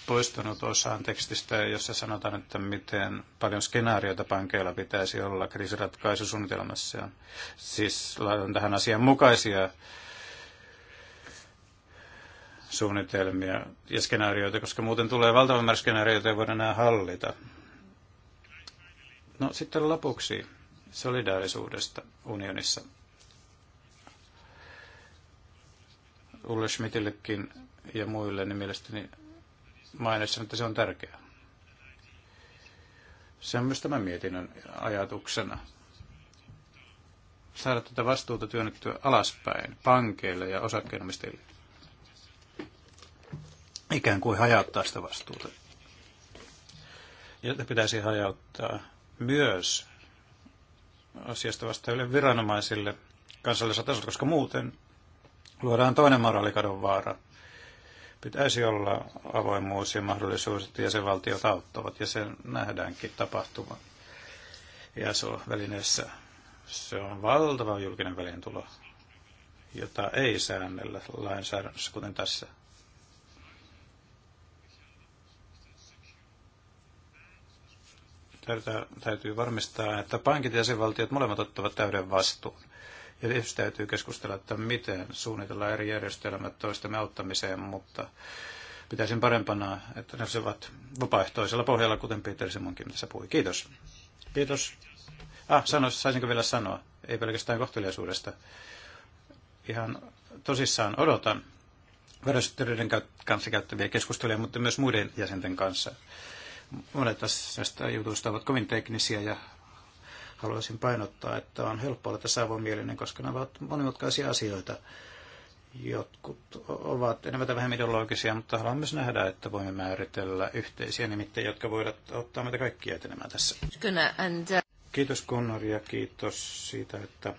poistunut osaan tekstistä, jossa sanotaan, että miten paljon skenaarioita pankeilla pitäisi olla kriisiratkaisusuunnitelmassa. Siis laitan tähän asian mukaisia suunnitelmia ja skenaarioita, koska muuten tulee valtavan määrä skenaarioita, ei voida enää hallita. No sitten lopuksi solidaarisuudesta unionissa. Ulle Schmidtillekin ja muille, niin mielestäni mainitsin, että se on tärkeää. Se on myös tämän mietinnön ajatuksena. Saada tätä vastuuta työnnettyä alaspäin pankeille ja osakkeenomistajille ikään kuin hajauttaa sitä vastuuta. Ja pitäisi hajauttaa myös asiasta vastaaville viranomaisille kansallisella tasolla, koska muuten luodaan toinen moraalikadon vaara. Pitäisi olla avoimuus ja mahdollisuus, että jäsenvaltiot auttavat, ja se nähdäänkin tapahtuvan on välineessä Se on valtava julkinen väliintulo, jota ei säännellä lainsäädännössä, kuten tässä Tätä täytyy varmistaa, että pankit ja jäsenvaltiot molemmat ottavat täyden vastuun. Ja tietysti täytyy keskustella, että miten suunnitella eri järjestelmät toistemme auttamiseen, mutta pitäisin parempana, että ne olisivat vapaaehtoisella pohjalla, kuten Peter Simonkin tässä puhui. Kiitos. Kiitos. Ah, sano, saisinko vielä sanoa? Ei pelkästään kohteliaisuudesta. Ihan tosissaan odotan verosyhteilijöiden kanssa käyttäviä keskusteluja, mutta myös muiden jäsenten kanssa. Monet tästä jutusta ovat kovin teknisiä ja haluaisin painottaa, että on helppo olla tässä avomielinen, koska nämä ovat monimutkaisia asioita. Jotkut ovat enemmän tai vähemmän ideologisia, mutta haluan myös nähdä, että voimme määritellä yhteisiä nimittäin, jotka voivat ottaa meitä kaikkia etenemään tässä. Uh, kiitos Connor ja kiitos siitä, että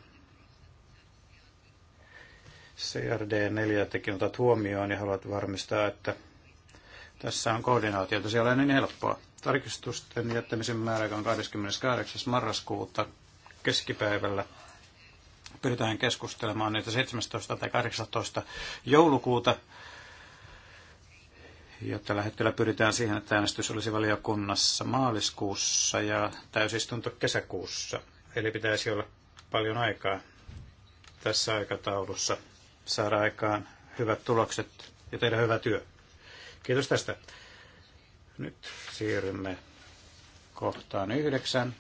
CRD4 tekin otat huomioon ja haluat varmistaa, että tässä on koordinaatiota, siellä on niin helppoa. Tarkistusten jättämisen määrä on 28. marraskuuta keskipäivällä. Pyritään keskustelemaan niitä 17. tai 18. joulukuuta ja tällä hetkellä pyritään siihen, että äänestys olisi valiokunnassa maaliskuussa ja täysistunto kesäkuussa. Eli pitäisi olla paljon aikaa tässä aikataulussa saada aikaan hyvät tulokset ja tehdä hyvä työ. Kiitos tästä. Nyt siirrymme kohtaan yhdeksän,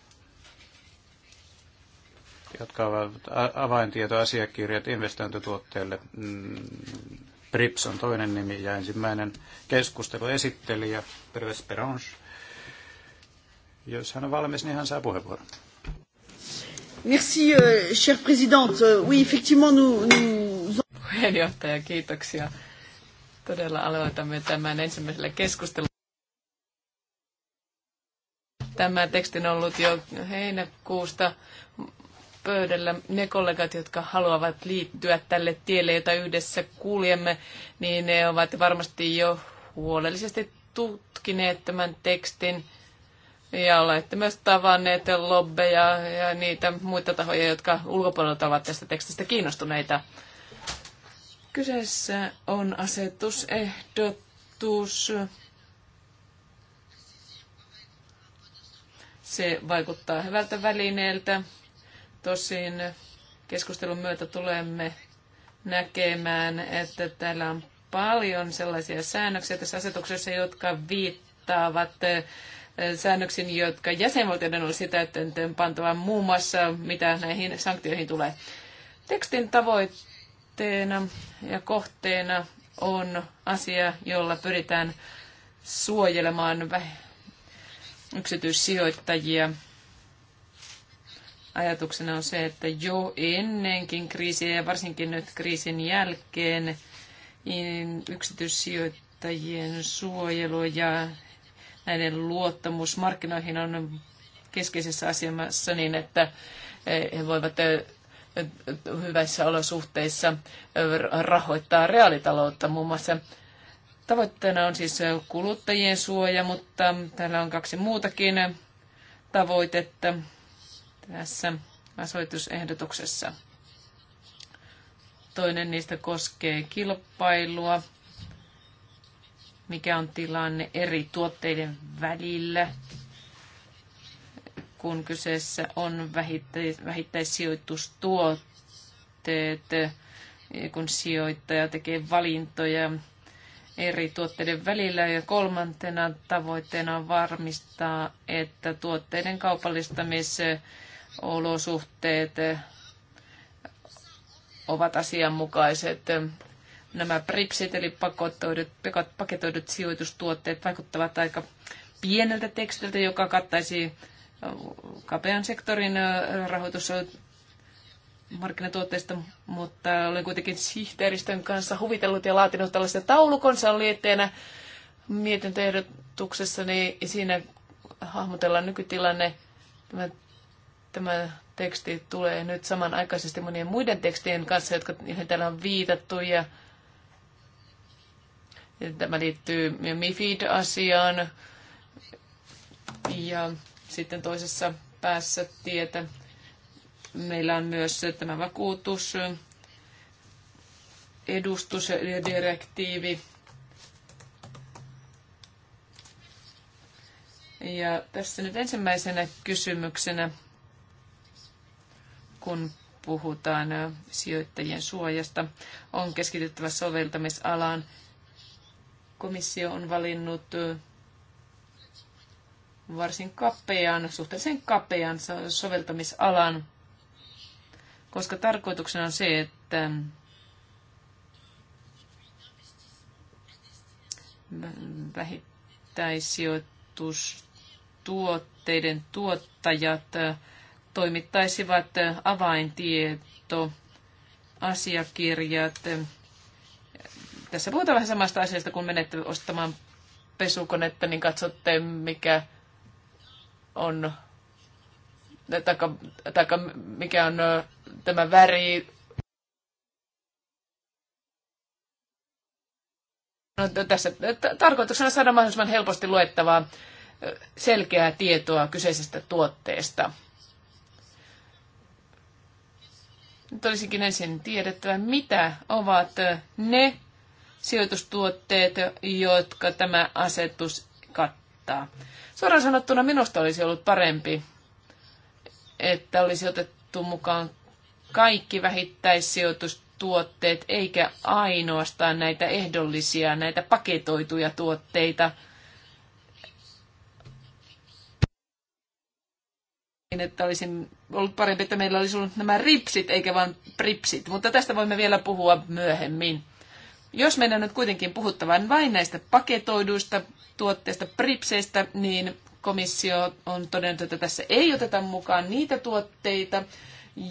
jotka ovat avaintietoasiakirjat investointituotteelle. Mm, PRIPS on toinen nimi ja ensimmäinen keskustelu ja Perves Perange. Jos hän on valmis, niin hän saa puheenvuoron. Merci, euh, cher chère présidente. Euh, oui, effectivement, nous, nous... Puheenjohtaja, kiitoksia. Todella aloitamme tämän ensimmäisellä keskustelulla. Tämä teksti on ollut jo heinäkuusta pöydällä. Ne kollegat, jotka haluavat liittyä tälle tielle, jota yhdessä kuljemme, niin ne ovat varmasti jo huolellisesti tutkineet tämän tekstin. Ja olette myös tavanneet lobbeja ja niitä muita tahoja, jotka ulkopuolelta ovat tästä tekstistä kiinnostuneita. Kyseessä on asetusehdotus. Se vaikuttaa hyvältä välineeltä. Tosin keskustelun myötä tulemme näkemään, että täällä on paljon sellaisia säännöksiä tässä asetuksessa, jotka viittaavat eh, säännöksiin, jotka jäsenvaltioiden olisi että pantava muun muassa, mitä näihin sanktioihin tulee. Tekstin tavoitteet tavoitteena ja kohteena on asia, jolla pyritään suojelemaan yksityissijoittajia. Ajatuksena on se, että jo ennenkin kriisiä ja varsinkin nyt kriisin jälkeen yksityissijoittajien suojelu ja näiden luottamus markkinoihin on keskeisessä asemassa niin, että he voivat hyvissä olosuhteissa rahoittaa reaalitaloutta muun muassa. Tavoitteena on siis kuluttajien suoja, mutta täällä on kaksi muutakin tavoitetta tässä asoitusehdotuksessa. Toinen niistä koskee kilpailua, mikä on tilanne eri tuotteiden välillä kun kyseessä on vähittäissijoitustuotteet, kun sijoittaja tekee valintoja eri tuotteiden välillä. Ja kolmantena tavoitteena on varmistaa, että tuotteiden kaupallistamisolosuhteet ovat asianmukaiset. Nämä pripsit eli paketoidut sijoitustuotteet vaikuttavat aika pieneltä tekstiltä, joka kattaisi kapean sektorin rahoitus markkinatuotteista, mutta olen kuitenkin sihteeristön kanssa huvitellut ja laatinut tällaisen taulukon. Se on liitteenä mietintöehdotuksessa, niin siinä hahmotellaan nykytilanne. Tämä, tämä teksti tulee nyt samanaikaisesti monien muiden tekstien kanssa, jotka täällä on viitattu. Ja, ja tämä liittyy MIFID-asiaan. Ja sitten toisessa päässä tietä meillä on myös tämä vakuutus, direktiivi. Ja tässä nyt ensimmäisenä kysymyksenä, kun puhutaan sijoittajien suojasta, on keskityttävä soveltamisalaan. Komissio on valinnut varsin kapean, suhteellisen kapean soveltamisalan, koska tarkoituksena on se, että vähittäissijoitustuotteiden tuottajat toimittaisivat avaintieto asiakirjat. Tässä puhutaan vähän samasta asiasta, kun menette ostamaan pesukonetta, niin katsotte, mikä on, taikka, taikka mikä on tämä väri, No, tässä tarkoituksena saada mahdollisimman helposti luettavaa selkeää tietoa kyseisestä tuotteesta. Nyt olisikin ensin tiedettävä, mitä ovat ne sijoitustuotteet, jotka tämä asetus kattaa laittaa. Suoraan sanottuna minusta olisi ollut parempi, että olisi otettu mukaan kaikki vähittäissijoitustuotteet, eikä ainoastaan näitä ehdollisia, näitä paketoituja tuotteita. Niin, että olisi ollut parempi, että meillä olisi ollut nämä ripsit, eikä vain pripsit. Mutta tästä voimme vielä puhua myöhemmin. Jos meidän on nyt kuitenkin puhuttavan vain näistä paketoiduista tuotteista, pripseistä, niin komissio on todennut, että tässä ei oteta mukaan niitä tuotteita,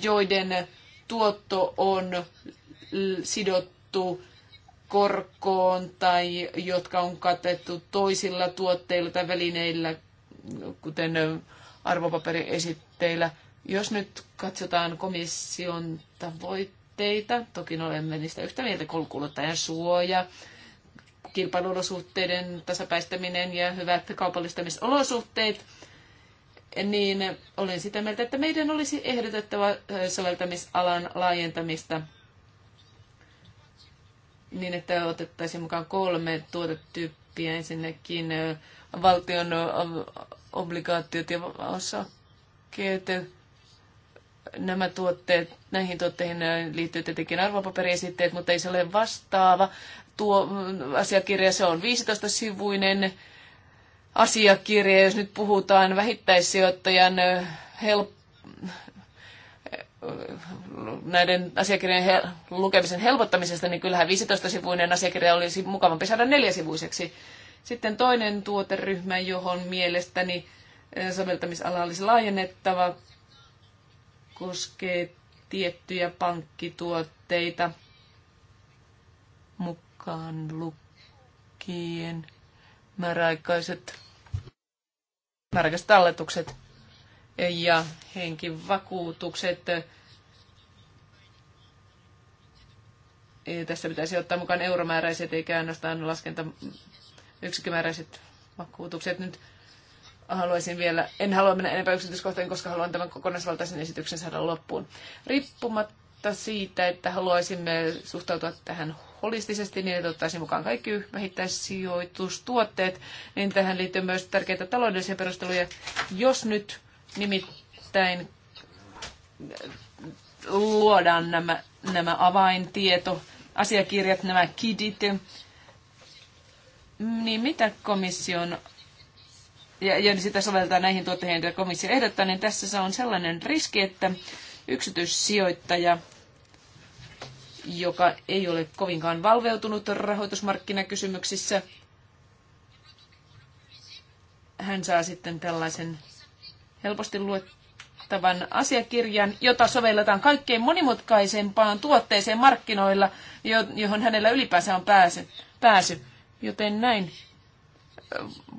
joiden tuotto on sidottu korkoon tai jotka on katettu toisilla tuotteilla tai välineillä, kuten arvopaperiesitteillä. Jos nyt katsotaan komission tavoitteita, tavoitteita. Toki olemme niistä yhtä mieltä, kuluttajan suoja, kilpailuolosuhteiden tasapäistäminen ja hyvät kaupallistamisolosuhteet, niin olen sitä mieltä, että meidän olisi ehdotettava soveltamisalan laajentamista niin, että otettaisiin mukaan kolme tuotetyyppiä. Ensinnäkin valtion obligaatiot ja osakkeet, nämä tuotteet, näihin tuotteihin äh, liittyy tietenkin arvopaperiesitteet, mutta ei se ole vastaava tuo mm, asiakirja. Se on 15-sivuinen asiakirja, jos nyt puhutaan vähittäissijoittajan äh, help, äh, näiden asiakirjojen hel, lukemisen helpottamisesta, niin kyllähän 15-sivuinen asiakirja olisi mukavampi saada neljäsivuiseksi. Sitten toinen tuoteryhmä, johon mielestäni soveltamisala olisi laajennettava, koskee tiettyjä pankkituotteita mukaan lukien määräaikaiset määräaikaiset talletukset ja henkivakuutukset. Ja tässä pitäisi ottaa mukaan euromääräiset eikä ainoastaan laskenta yksikkömääräiset vakuutukset. Nyt haluaisin vielä, en halua mennä enempää yksityiskohtiin, koska haluan tämän kokonaisvaltaisen esityksen saada loppuun. Riippumatta siitä, että haluaisimme suhtautua tähän holistisesti, niin että ottaisiin mukaan kaikki vähittäissijoitustuotteet, niin tähän liittyy myös tärkeitä taloudellisia perusteluja. Jos nyt nimittäin luodaan nämä, nämä avaintieto, asiakirjat, nämä kidit, niin mitä komission ja, ja sitä soveltaa näihin tuotteihin, joita komissio ehdottaa, niin tässä on sellainen riski, että yksityissijoittaja, joka ei ole kovinkaan valveutunut rahoitusmarkkinakysymyksissä, hän saa sitten tällaisen helposti luettavan asiakirjan, jota sovelletaan kaikkein monimutkaisempaan tuotteeseen markkinoilla, johon hänellä ylipäänsä on pääsy. pääsy. Joten näin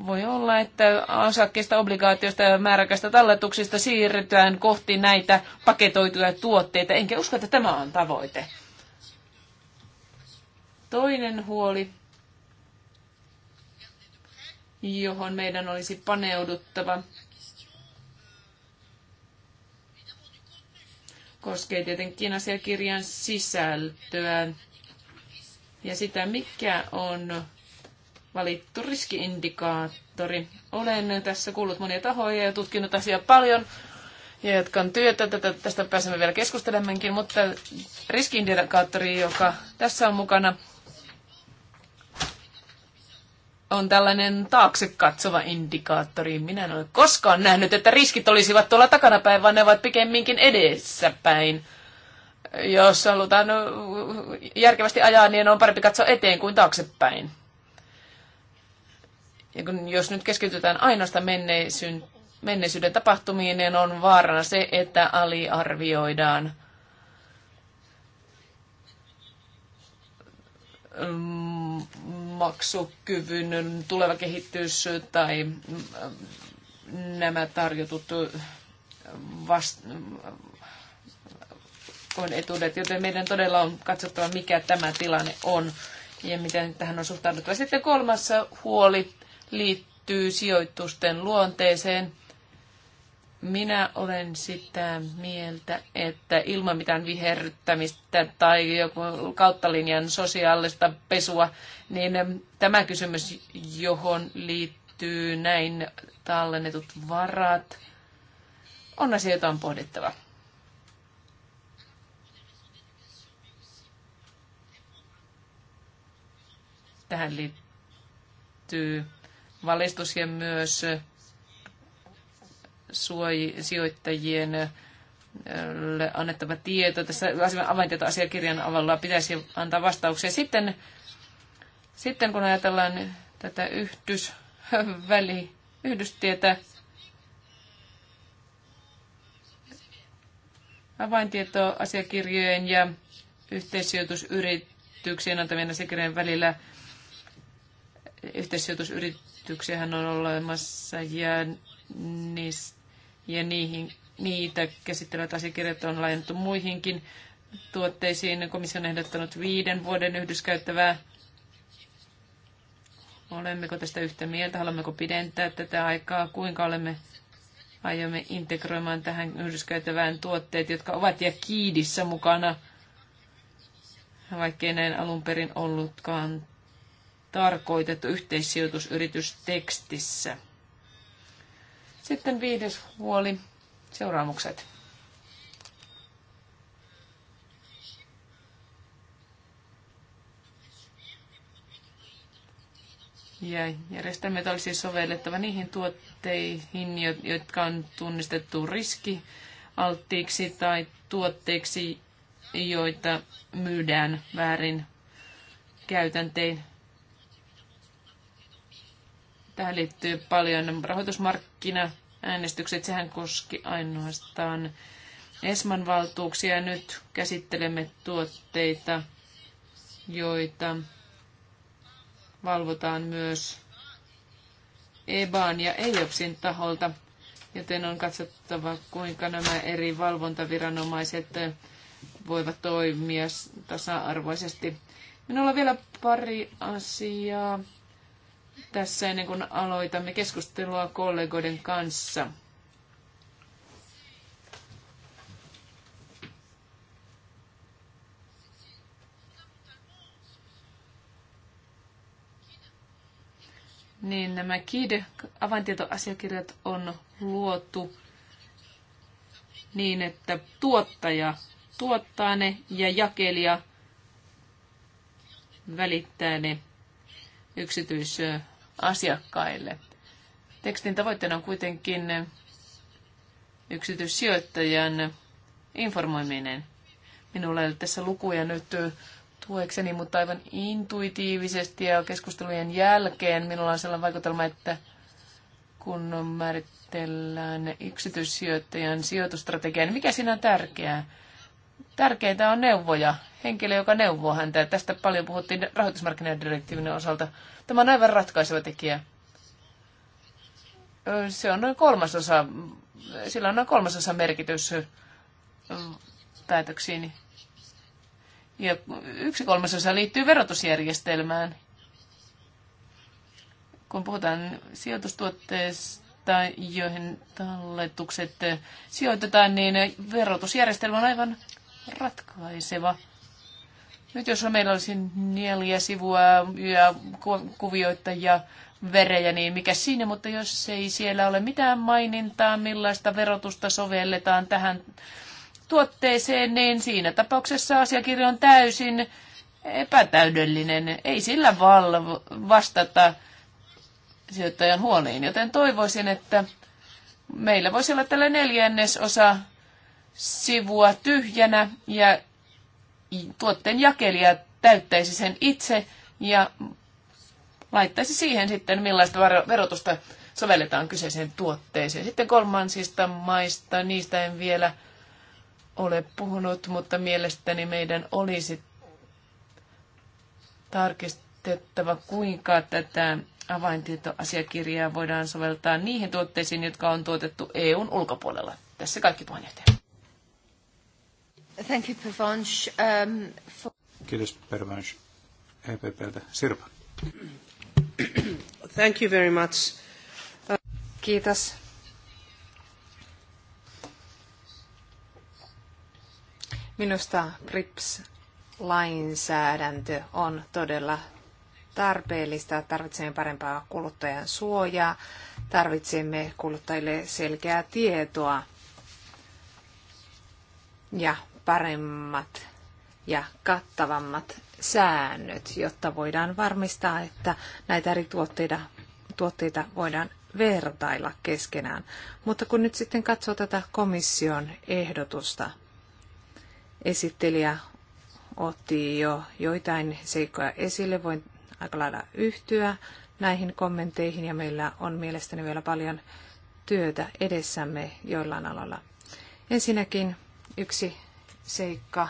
voi olla, että osakkeista, obligaatioista ja määräkästä talletuksista siirrytään kohti näitä paketoituja tuotteita. Enkä usko, että tämä on tavoite. Toinen huoli, johon meidän olisi paneuduttava, koskee tietenkin asiakirjan sisältöä ja sitä, mikä on valittu riskiindikaattori. Olen tässä kuullut monia tahoja ja tutkinut asiaa paljon ja on työtä. Tätä, tästä pääsemme vielä keskustelemmekin, mutta riskiindikaattori, joka tässä on mukana, on tällainen taakse katsova indikaattori. Minä en ole koskaan nähnyt, että riskit olisivat tuolla takanapäin, vaan ne ovat pikemminkin edessäpäin. Jos halutaan järkevästi ajaa, niin on parempi katsoa eteen kuin taaksepäin. Ja kun, jos nyt keskitytään ainoastaan menneisyyden, menneisyyden tapahtumiin, niin on vaarana se, että aliarvioidaan mm, maksukyvyn tuleva kehitys tai mm, nämä tarjotut mm, vast- etuudet, joten meidän todella on katsottava, mikä tämä tilanne on ja miten tähän on suhtauduttava. Sitten kolmas huoli liittyy sijoitusten luonteeseen. Minä olen sitä mieltä, että ilman mitään viherryttämistä tai joku kauttalinjan sosiaalista pesua, niin tämä kysymys, johon liittyy näin tallennetut varat, on asia, jota on pohdittava. Tähän liittyy valistus ja myös suoj, sijoittajien annettava tieto. Tässä avaintietoasiakirjan avalla pitäisi antaa vastauksia. Sitten, sitten kun ajatellaan tätä yhdysväli, yhdystietä, avaintietoasiakirjojen ja yhteissijoitusyrityksien antamien asiakirjojen välillä yhteissijoitusyrityksien yhdistyksiähän on olemassa ja, niis, ja niihin, niitä käsittelevät asiakirjat on laajennettu muihinkin tuotteisiin. Komissio on ehdottanut viiden vuoden yhdyskäyttävää. Olemmeko tästä yhtä mieltä? Haluammeko pidentää tätä aikaa? Kuinka olemme aiomme integroimaan tähän yhdyskäytävään tuotteet, jotka ovat ja kiidissä mukana, vaikkei näin alun perin ollutkaan tarkoitettu yhteissijoitusyritystekstissä. Sitten viides huoli, seuraamukset. Ja järjestelmät olisi siis sovellettava niihin tuotteihin, jotka on tunnistettu riski alttiiksi tai tuotteiksi, joita myydään väärin käytäntein. Tähän liittyy paljon rahoitusmarkkina äänestykset. Sehän koski ainoastaan Esman valtuuksia. Nyt käsittelemme tuotteita, joita valvotaan myös EBAN ja EIOPSin taholta, joten on katsottava, kuinka nämä eri valvontaviranomaiset voivat toimia tasa-arvoisesti. Minulla on vielä pari asiaa tässä ennen kuin aloitamme keskustelua kollegoiden kanssa. niin nämä KID-avaintietoasiakirjat on luotu niin, että tuottaja tuottaa ne ja jakelija välittää ne yksityisöön asiakkaille. Tekstin tavoitteena on kuitenkin yksityissijoittajan informoiminen. Minulla ei ole tässä lukuja nyt tuekseni, mutta aivan intuitiivisesti ja keskustelujen jälkeen minulla on sellainen vaikutelma, että kun määritellään yksityissijoittajan sijoitustrategia, niin mikä siinä on tärkeää? Tärkeintä on neuvoja, henkilö, joka neuvoo häntä. Tästä paljon puhuttiin rahoitusmarkkinadirektiivin osalta. Tämä on aivan ratkaiseva tekijä. Se on noin kolmasosa, sillä on noin kolmasosa merkitys päätöksiin. Ja yksi kolmasosa liittyy verotusjärjestelmään. Kun puhutaan sijoitustuotteista, joihin talletukset sijoitetaan, niin verotusjärjestelmä on aivan ratkaiseva. Nyt jos meillä olisi neljä sivua ja kuvioita ja verejä, niin mikä siinä, mutta jos ei siellä ole mitään mainintaa, millaista verotusta sovelletaan tähän tuotteeseen, niin siinä tapauksessa asiakirja on täysin epätäydellinen. Ei sillä valvo, vastata sijoittajan huoliin, joten toivoisin, että meillä voisi olla tällä neljännesosa sivua tyhjänä ja tuotteen jakelija täyttäisi sen itse ja laittaisi siihen sitten, millaista verotusta sovelletaan kyseiseen tuotteeseen. Sitten kolmansista maista, niistä en vielä ole puhunut, mutta mielestäni meidän olisi tarkistettava, kuinka tätä avaintietoasiakirjaa voidaan soveltaa niihin tuotteisiin, jotka on tuotettu EUn ulkopuolella. Tässä kaikki puheenjohtaja. Thank you, Pervanche. Um, Kiitos, EPPltä. E Sirpa. Thank you very much. Kiitos. Minusta PRIPS-lainsäädäntö on todella tarpeellista. Tarvitsemme parempaa kuluttajan suojaa, tarvitsemme kuluttajille selkeää tietoa ja paremmat ja kattavammat säännöt, jotta voidaan varmistaa, että näitä eri tuotteita, tuotteita voidaan vertailla keskenään. Mutta kun nyt sitten katsoo tätä komission ehdotusta, esittelijä otti jo joitain seikkoja esille, voin aika lailla yhtyä näihin kommentteihin ja meillä on mielestäni vielä paljon työtä edessämme joillain alalla. Ensinnäkin yksi seikka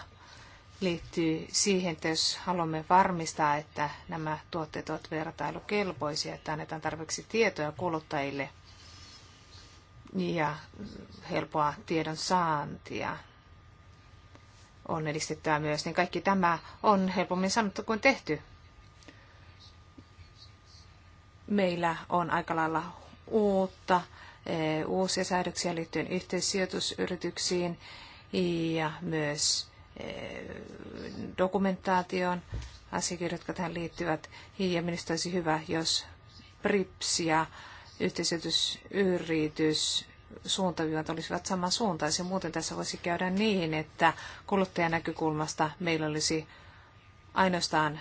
liittyy siihen, että jos haluamme varmistaa, että nämä tuotteet ovat vertailukelpoisia, että annetaan tarpeeksi tietoja kuluttajille ja helpoa tiedon saantia on edistettävä myös, niin kaikki tämä on helpommin sanottu kuin tehty. Meillä on aika lailla uutta, eh, uusia säädöksiä liittyen yhteissijoitusyrityksiin, ja myös eh, dokumentaation asiakirjat, jotka tähän liittyvät. Ja minusta olisi hyvä, jos PRIPS ja yhteisötysyritys suuntaviivat olisivat samansuuntaisia. Muuten tässä voisi käydä niin, että kuluttajan näkökulmasta meillä olisi ainoastaan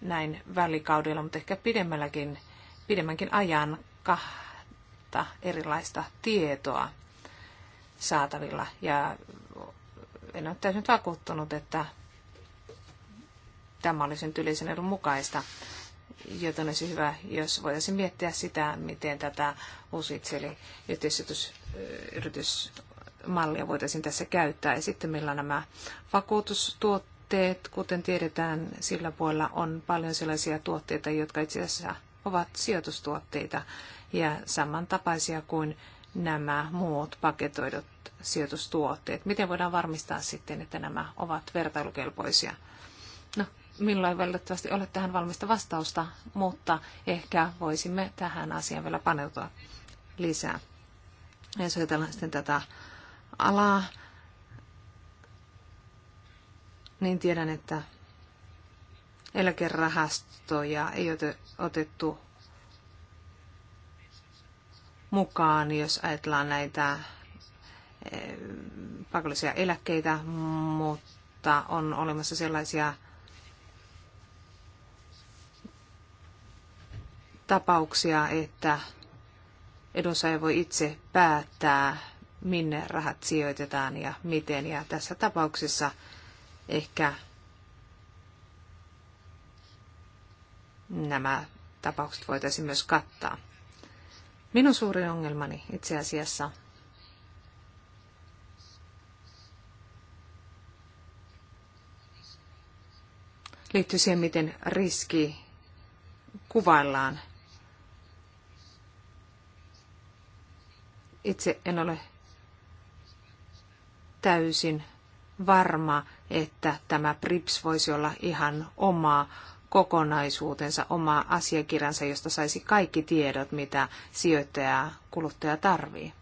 näin välikaudella, mutta ehkä pidemmälläkin, pidemmänkin ajan kahta erilaista tietoa saatavilla. Ja en ole täysin vakuuttunut, että tämä olisi nyt yleisen edun mukaista. Joten olisi hyvä, jos voitaisiin miettiä sitä, miten tätä USITS, eli yritysmallia voitaisiin tässä käyttää. Ja sitten meillä on nämä vakuutustuotteet, kuten tiedetään, sillä puolella on paljon sellaisia tuotteita, jotka itse asiassa ovat sijoitustuotteita ja samantapaisia kuin nämä muut paketoidut sijoitustuotteet. Miten voidaan varmistaa sitten, että nämä ovat vertailukelpoisia? No, milloin valitettavasti ole tähän valmista vastausta, mutta ehkä voisimme tähän asiaan vielä paneutua lisää. Ja jos ajatellaan sitten tätä alaa, niin tiedän, että eläkerahastoja ei otettu mukaan, jos ajatellaan näitä Eh, pakollisia eläkkeitä, mutta on olemassa sellaisia tapauksia, että edunsaaja voi itse päättää, minne rahat sijoitetaan ja miten. Ja tässä tapauksessa ehkä nämä tapaukset voitaisiin myös kattaa. Minun suuri ongelmani itse asiassa liittyy siihen, miten riski kuvaillaan. Itse en ole täysin varma, että tämä PRIPS voisi olla ihan omaa kokonaisuutensa, omaa asiakirjansa, josta saisi kaikki tiedot, mitä sijoittaja ja kuluttaja tarvitsee.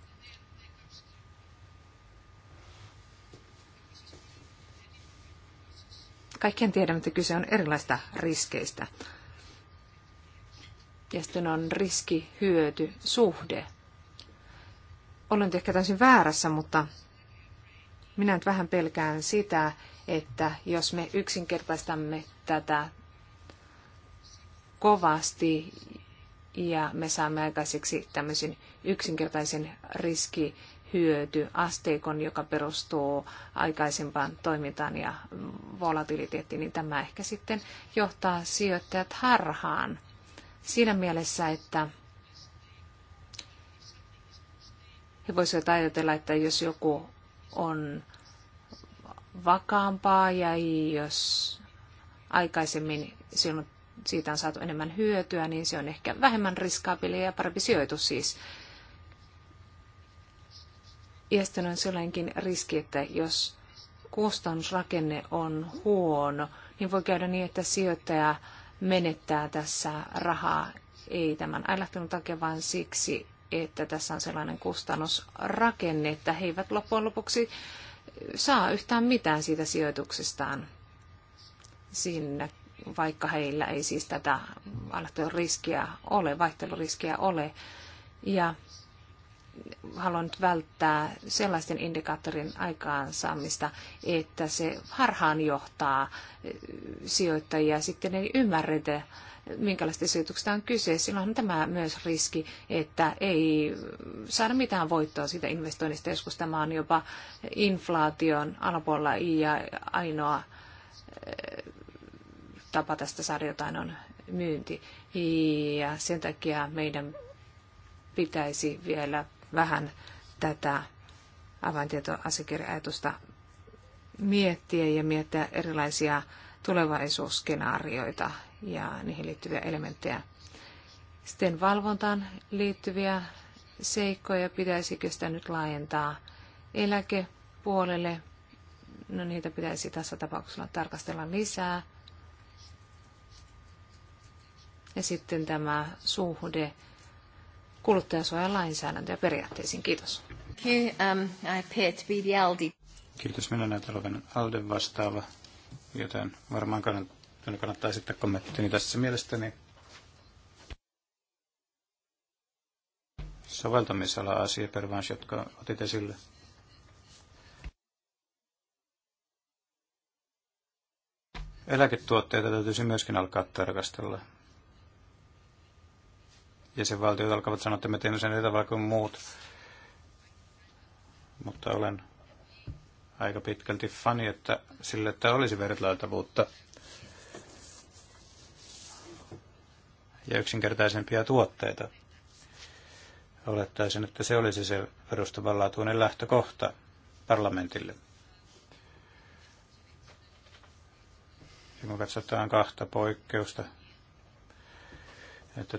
Kaikkien tiedämme, että kyse on erilaista riskeistä. Ja sitten on riski-hyöty-suhde. Olen ehkä täysin väärässä, mutta minä nyt vähän pelkään sitä, että jos me yksinkertaistamme tätä kovasti ja me saamme aikaiseksi tämmöisen yksinkertaisen riski hyöty asteikon, joka perustuu aikaisempaan toimintaan ja volatiliteettiin, niin tämä ehkä sitten johtaa sijoittajat harhaan siinä mielessä, että he voisivat ajatella, että jos joku on vakaampaa ja jos aikaisemmin siitä on saatu enemmän hyötyä, niin se on ehkä vähemmän riskaabili ja parempi sijoitus siis iästön on sellainenkin riski, että jos kustannusrakenne on huono, niin voi käydä niin, että sijoittaja menettää tässä rahaa ei tämän älähtelyn takia, vaan siksi, että tässä on sellainen kustannusrakenne, että he eivät loppujen lopuksi saa yhtään mitään siitä sijoituksestaan sinne, vaikka heillä ei siis tätä älähtelyn riskiä ole, vaihteluriskiä ole. Ja haluan välttää sellaisten indikaattorin aikaansaamista, että se harhaan johtaa eh, sijoittajia. Sitten ei ymmärretä, minkälaista sijoituksesta on kyse. Silloin on tämä myös riski, että ei saada mitään voittoa siitä investoinnista. Joskus tämä on jopa inflaation alapuolella ja ainoa eh, tapa tästä saada jotain on myynti. Ja sen takia meidän pitäisi vielä vähän tätä avaintietoasiakirja-ajatusta miettiä ja miettiä erilaisia tulevaisuusskenaarioita ja niihin liittyviä elementtejä. Sitten valvontaan liittyviä seikkoja, pitäisikö sitä nyt laajentaa eläkepuolelle. No niitä pitäisi tässä tapauksessa tarkastella lisää. Ja sitten tämä suhde kuluttajansuojan lainsäädäntö ja periaatteisiin. Kiitos. Um, Kiitos. Minä näytän olevan Alden vastaava, joten varmaan kannattaa esittää kommenttini tässä mielestäni. soveltamisala asia pervans, jotka otit esille. Eläketuotteita täytyisi myöskin alkaa tarkastella jäsenvaltiot alkavat sanoa, että me teemme sen tavalla kuin muut. Mutta olen aika pitkälti fani, että sille, että olisi vertailtavuutta ja yksinkertaisempia tuotteita. Olettaisin, että se olisi se perustavanlaatuinen lähtökohta parlamentille. Ja kun katsotaan kahta poikkeusta, että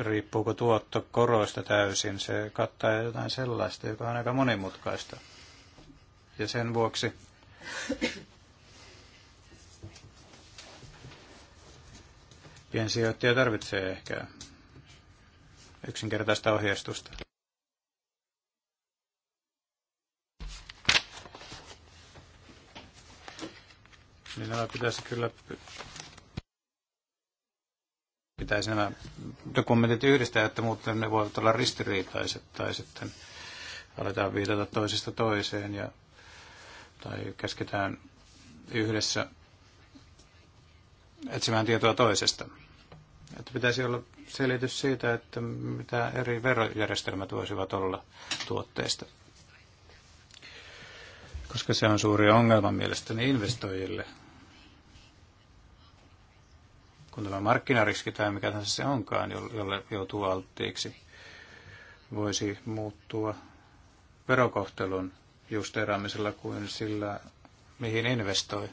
riippuuko tuotto koroista täysin, se kattaa jotain sellaista, joka on aika monimutkaista. Ja sen vuoksi piensijoittaja tarvitsee ehkä yksinkertaista ohjeistusta. Niin nämä pitäisi kyllä pitäisi nämä dokumentit yhdistää, että muuten ne voivat olla ristiriitaiset tai sitten aletaan viitata toisesta toiseen ja, tai käsketään yhdessä etsimään tietoa toisesta. Että pitäisi olla selitys siitä, että mitä eri verojärjestelmät voisivat olla tuotteista. Koska se on suuri ongelma mielestäni investoijille, kun tämä markkinariski tai mikä tahansa se onkaan, jolle joutuu alttiiksi, voisi muuttua verokohtelun justeeraamisella kuin sillä, mihin investoi.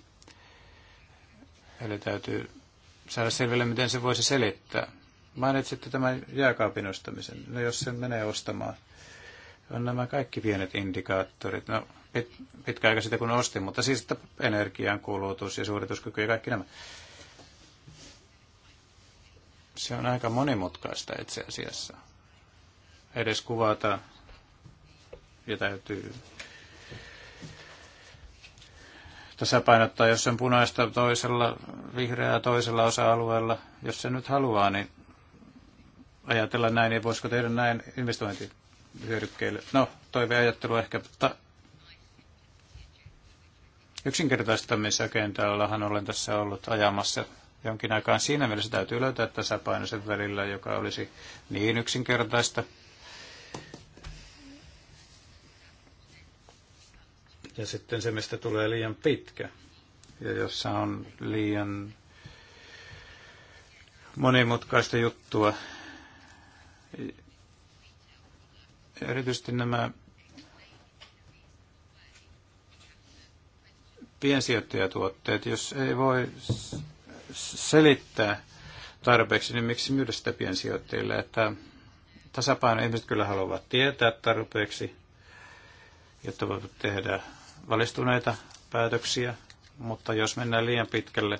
Eli täytyy saada selville, miten se voisi selittää. Mainitsitte tämän jääkaapin ostamisen. No jos se menee ostamaan, on nämä kaikki pienet indikaattorit. No pit, pitkä aika sitä kun ostin, mutta siis että energian kulutus ja suorituskyky ja kaikki nämä. Se on aika monimutkaista itse asiassa. Edes kuvata ja täytyy tasapainottaa, jos on punaista toisella, vihreää toisella osa-alueella, jos se nyt haluaa, niin ajatella näin, niin voisiko tehdä näin investointihyödykkeille. No, toiveajattelu ehkä, mutta yksinkertaistamisagendallahan olen tässä ollut ajamassa jonkin aikaan. Siinä mielessä täytyy löytää tasapaino sen välillä, joka olisi niin yksinkertaista. Ja sitten se, mistä tulee liian pitkä ja jossa on liian monimutkaista juttua. Erityisesti nämä piensijoittajatuotteet, jos ei voi selittää tarpeeksi, niin miksi myydä sitä piensijoittajille, että tasapaino ihmiset kyllä haluavat tietää tarpeeksi, jotta voivat tehdä valistuneita päätöksiä, mutta jos mennään liian pitkälle,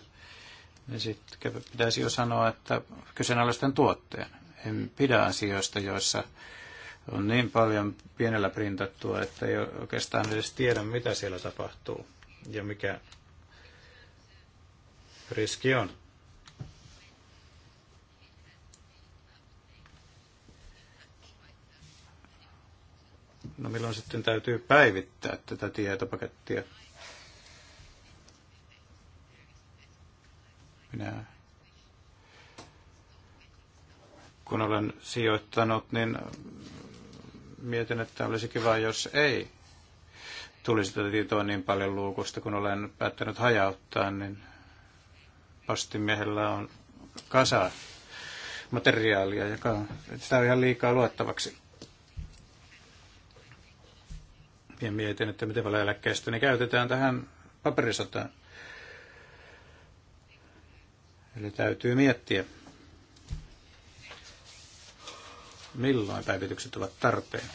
niin sitten pitäisi jo sanoa, että kyseenalaisten tuotteen. En pidä asioista, joissa on niin paljon pienellä printattua, että ei oikeastaan edes tiedä, mitä siellä tapahtuu ja mikä Riski on. No milloin sitten täytyy päivittää tätä tietopakettia? Minä kun olen sijoittanut, niin mietin, että olisi kiva, jos ei tulisi tätä tietoa niin paljon luukusta, kun olen päättänyt hajauttaa, niin postimiehellä on kasa materiaalia, joka on, sitä on ihan liikaa luettavaksi. Ja mietin, että miten paljon eläkkeestä ne käytetään tähän paperisotaan. Eli täytyy miettiä, milloin päivitykset ovat tarpeen.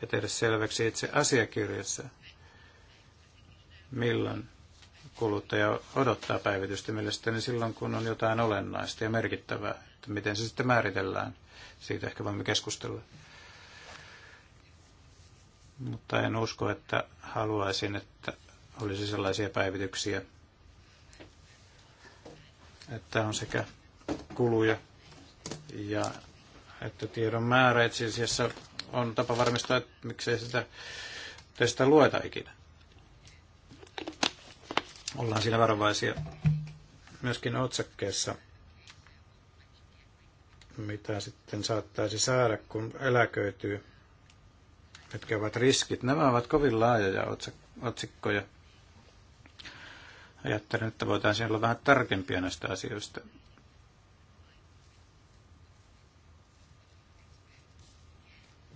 Ja tehdä selväksi itse asiakirjassa, milloin kuluttaja odottaa päivitystä mielestäni silloin, kun on jotain olennaista ja merkittävää. Että miten se sitten määritellään, siitä ehkä voimme keskustella. Mutta en usko, että haluaisin, että olisi sellaisia päivityksiä, että on sekä kuluja ja että tiedon määrä itse asiassa on tapa varmistaa, että miksei sitä testa lueta ikinä. Ollaan siinä varovaisia myöskin otsakkeessa, mitä sitten saattaisi saada, kun eläköityy, mitkä ovat riskit. Nämä ovat kovin laajoja otsikkoja. ajattelen, että voitaisiin olla vähän tarkempia näistä asioista.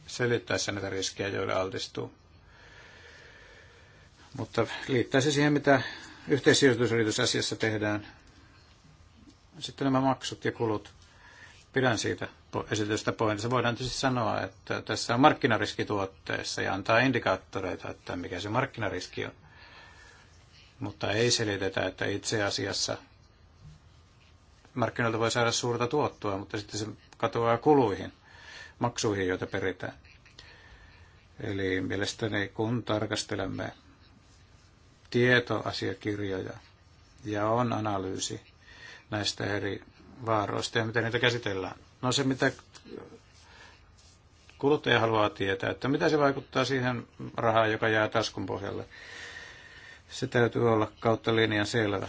selittäessä näitä riskejä, joille altistuu. Mutta liittää se siihen, mitä yhteissijoitusyritysasiassa tehdään. Sitten nämä maksut ja kulut. Pidän siitä esitystä pointissa. Voidaan tietysti sanoa, että tässä on markkinariski tuotteessa ja antaa indikaattoreita, että mikä se markkinariski on. Mutta ei selitetä, että itse asiassa markkinoilta voi saada suurta tuottoa, mutta sitten se katoaa kuluihin, maksuihin, joita peritään. Eli mielestäni kun tarkastelemme tietoasiakirjoja ja on analyysi näistä eri vaaroista ja miten niitä käsitellään. No se, mitä kuluttaja haluaa tietää, että mitä se vaikuttaa siihen rahaan, joka jää taskun pohjalle. Se täytyy olla kautta linjan selvä.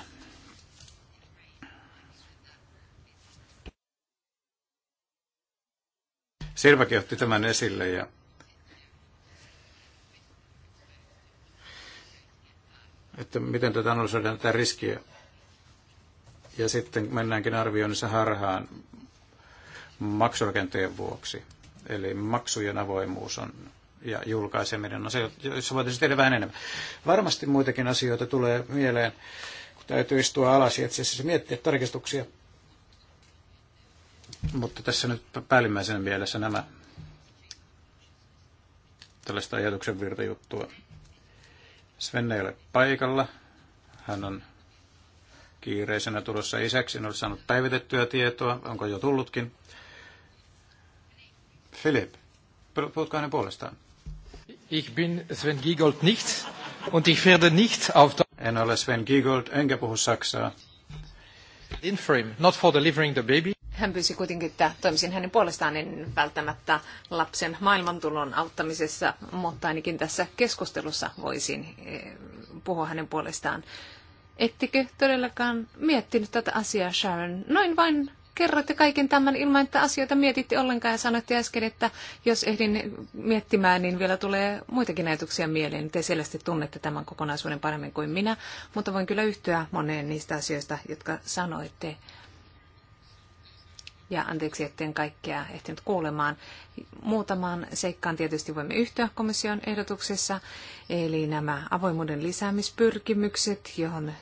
Silväkin otti tämän esille ja että miten tätä analysoidaan tätä riskiä. Ja sitten mennäänkin arvioinnissa harhaan maksurakenteen vuoksi. Eli maksujen avoimuus on ja julkaiseminen on se, jossa voitaisiin tehdä vähän enemmän. Varmasti muitakin asioita tulee mieleen, kun täytyy istua alas ja etsiä asiassa miettiä tarkistuksia. Mutta tässä nyt päällimmäisenä mielessä nämä tällaista ajatuksen virtajuttua. juttua. Sven ei ole paikalla. Hän on kiireisenä tulossa isäksi. En ole saanut päivitettyä tietoa. Onko jo tullutkin? Philip, puhutko hänen puolestaan? Ich bin Sven Giegold nicht und ich werde nicht auf... En ole Sven Giegold, enkä puhu saksaa. In frame, not for delivering the baby. Hän pyysi kuitenkin, että toimisin hänen puolestaan, en välttämättä lapsen maailmantulon auttamisessa, mutta ainakin tässä keskustelussa voisin eh, puhua hänen puolestaan. Ettekö todellakaan miettinyt tätä asiaa, Sharon? Noin vain kerroitte kaiken tämän ilman, että asioita mietitte ollenkaan ja sanoitte äsken, että jos ehdin miettimään, niin vielä tulee muitakin ajatuksia mieleen. Te selvästi tunnette tämän kokonaisuuden paremmin kuin minä, mutta voin kyllä yhtyä moneen niistä asioista, jotka sanoitte ja anteeksi, etten kaikkea ehtinyt kuulemaan. Muutamaan seikkaan tietysti voimme yhtyä komission ehdotuksessa, eli nämä avoimuuden lisäämispyrkimykset, johon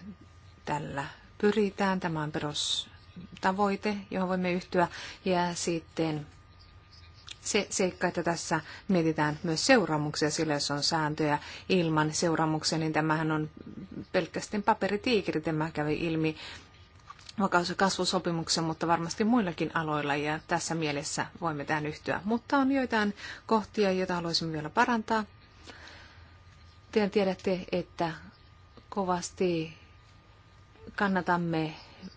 tällä pyritään. Tämä on perustavoite, johon voimme yhtyä. Ja sitten se seikka, että tässä mietitään myös seuraamuksia, sillä jos on sääntöjä ilman seuraamuksia, niin tämähän on pelkästään paperitiikeri. Tämä kävi ilmi vakaus- ja kasvusopimuksen, mutta varmasti muillakin aloilla ja tässä mielessä voimme tähän yhtyä. Mutta on joitain kohtia, joita haluaisin vielä parantaa. Tien tiedätte, että kovasti kannatamme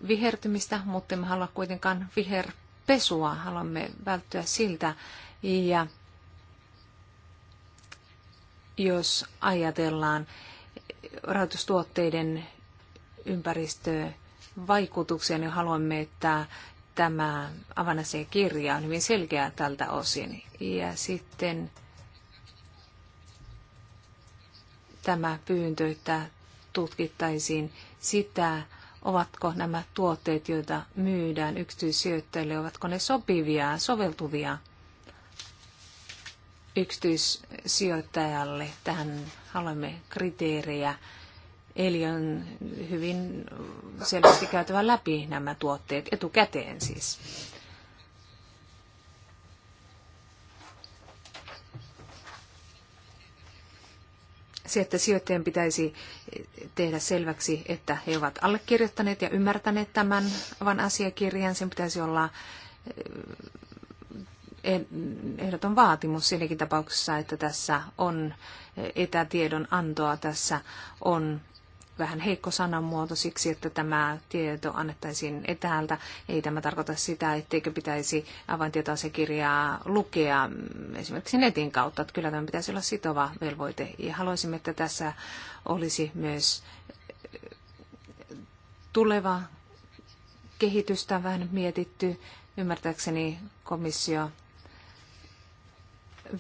vihertymistä, mutta emme halua kuitenkaan viherpesua, haluamme välttyä siltä. Ja jos ajatellaan rahoitustuotteiden ympäristö vaikutuksia, niin haluamme, että tämä kirja on hyvin selkeä tältä osin. Ja sitten tämä pyyntö, että tutkittaisiin sitä, ovatko nämä tuotteet, joita myydään yksityissijoittajille, ovatko ne sopivia, soveltuvia yksityissijoittajalle. Tähän haluamme kriteerejä Eli on hyvin selvästi käytävä läpi nämä tuotteet etukäteen siis. se, että sijoittajien pitäisi tehdä selväksi, että he ovat allekirjoittaneet ja ymmärtäneet tämän avan asiakirjan. Sen pitäisi olla eh, ehdoton vaatimus siinäkin tapauksessa, että tässä on etätiedon antoa, tässä on vähän heikko sanamuoto siksi, että tämä tieto annettaisiin etäältä. Ei tämä tarkoita sitä, etteikö pitäisi avaintietoasiakirjaa lukea esimerkiksi netin kautta. Että kyllä tämä pitäisi olla sitova velvoite. Ja haluaisimme, että tässä olisi myös tuleva kehitystä vähän mietitty. Ymmärtääkseni komissio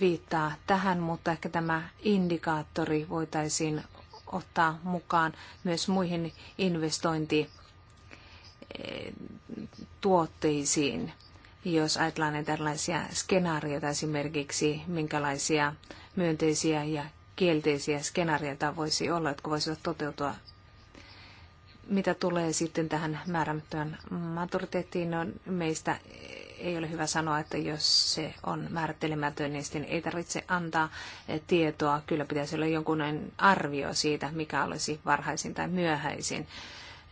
viittaa tähän, mutta ehkä tämä indikaattori voitaisiin ottaa mukaan myös muihin investointituotteisiin, eh, jos ajatellaan näitä erilaisia skenaarioita esimerkiksi, minkälaisia myönteisiä ja kielteisiä skenaarioita voisi olla, jotka voisivat toteutua mitä tulee sitten tähän määrämättömän maturiteettiin, on no meistä ei ole hyvä sanoa, että jos se on määrittelemätön, niin sitten ei tarvitse antaa eh, tietoa. Kyllä pitäisi olla jonkunlainen arvio siitä, mikä olisi varhaisin tai myöhäisin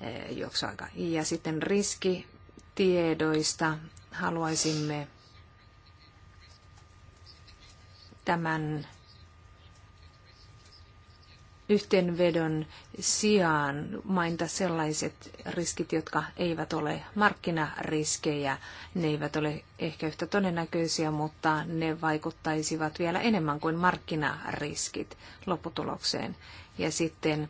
eh, juoksuaika. Ja sitten riskitiedoista haluaisimme tämän yhteenvedon sijaan mainita sellaiset riskit, jotka eivät ole markkinariskejä. Ne eivät ole ehkä yhtä todennäköisiä, mutta ne vaikuttaisivat vielä enemmän kuin markkinariskit lopputulokseen. Ja sitten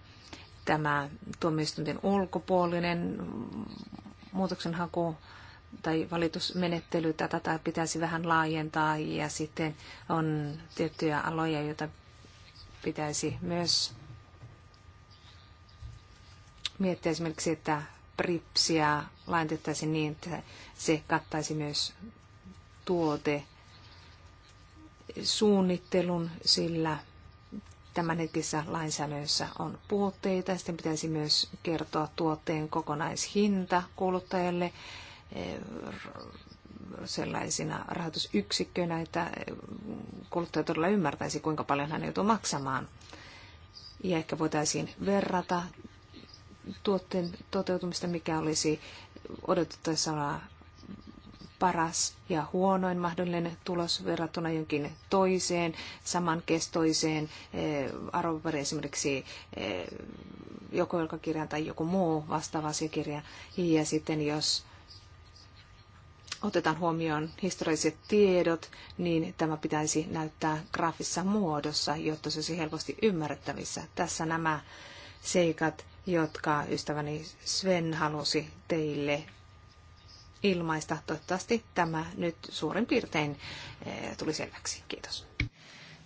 tämä tuomioistuinten ulkopuolinen muutoksenhaku tai valitusmenettely, tätä pitäisi vähän laajentaa ja sitten on tiettyjä aloja, joita pitäisi myös miettiä esimerkiksi, että PRIPSiä laitettaisiin niin, että se kattaisi myös tuote suunnittelun, sillä tämänhetkisessä lainsäädännössä on puutteita. Sitten pitäisi myös kertoa tuotteen kokonaishinta kuluttajalle eh, sellaisina rahoitusyksikköinä, että kuluttaja todella ymmärtäisi, kuinka paljon hän joutuu maksamaan. Ja ehkä voitaisiin verrata tuotteen toteutumista, mikä olisi odotettavissa paras ja huonoin mahdollinen tulos verrattuna jonkin toiseen, samankestoiseen eh, arvopaperiin esimerkiksi eh, joko jalkakirja tai joku muu vastaava asiakirja. Ja sitten jos otetaan huomioon historialliset tiedot, niin tämä pitäisi näyttää graafisessa muodossa, jotta se olisi helposti ymmärrettävissä. Tässä nämä seikat jotka ystäväni Sven halusi teille ilmaista. Toivottavasti tämä nyt suurin piirtein eh, tuli selväksi. Kiitos.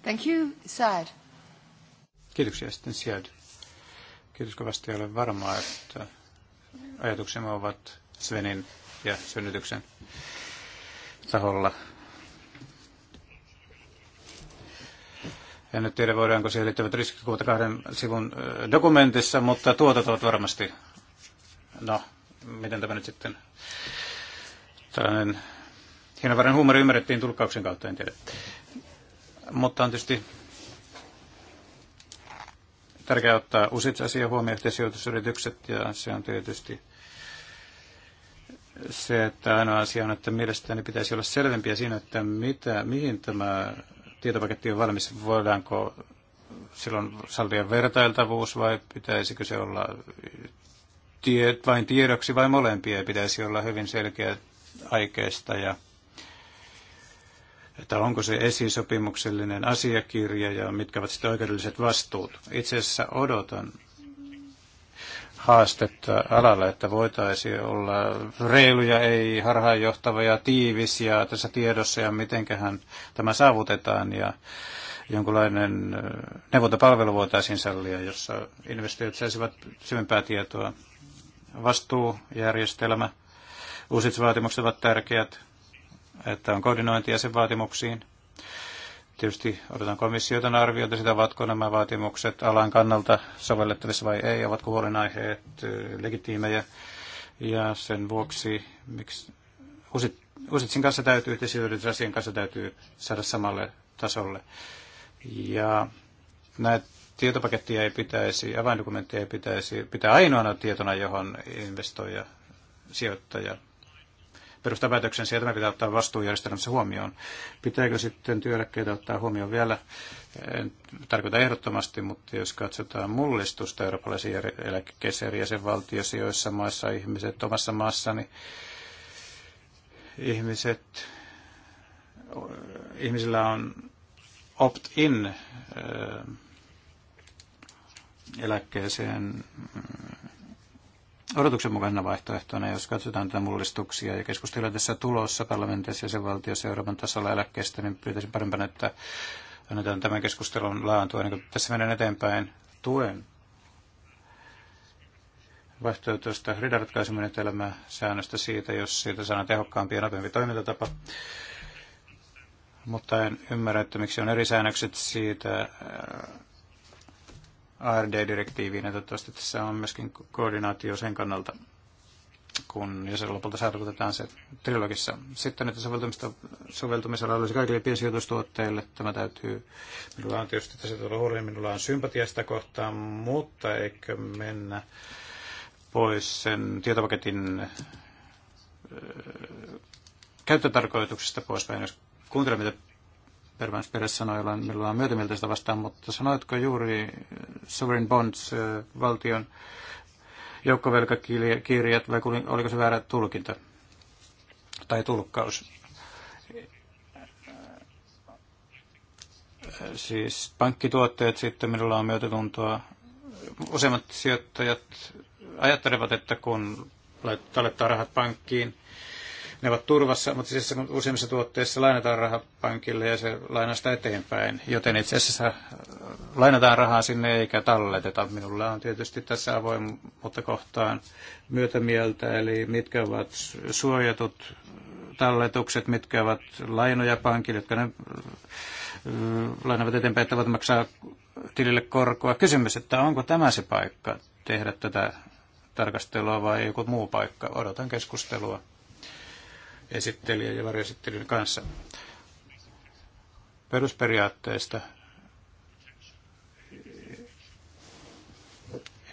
Thank you, Saad. Kiitoksia sitten Siad. Kiitos kovasti. ole varmaa, että ajatuksemme ovat Svenin ja synnytyksen taholla En nyt tiedä, voidaanko siihen liittyvät riskit kuvata kahden sivun dokumentissa, mutta tuotot ovat varmasti, no, miten tämä nyt sitten, tällainen hienovarainen huumori ymmärrettiin tulkkauksen kautta, en tiedä. Mutta on tietysti tärkeää ottaa usit asia huomioon, sijoitusyritykset, ja se on tietysti se, että ainoa asia on, että mielestäni pitäisi olla selvempiä siinä, että mitä, mihin tämä tietopaketti on valmis, voidaanko silloin sallia vertailtavuus vai pitäisikö se olla tie, vain tiedoksi vai molempia? Pitäisi olla hyvin selkeä aikeista ja että onko se esisopimuksellinen asiakirja ja mitkä ovat sitten oikeudelliset vastuut. Itse asiassa odotan haastetta alalla, että voitaisiin olla reiluja, ei harhaanjohtavia, ja tiivis ja tässä tiedossa ja mitenköhän tämä saavutetaan ja jonkinlainen neuvontapalvelu voitaisiin sallia, jossa investoijat saisivat syvempää tietoa. Vastuujärjestelmä, uusit vaatimukset ovat tärkeät, että on koordinointia sen vaatimuksiin Tietysti odotan komissiota arviota sitä, ovatko nämä vaatimukset alan kannalta sovellettavissa vai ei, ovatko huolenaiheet legitiimejä. Ja sen vuoksi, miksi usit, Usitsin kanssa täytyy, yhteisyritysasian kanssa täytyy saada samalle tasolle. Ja näitä tietopaketteja ei pitäisi, avaindokumentteja ei pitäisi pitää ainoana tietona, johon investoija, sijoittaja perustapäätöksensä ja tämä pitää ottaa vastuujärjestelmässä huomioon. Pitääkö sitten työeläkkeitä ottaa huomioon vielä? En tarkoita ehdottomasti, mutta jos katsotaan mullistusta eurooppalaisia eläkkeissä eri jäsenvaltioissa, joissa maissa ihmiset omassa niin ihmiset, ihmisillä on opt-in eläkkeeseen mm, odotuksen mukaisena vaihtoehtona, jos katsotaan tätä mullistuksia ja keskustelua tässä tulossa parlamentissa ja sen valtiossa Euroopan tasolla eläkkeestä, niin pyytäisin parempana, että annetaan tämän keskustelun laantua. niin kuin tässä mennään eteenpäin, tuen vaihtoehtoista ridaratkaisumenetelmää säännöstä siitä, jos siitä saadaan tehokkaampi ja nopeampi toimintatapa. Mutta en ymmärrä, että miksi on eri säännökset siitä, ARD-direktiiviin, ja toivottavasti tässä on myöskin koordinaatio sen kannalta, kun se lopulta saavutetaan se trilogissa. Sitten, että soveltumista, soveltumisella olisi kaikille piensijoitustuotteille, tämä täytyy, minulla on tietysti tässä tuolla huoli, minulla on sitä kohtaan, mutta eikö mennä pois sen tietopaketin käyttötarkoituksesta poispäin, jos kuuntelen, mitä Pervans Peres sanoi, jolla on myötämieltä sitä vastaan, mutta sanoitko juuri eh, Sovereign Bonds, eh, valtion joukkovelkakirjat, vai oliko se väärä tulkinta tai tulkkaus? Eh, siis pankkituotteet sitten, minulla on myötätuntoa. Useimmat sijoittajat ajattelevat, että kun laittaa rahat pankkiin, ne ovat turvassa, mutta siis useimmissa tuotteissa lainataan raha pankille ja se lainaa sitä eteenpäin. Joten itse asiassa äh, lainataan rahaa sinne eikä talleteta. Minulla on tietysti tässä avoimuutta kohtaan myötämieltä, eli mitkä ovat suojatut äh, talletukset, mitkä ovat lainoja pankille, jotka ne äh, lainavat eteenpäin, että voit maksaa tilille korkoa. Kysymys, että onko tämä se paikka tehdä tätä tarkastelua vai joku muu paikka. Odotan keskustelua esittelijän ja varjoesittelijän kanssa perusperiaatteista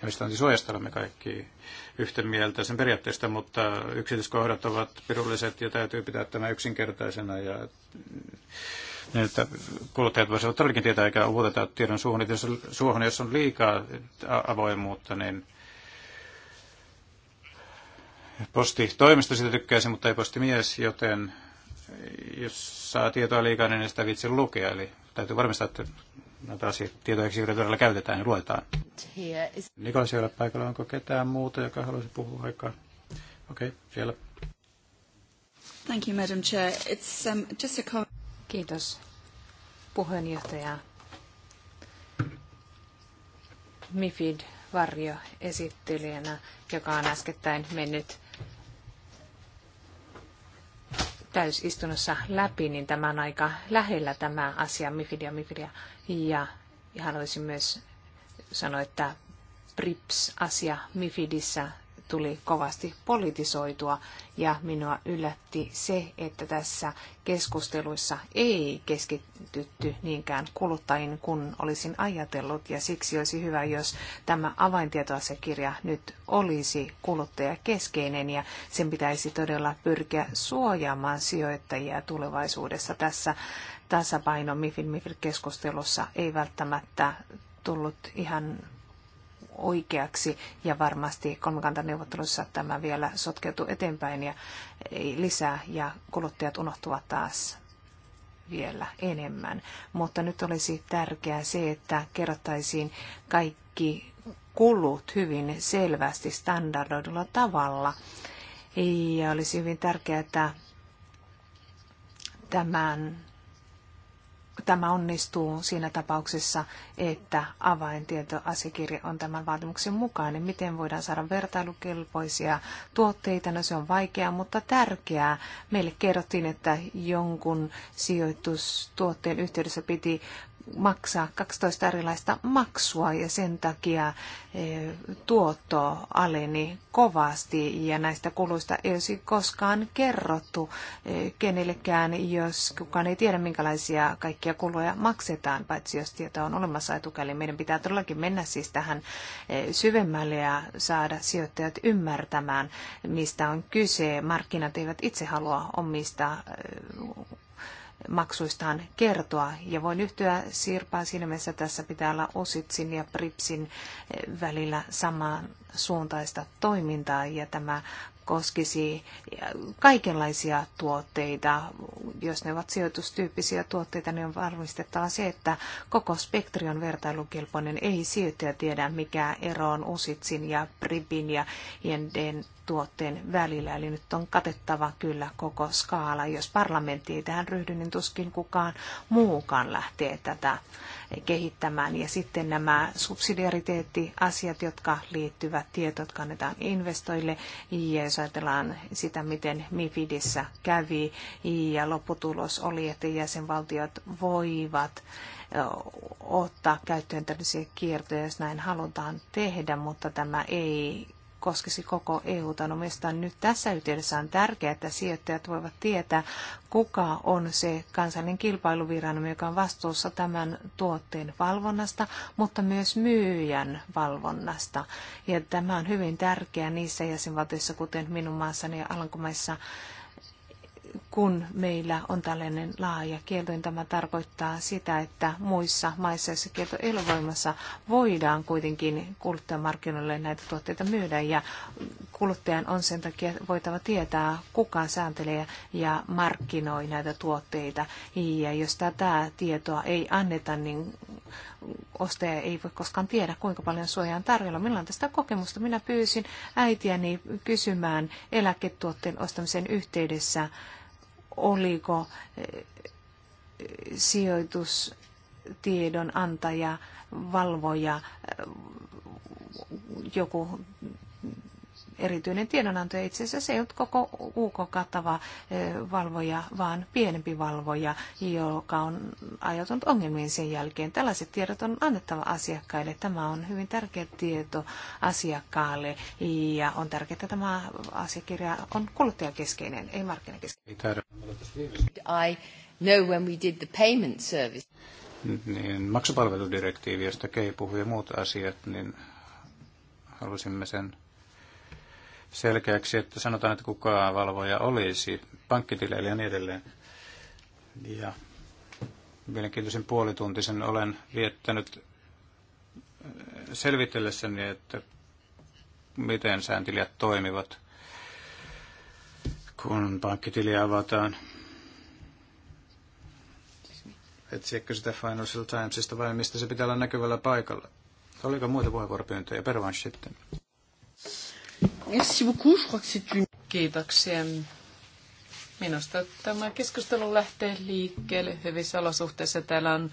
investointisuojasta siis olemme kaikki yhtä mieltä sen periaatteesta, mutta yksityiskohdat ovat pirulliset ja täytyy pitää tämä yksinkertaisena ja niin, että kuluttajat voisivat todellakin tietää eikä uuteta tiedon suuhun. Jos, suohon, jos on liikaa avoimuutta, niin postitoimisto sitä tykkäisi, mutta ei postimies, joten jos saa tietoa liikaa, niin sitä viitsi lukea. Eli täytyy varmistaa, että näitä asioita, tietoeksiköitä todella käytetään ja niin luetaan. Nikolas ei ole paikalla. Onko ketään muuta, joka haluaisi puhua aikaan? Okei, okay, siellä. Thank you, Madam Chair. It's, um, just a Kiitos, puheenjohtaja. MIFID varjo esittelijänä, joka on äskettäin mennyt täysistunnossa läpi, niin tämä on aika lähellä tämä asia Mifidia Mifidia. Ja, ja haluaisin myös sanoa, että BRIPS-asia Mifidissä tuli kovasti politisoitua ja minua yllätti se, että tässä keskusteluissa ei keskitytty niinkään kuluttajiin kuin olisin ajatellut ja siksi olisi hyvä, jos tämä avaintietoasekirja nyt olisi kuluttajakeskeinen ja sen pitäisi todella pyrkiä suojaamaan sijoittajia tulevaisuudessa tässä tasapaino MIFID-MIFID-keskustelussa ei välttämättä tullut ihan oikeaksi ja varmasti kolmikantaneuvotteluissa tämä vielä sotkeutuu eteenpäin ja lisää ja kuluttajat unohtuvat taas vielä enemmän. Mutta nyt olisi tärkeää se, että kerrottaisiin kaikki kulut hyvin selvästi standardoidulla tavalla. Ja olisi hyvin tärkeää, että tämän tämä onnistuu siinä tapauksessa, että avaintietoasiakirja on tämän vaatimuksen mukainen. Miten voidaan saada vertailukelpoisia tuotteita? No se on vaikeaa, mutta tärkeää. Meille kerrottiin, että jonkun sijoitustuotteen yhteydessä piti maksaa 12 erilaista maksua ja sen takia eh, tuotto aleni kovasti ja näistä kuluista ei olisi koskaan kerrottu eh, kenellekään, jos kukaan ei tiedä minkälaisia kaikkia kuluja maksetaan, paitsi jos tietoa on olemassa etukäteen. Meidän pitää todellakin mennä siis tähän eh, syvemmälle ja saada sijoittajat ymmärtämään, mistä on kyse. Markkinat eivät itse halua omista maksuistaan kertoa. Ja voin yhtyä Sirpaan siinä mielessä, tässä pitää olla Ositsin ja Pripsin välillä samansuuntaista toimintaa ja tämä koskisi kaikenlaisia tuotteita. Jos ne ovat sijoitustyyppisiä tuotteita, niin on varmistettava se, että koko spektri on vertailukelpoinen. Ei sijoittaja tiedä, mikä ero on Usitsin ja Pribin ja INDn tuotteen välillä. Eli nyt on katettava kyllä koko skaala. Jos parlamentti ei tähän ryhdy, niin tuskin kukaan muukaan lähtee tätä kehittämään. Ja sitten nämä subsidiariteettiasiat, jotka liittyvät tietot, jotka annetaan investoille. Ja jos ajatellaan sitä, miten MIFIDissä kävi ja lopputulos oli, että jäsenvaltiot voivat ottaa käyttöön tällaisia kiertoja, jos näin halutaan tehdä, mutta tämä ei koskisi koko EUta. No mielestäni nyt tässä yhteydessä on tärkeää, että sijoittajat voivat tietää, kuka on se kansallinen kilpailuviranomainen, joka on vastuussa tämän tuotteen valvonnasta, mutta myös myyjän valvonnasta. Ja tämä on hyvin tärkeää niissä jäsenvaltioissa, kuten minun maassani ja Alankomaissa, kun meillä on tällainen laaja kielto, niin tämä tarkoittaa sitä, että muissa maissa, joissa kielto ei ole voimassa, voidaan kuitenkin kuluttajamarkkinoille näitä tuotteita myydä. Ja kuluttajan on sen takia voitava tietää, kuka sääntelee ja markkinoi näitä tuotteita. Ja jos tätä tietoa ei anneta, niin ostaja ei voi koskaan tiedä, kuinka paljon suojaa on tarjolla. on tästä kokemusta minä pyysin äitiäni kysymään eläketuotteen ostamisen yhteydessä oliko eh, sijoitustiedon antaja, valvoja, eh, joku erityinen tiedonanto. Ja itse asiassa se ei ollut koko UK kattava valvoja, vaan pienempi valvoja, joka on ajautunut ongelmiin sen jälkeen. Tällaiset tiedot on annettava asiakkaille. Tämä on hyvin tärkeä tieto asiakkaalle ja on tärkeää, että tämä asiakirja on kuluttajakeskeinen, ei markkinakeskeinen. I know when we did the payment service niin maksupalveludirektiivi, josta Kei puhui ja muut asiat, niin halusimme sen selkeäksi, että sanotaan, että kuka valvoja olisi, pankkitileillä ja niin edelleen. Ja mielenkiintoisen puolituntisen olen viettänyt äh, selvitellessäni, että miten sääntilijät toimivat, kun pankkitili avataan. Etsiäkö sitä Financial Timesista vai mistä se pitää olla näkyvällä paikalla? Oliko muita puheenvuoropyyntöjä? Pervan sitten. Merci beaucoup. Je crois que c'est une... Kiitoksia. Minusta tämä keskustelu lähtee liikkeelle hyvissä olosuhteissa. Täällä on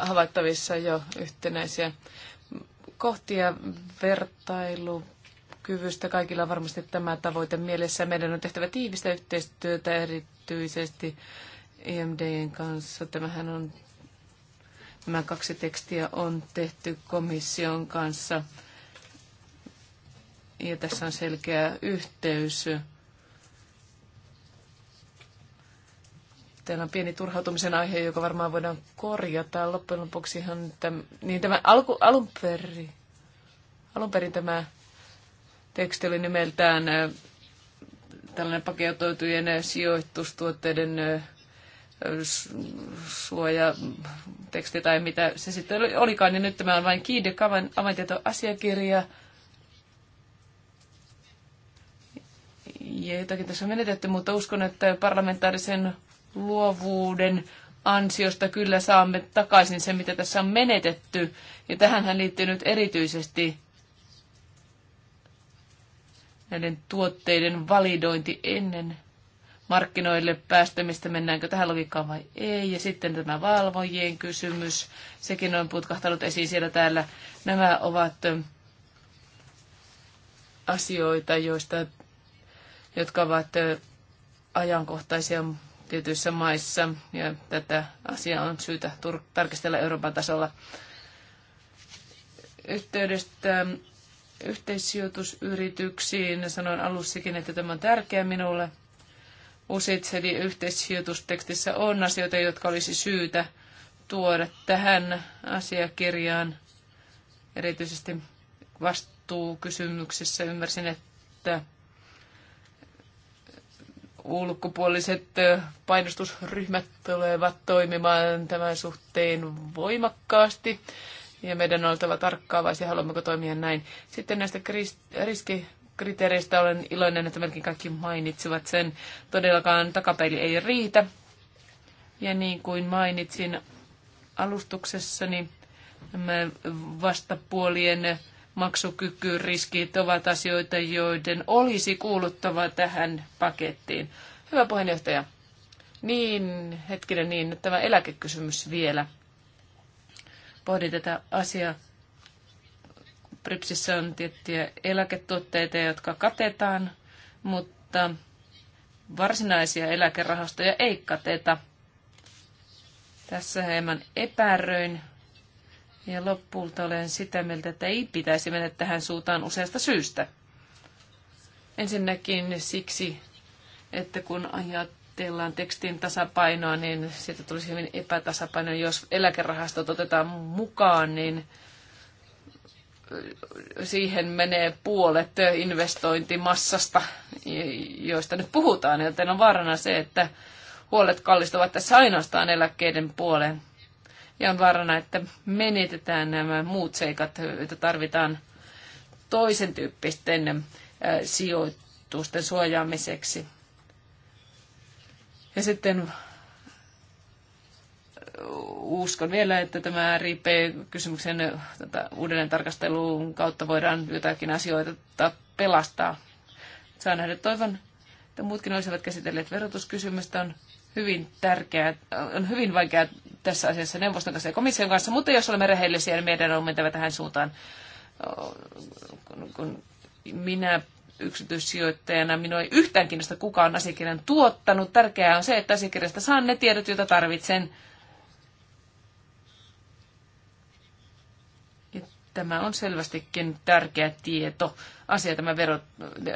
havaittavissa jo yhtenäisiä kohtia vertailu kyvystä. Kaikilla on varmasti tämä tavoite mielessä. Meidän on tehtävä tiivistä yhteistyötä erityisesti EMDn kanssa. Tämähän on, nämä kaksi tekstiä on tehty komission kanssa ja tässä on selkeä yhteys. Täällä on pieni turhautumisen aihe, joka varmaan voidaan korjata. Loppujen lopuksihan täm, niin tämä alku, alun, perin, alun perin tämä teksti oli nimeltään äh, tällainen paketoitujen äh, sijoitustuotteiden äh, teksti tai mitä se sitten olikaan, niin nyt tämä on vain kiinni avaintieto asiakirja. ja jotakin tässä on menetetty, mutta uskon, että parlamentaarisen luovuuden ansiosta kyllä saamme takaisin sen, mitä tässä on menetetty. Ja tähän liittyy nyt erityisesti näiden tuotteiden validointi ennen markkinoille päästämistä, mennäänkö tähän logiikkaan vai ei. Ja sitten tämä valvojien kysymys, sekin on putkahtanut esiin siellä täällä. Nämä ovat asioita, joista jotka ovat ajankohtaisia tietyissä maissa, ja tätä asiaa on syytä tarkistella Euroopan tasolla. Yhteydestä yhteissijoitusyrityksiin sanoin alussikin, että tämä on tärkeä minulle. Usitseli yhteissijoitustekstissä on asioita, jotka olisi syytä tuoda tähän asiakirjaan, erityisesti vastuukysymyksessä. Ymmärsin, että ulkopuoliset painostusryhmät tulevat toimimaan tämän suhteen voimakkaasti. Ja meidän on oltava tarkkaavaisia, haluammeko toimia näin. Sitten näistä riskikriteereistä olen iloinen, että melkein kaikki mainitsivat sen. Todellakaan takapeili ei riitä. Ja niin kuin mainitsin alustuksessani, nämä vastapuolien maksukykyriskit ovat asioita, joiden olisi kuuluttava tähän pakettiin. Hyvä puheenjohtaja. Niin, hetkinen niin, tämä eläkekysymys vielä. Pohdin tätä asiaa. Pripsissä on tiettyjä eläketuotteita, jotka katetaan, mutta varsinaisia eläkerahastoja ei kateta. Tässä hieman epäröin, ja lopulta olen sitä mieltä, että ei pitäisi mennä tähän suuntaan useasta syystä. Ensinnäkin siksi, että kun ajatellaan tekstin tasapainoa, niin siitä tulisi hyvin epätasapaino. Jos eläkerahastot otetaan mukaan, niin siihen menee puolet investointimassasta, joista nyt puhutaan, joten on vaarana se, että huolet kallistuvat tässä ainoastaan eläkkeiden puoleen ja on vaarana, että menetetään nämä muut seikat, joita tarvitaan toisen tyyppisten äh, sijoitusten suojaamiseksi. Ja sitten äh, uskon vielä, että tämä RIP-kysymyksen uudelleen tarkastelun kautta voidaan jotakin asioita pelastaa. Saan nähdä toivon, että muutkin olisivat käsitelleet verotuskysymystä. On hyvin tärkeää, on hyvin vaikeaa tässä asiassa neuvoston kanssa ja komission kanssa, mutta jos olemme rehellisiä, niin meidän on mentävä tähän suuntaan. Kun minä yksityissijoittajana minua ei yhtään kiinnosta kukaan asiakirjan tuottanut. Tärkeää on se, että asiakirjasta saan ne tiedot, joita tarvitsen. Ja tämä on selvästikin tärkeä tieto, asia tämä verot,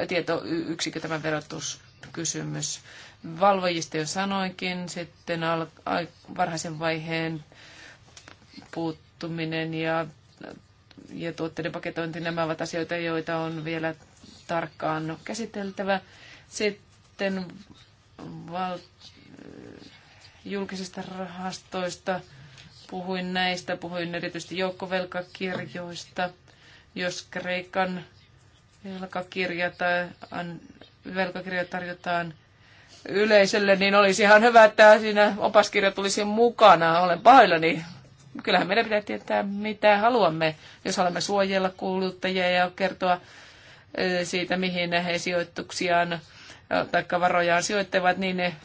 tietoyksikkö, tämä verotuskysymys valvojista jo sanoinkin, sitten al- varhaisen vaiheen puuttuminen ja, ja tuotteiden paketointi, nämä ovat asioita, joita on vielä tarkkaan käsiteltävä. Sitten val- julkisista rahastoista puhuin näistä, puhuin erityisesti joukkovelkakirjoista. Jos Kreikan velkakirja tai velkakirja tarjotaan yleisölle, niin olisi ihan hyvä, että siinä opaskirja tulisi mukana. Olen pahoillani. Kyllähän meidän pitää tietää, mitä haluamme, jos haluamme suojella kuluttajia ja kertoa siitä, mihin he sijoituksiaan tai varojaan sijoittavat, niin ne,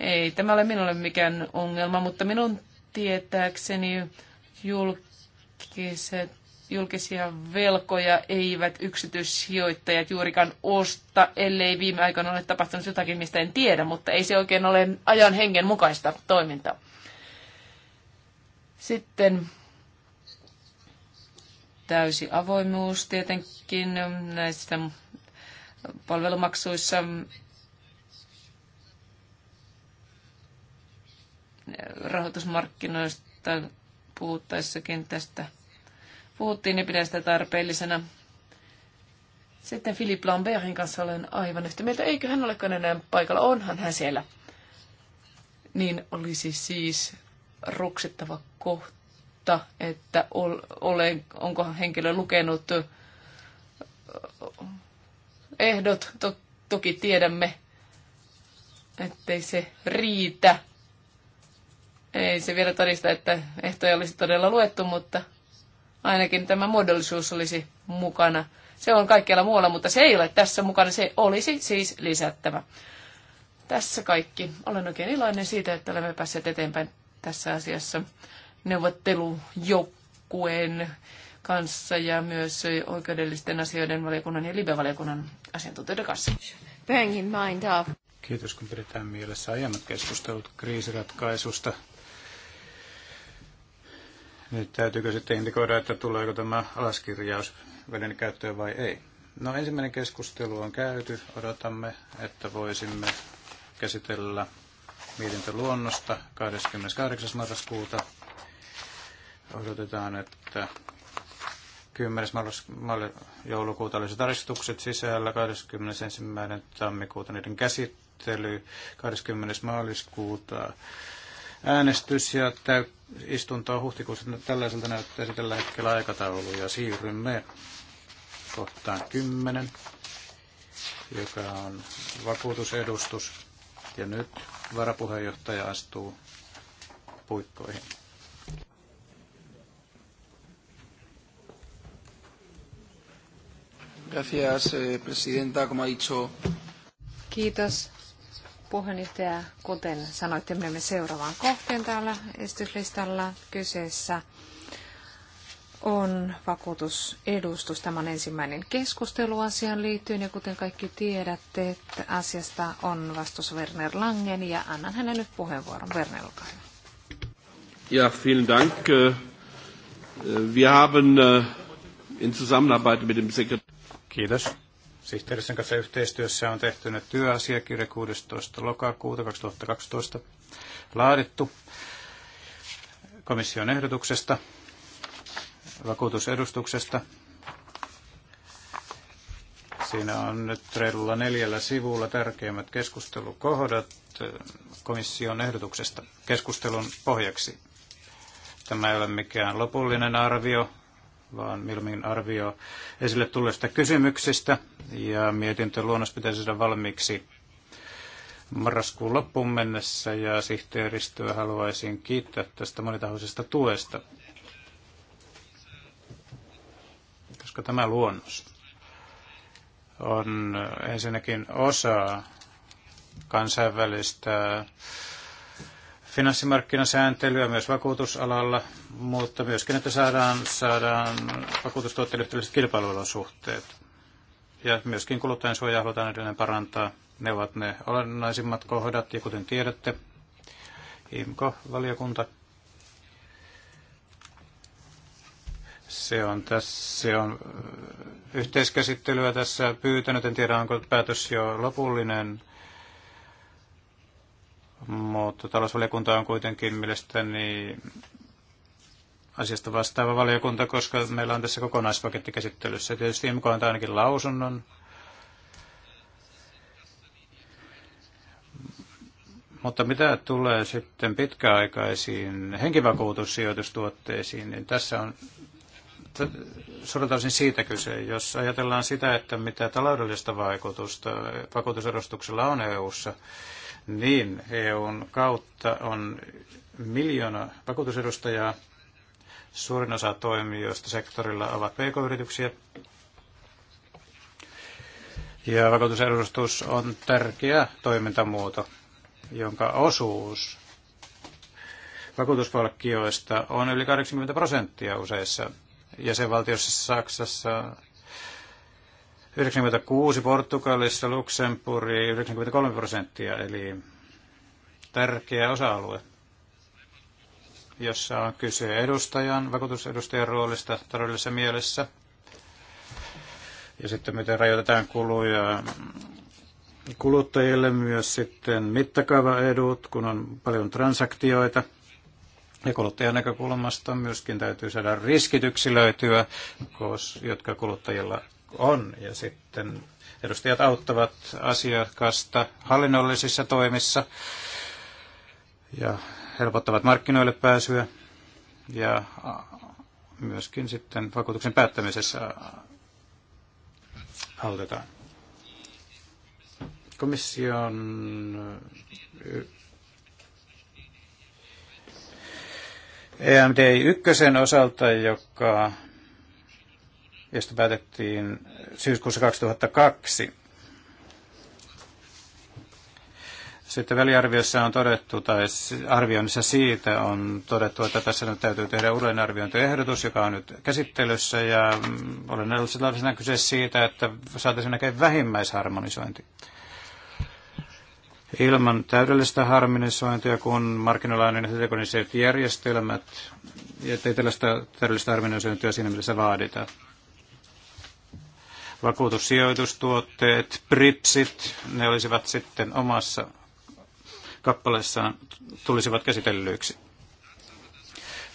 ei tämä ole minulle mikään ongelma, mutta minun tietääkseni julkiset julkisia velkoja eivät yksityissijoittajat juurikaan osta, ellei viime aikoina ole tapahtunut jotakin, mistä en tiedä, mutta ei se oikein ole ajan hengen mukaista toimintaa. Sitten täysi avoimuus tietenkin näissä palvelumaksuissa. Rahoitusmarkkinoista puhuttaessakin tästä puhuttiin ja pidän sitä tarpeellisena. Sitten Philippe Lambertin kanssa olen aivan yhtä mieltä. Eikö hän olekaan enää paikalla? Onhan hän siellä. Niin olisi siis ruksittava kohta, että ol, olen, onko henkilö lukenut ehdot. To, toki tiedämme, ettei se riitä. Ei se vielä todista, että ehtoja olisi todella luettu, mutta Ainakin tämä muodollisuus olisi mukana. Se on kaikkialla muualla, mutta se ei ole tässä mukana. Se olisi siis lisättävä. Tässä kaikki. Olen oikein iloinen siitä, että olemme päässeet eteenpäin tässä asiassa neuvottelujoukkueen kanssa ja myös oikeudellisten asioiden valiokunnan ja libevaliokunnan valiokunnan asiantuntijoiden kanssa. mind up. Kiitos, kun pidetään mielessä aiemmat keskustelut kriisiratkaisusta nyt täytyykö sitten indikoida, että tuleeko tämä alaskirjaus veden käyttöön vai ei? No ensimmäinen keskustelu on käyty. Odotamme, että voisimme käsitellä mietintöluonnosta 28. marraskuuta. Odotetaan, että 10. joulukuuta olisi tarkistukset sisällä, 21. tammikuuta niiden käsittely, 20. maaliskuuta äänestys ja istunto on huhtikuussa. Tällaiselta näyttäisi tällä hetkellä aikataulu ja siirrymme kohtaan 10, joka on vakuutusedustus. Ja nyt varapuheenjohtaja astuu puikkoihin. Gracias, eh, presidenta. Como ha dicho... Kiitos, puheenjohtaja. Kuten sanoitte, menemme seuraavaan kohteen täällä esityslistalla. Kyseessä on vakuutusedustus. Tämä on ensimmäinen keskustelu asiaan liittyen ja kuten kaikki tiedätte, että asiasta on vastus Werner Langen ja annan hänen nyt puheenvuoron. Werner, olkaa hyvä. Ja, vielen dank. Äh, äh, wir haben äh, in Zusammenarbeit mit dem Sekretär... Kiitos sihteerisen kanssa yhteistyössä on tehty nyt työasiakirja 16. lokakuuta 2012 laadittu komission ehdotuksesta, vakuutusedustuksesta. Siinä on nyt reilulla neljällä sivulla tärkeimmät keskustelukohdat komission ehdotuksesta keskustelun pohjaksi. Tämä ei ole mikään lopullinen arvio vaan mieluummin arvio esille tulleista kysymyksistä. Ja mietintö luonnos pitäisi saada valmiiksi marraskuun loppuun mennessä ja sihteeristöä haluaisin kiittää tästä monitahoisesta tuesta, koska tämä luonnos on ensinnäkin osa kansainvälistä finanssimarkkinasääntelyä myös vakuutusalalla, mutta myöskin, että saadaan, saadaan vakuutustuotteille yhtäläiset kilpailuolosuhteet. Ja myöskin kuluttajansuojaa halutaan edelleen parantaa. Ne ovat ne olennaisimmat kohdat, ja kuten tiedätte, IMKO-valiokunta Se on, tässä, se on yhteiskäsittelyä tässä pyytänyt. En tiedä, onko päätös jo lopullinen mutta talousvaliokunta on kuitenkin mielestäni asiasta vastaava valiokunta, koska meillä on tässä kokonaispaketti käsittelyssä. Tietysti IMK on ainakin lausunnon, Mutta mitä tulee sitten pitkäaikaisiin henkivakuutussijoitustuotteisiin, niin tässä on soveltaisin siitä kyse. Jos ajatellaan sitä, että mitä taloudellista vaikutusta vakuutusedustuksella on EU-ssa, niin EUn kautta on miljoona vakuutusedustajaa. Suurin osa toimijoista sektorilla ovat pk-yrityksiä. Ja vakuutusedustus on tärkeä toimintamuoto, jonka osuus vakuutuspalkkioista on yli 80 prosenttia useissa jäsenvaltioissa Saksassa, 96 Portugalissa, Luxemburgi 93 prosenttia, eli tärkeä osa-alue, jossa on kyse edustajan, vakuutusedustajan roolista taloudellisessa mielessä. Ja sitten miten rajoitetaan kuluja kuluttajille myös sitten mittakaavaedut, kun on paljon transaktioita. Ja kuluttajan näkökulmasta myöskin täytyy saada riskityksilöityä, jotka kuluttajilla on. Ja sitten edustajat auttavat asiakasta hallinnollisissa toimissa ja helpottavat markkinoille pääsyä ja myöskin sitten vakuutuksen päättämisessä autetaan. Komission EMD1 osalta, joka josta päätettiin syyskuussa 2002. Sitten väliarviossa on todettu, tai arvioinnissa siitä on todettu, että tässä nyt täytyy tehdä arviointiehdotus, joka on nyt käsittelyssä, ja olen sellaisena kyse siitä, että saataisiin näkee vähimmäisharmonisointi. Ilman täydellistä harmonisointia, kun markkinoilla ja niin järjestelmät, ettei tällaista täydellistä harmonisointia siinä mielessä vaadita vakuutussijoitustuotteet, pripsit, ne olisivat sitten omassa kappaleessaan tulisivat käsitellyiksi.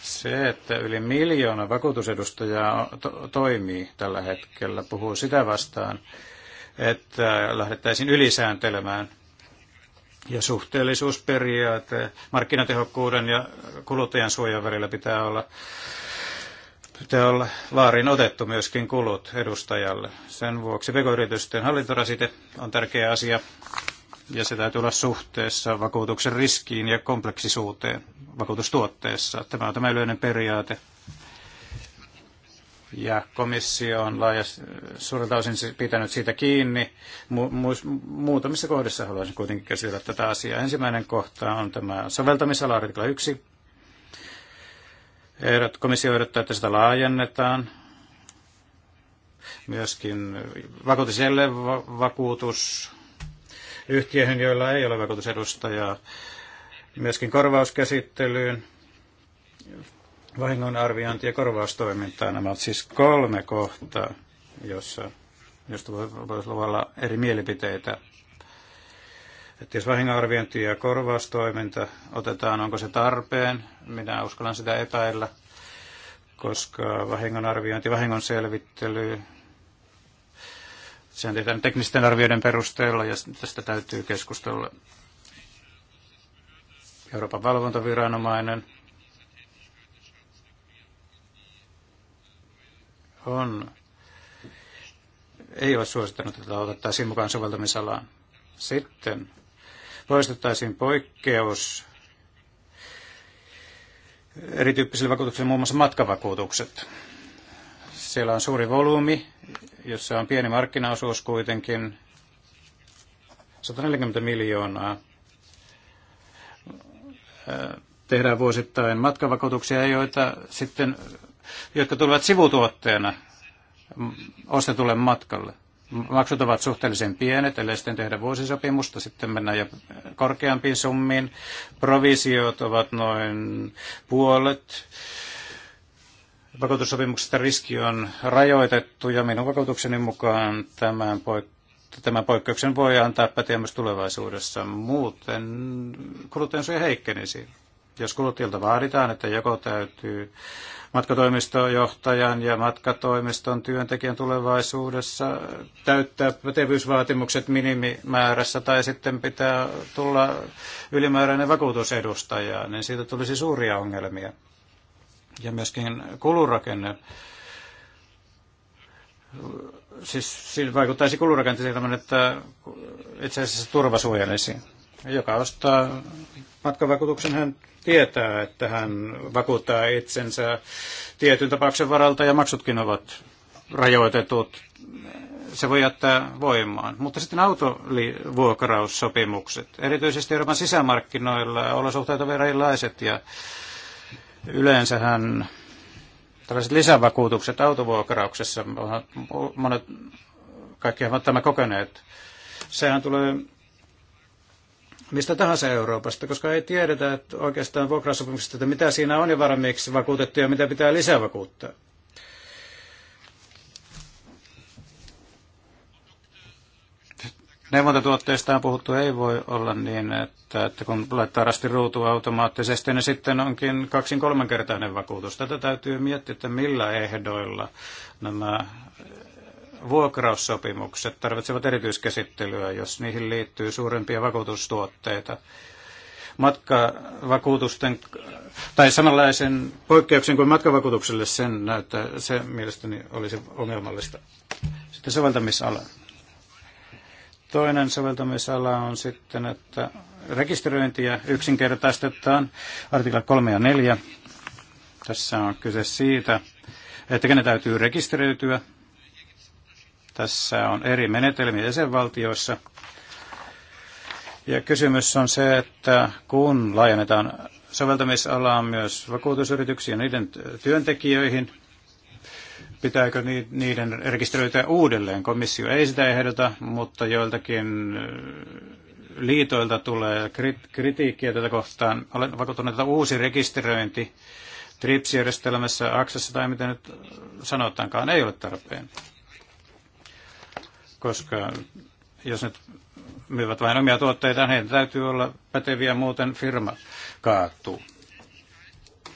Se, että yli miljoona vakuutusedustajaa to- toimii tällä hetkellä, puhuu sitä vastaan, että lähdettäisiin ylisääntelemään ja suhteellisuusperiaate markkinatehokkuuden ja kuluttajan suojan välillä pitää olla pitää olla vaarin otettu myöskin kulut edustajalle. Sen vuoksi pekoyritysten hallintorasite on tärkeä asia ja se täytyy olla suhteessa vakuutuksen riskiin ja kompleksisuuteen vakuutustuotteessa. Tämä on tämä yleinen periaate. Ja komissio on laajasti suurelta osin pitänyt siitä kiinni. Mu- mu- muutamissa kohdissa haluaisin kuitenkin käsitellä tätä asiaa. Ensimmäinen kohta on tämä soveltamisala artikla 1 Ehdot, komissio ehdottaa, että sitä laajennetaan myöskin vakuutusjälle vakuutus yhtiöihin, joilla ei ole vakuutusedustajaa, myöskin korvauskäsittelyyn, arviointi ja korvaustoimintaan. Nämä ovat siis kolme kohtaa, jossa, josta voi, voisi luvalla eri mielipiteitä että jos vahingonarviointi ja korvaustoiminta otetaan, onko se tarpeen? Minä uskallan sitä epäillä, koska vahingonarviointi, vahingon selvittely, sen tehtävä teknisten arvioiden perusteella ja tästä täytyy keskustella. Euroopan valvontaviranomainen on, ei ole suosittanut, että otettaisiin mukaan soveltamisalaan. Sitten poistettaisiin poikkeus erityyppisille vakuutuksille, muun muassa matkavakuutukset. Siellä on suuri volyymi, jossa on pieni markkinaosuus kuitenkin, 140 miljoonaa. Tehdään vuosittain matkavakuutuksia, joita sitten, jotka tulevat sivutuotteena ostetulle matkalle maksut ovat suhteellisen pienet, ellei sitten tehdä vuosisopimusta, sitten mennään jo korkeampiin summiin. Provisiot ovat noin puolet. Vakuutussopimuksesta riski on rajoitettu ja minun vakuutukseni mukaan tämän, poik- tämän poikkeuksen voi antaa päteä myös tulevaisuudessa. Muuten kuluttajansuoja heikkenisi. Jos kuluttajilta vaaditaan, että joko täytyy matkatoimistojohtajan ja matkatoimiston työntekijän tulevaisuudessa täyttää pätevyysvaatimukset minimimäärässä tai sitten pitää tulla ylimääräinen vakuutusedustaja, niin siitä tulisi suuria ongelmia. Ja myöskin kulurakenne siis vaikuttaisi kulurakenteeseen että itse asiassa turva suojelisi joka ostaa matkavakuutuksen, hän tietää, että hän vakuuttaa itsensä tietyn tapauksen varalta ja maksutkin ovat rajoitetut. Se voi jättää voimaan. Mutta sitten autovuokraussopimukset. Erityisesti Euroopan sisämarkkinoilla olosuhteet ovat erilaiset ja yleensähän tällaiset lisävakuutukset autovuokrauksessa, monet kaikki ovat tämä kokeneet. Sehän tulee mistä tahansa Euroopasta, koska ei tiedetä että oikeastaan vuokrasopimuksesta, että mitä siinä on jo varmiiksi vakuutettu ja mitä pitää lisävakuuttaa. neuvontatuotteista on puhuttu, ei voi olla niin, että, että kun laittaa rasti ruutu automaattisesti, niin sitten onkin kaksin kolmenkertainen vakuutus. Tätä täytyy miettiä, että millä ehdoilla nämä vuokraussopimukset tarvitsevat erityiskäsittelyä, jos niihin liittyy suurempia vakuutustuotteita. Matkavakuutusten, tai samanlaisen poikkeuksen kuin matkavakuutukselle, sen näyttää, se mielestäni olisi ongelmallista. Sitten soveltamisala. Toinen soveltamisala on sitten, että rekisteröintiä yksinkertaistetaan, artikla 3 ja 4. Tässä on kyse siitä, että kenen täytyy rekisteröityä tässä on eri menetelmiä jäsenvaltioissa. Ja kysymys on se, että kun laajennetaan soveltamisalaa myös vakuutusyrityksiin ja niiden työntekijöihin, pitääkö niiden rekisteröityä uudelleen? Komissio ei sitä ehdota, mutta joiltakin äh, liitoilta tulee kritiikkiä tätä kohtaan. Olen vakuuttunut, että uusi rekisteröinti TRIPS-järjestelmässä, AXassa tai miten nyt sanotaankaan, ei ole tarpeen koska jos nyt myyvät vain omia tuotteitaan, heidän täytyy olla päteviä, muuten firma kaatuu.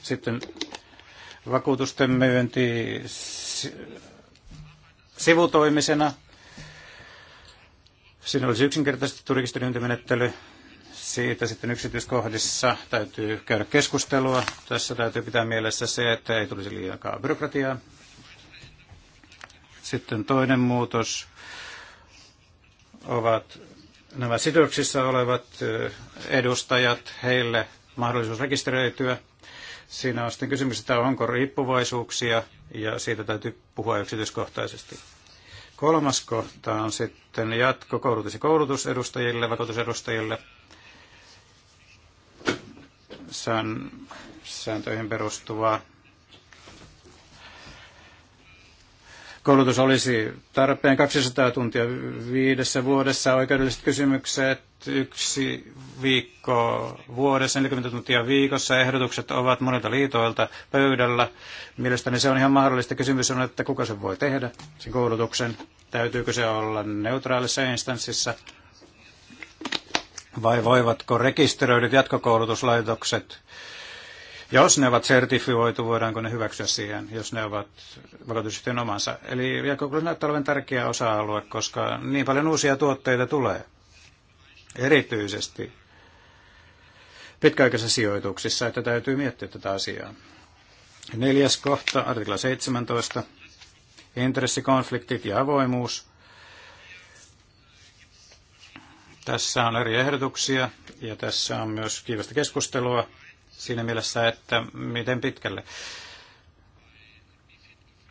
Sitten vakuutusten myynti sivutoimisena. Siinä olisi yksinkertaisesti turkistelyyntimenettely. Siitä sitten yksityiskohdissa täytyy käydä keskustelua. Tässä täytyy pitää mielessä se, että ei tulisi liikaa byrokratiaa. Sitten toinen muutos ovat nämä sidoksissa olevat edustajat, heille mahdollisuus rekisteröityä. Siinä on sitten kysymys, että onko riippuvaisuuksia, ja siitä täytyy puhua yksityiskohtaisesti. Kolmas kohta on sitten koulutus- ja koulutusedustajille, vakuutusedustajille. Sään, sääntöihin perustuvaa koulutus olisi tarpeen 200 tuntia viidessä vuodessa, oikeudelliset kysymykset yksi viikko vuodessa, 40 tuntia viikossa. Ehdotukset ovat monilta liitoilta pöydällä. Mielestäni se on ihan mahdollista. Kysymys on, että kuka sen voi tehdä, sen koulutuksen. Täytyykö se olla neutraalissa instanssissa? Vai voivatko rekisteröidyt jatkokoulutuslaitokset jos ne ovat sertifioitu, voidaanko ne hyväksyä siihen, jos ne ovat vakuutusyhtiön omansa. Eli jakokulus näyttää olevan tärkeä osa-alue, koska niin paljon uusia tuotteita tulee. Erityisesti pitkäaikaisissa sijoituksissa, että täytyy miettiä tätä asiaa. Neljäs kohta, artikla 17. Intressikonfliktit ja avoimuus. Tässä on eri ehdotuksia ja tässä on myös kiivasta keskustelua siinä mielessä, että miten pitkälle.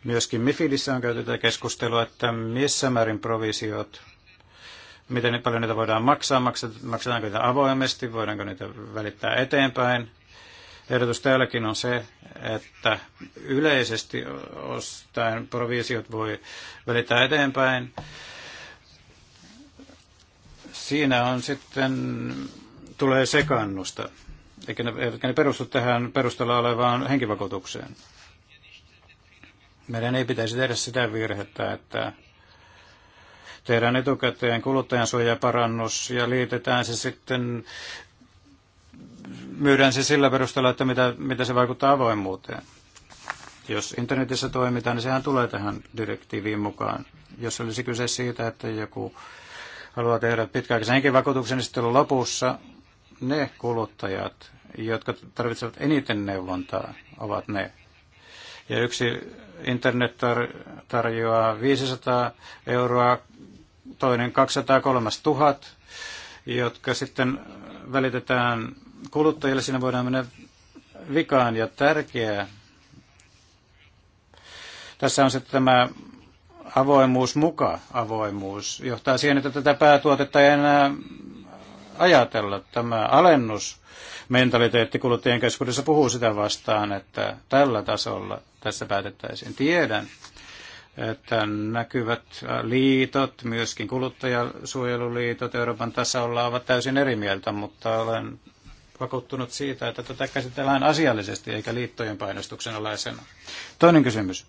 Myöskin Mifidissä on käyty tätä keskustelua, että missä määrin provisiot, miten paljon niitä voidaan maksaa, maksetaanko niitä avoimesti, voidaanko niitä välittää eteenpäin. Ehdotus täälläkin on se, että yleisesti ostain provisiot voi välittää eteenpäin. Siinä on sitten, tulee sekannusta eikä ne, eivätkä ne perustu tähän perustella olevaan henkivakuutukseen. Meidän ei pitäisi tehdä sitä virhettä, että tehdään etukäteen kuluttajansuojaparannus ja liitetään se sitten, myydään se sillä perusteella, että mitä, mitä se vaikuttaa avoimuuteen. Jos internetissä toimitaan, niin sehän tulee tähän direktiiviin mukaan. Jos olisi kyse siitä, että joku haluaa tehdä pitkäaikaisen henkivakuutuksen, niin sitten lopussa ne kuluttajat, jotka tarvitsevat eniten neuvontaa, ovat ne. Ja yksi internet tar- tarjoaa 500 euroa, toinen 203 000, jotka sitten välitetään kuluttajille. Siinä voidaan mennä vikaan ja tärkeää. Tässä on sitten tämä avoimuus muka avoimuus. Johtaa siihen, että tätä päätuotetta ei enää ajatella. Tämä alennus mentaliteetti kuluttajien keskuudessa puhuu sitä vastaan, että tällä tasolla tässä päätettäisiin. Tiedän, että näkyvät liitot, myöskin kuluttajasuojeluliitot Euroopan tasolla ovat täysin eri mieltä, mutta olen vakuuttunut siitä, että tätä käsitellään asiallisesti eikä liittojen painostuksen alaisena. Toinen kysymys,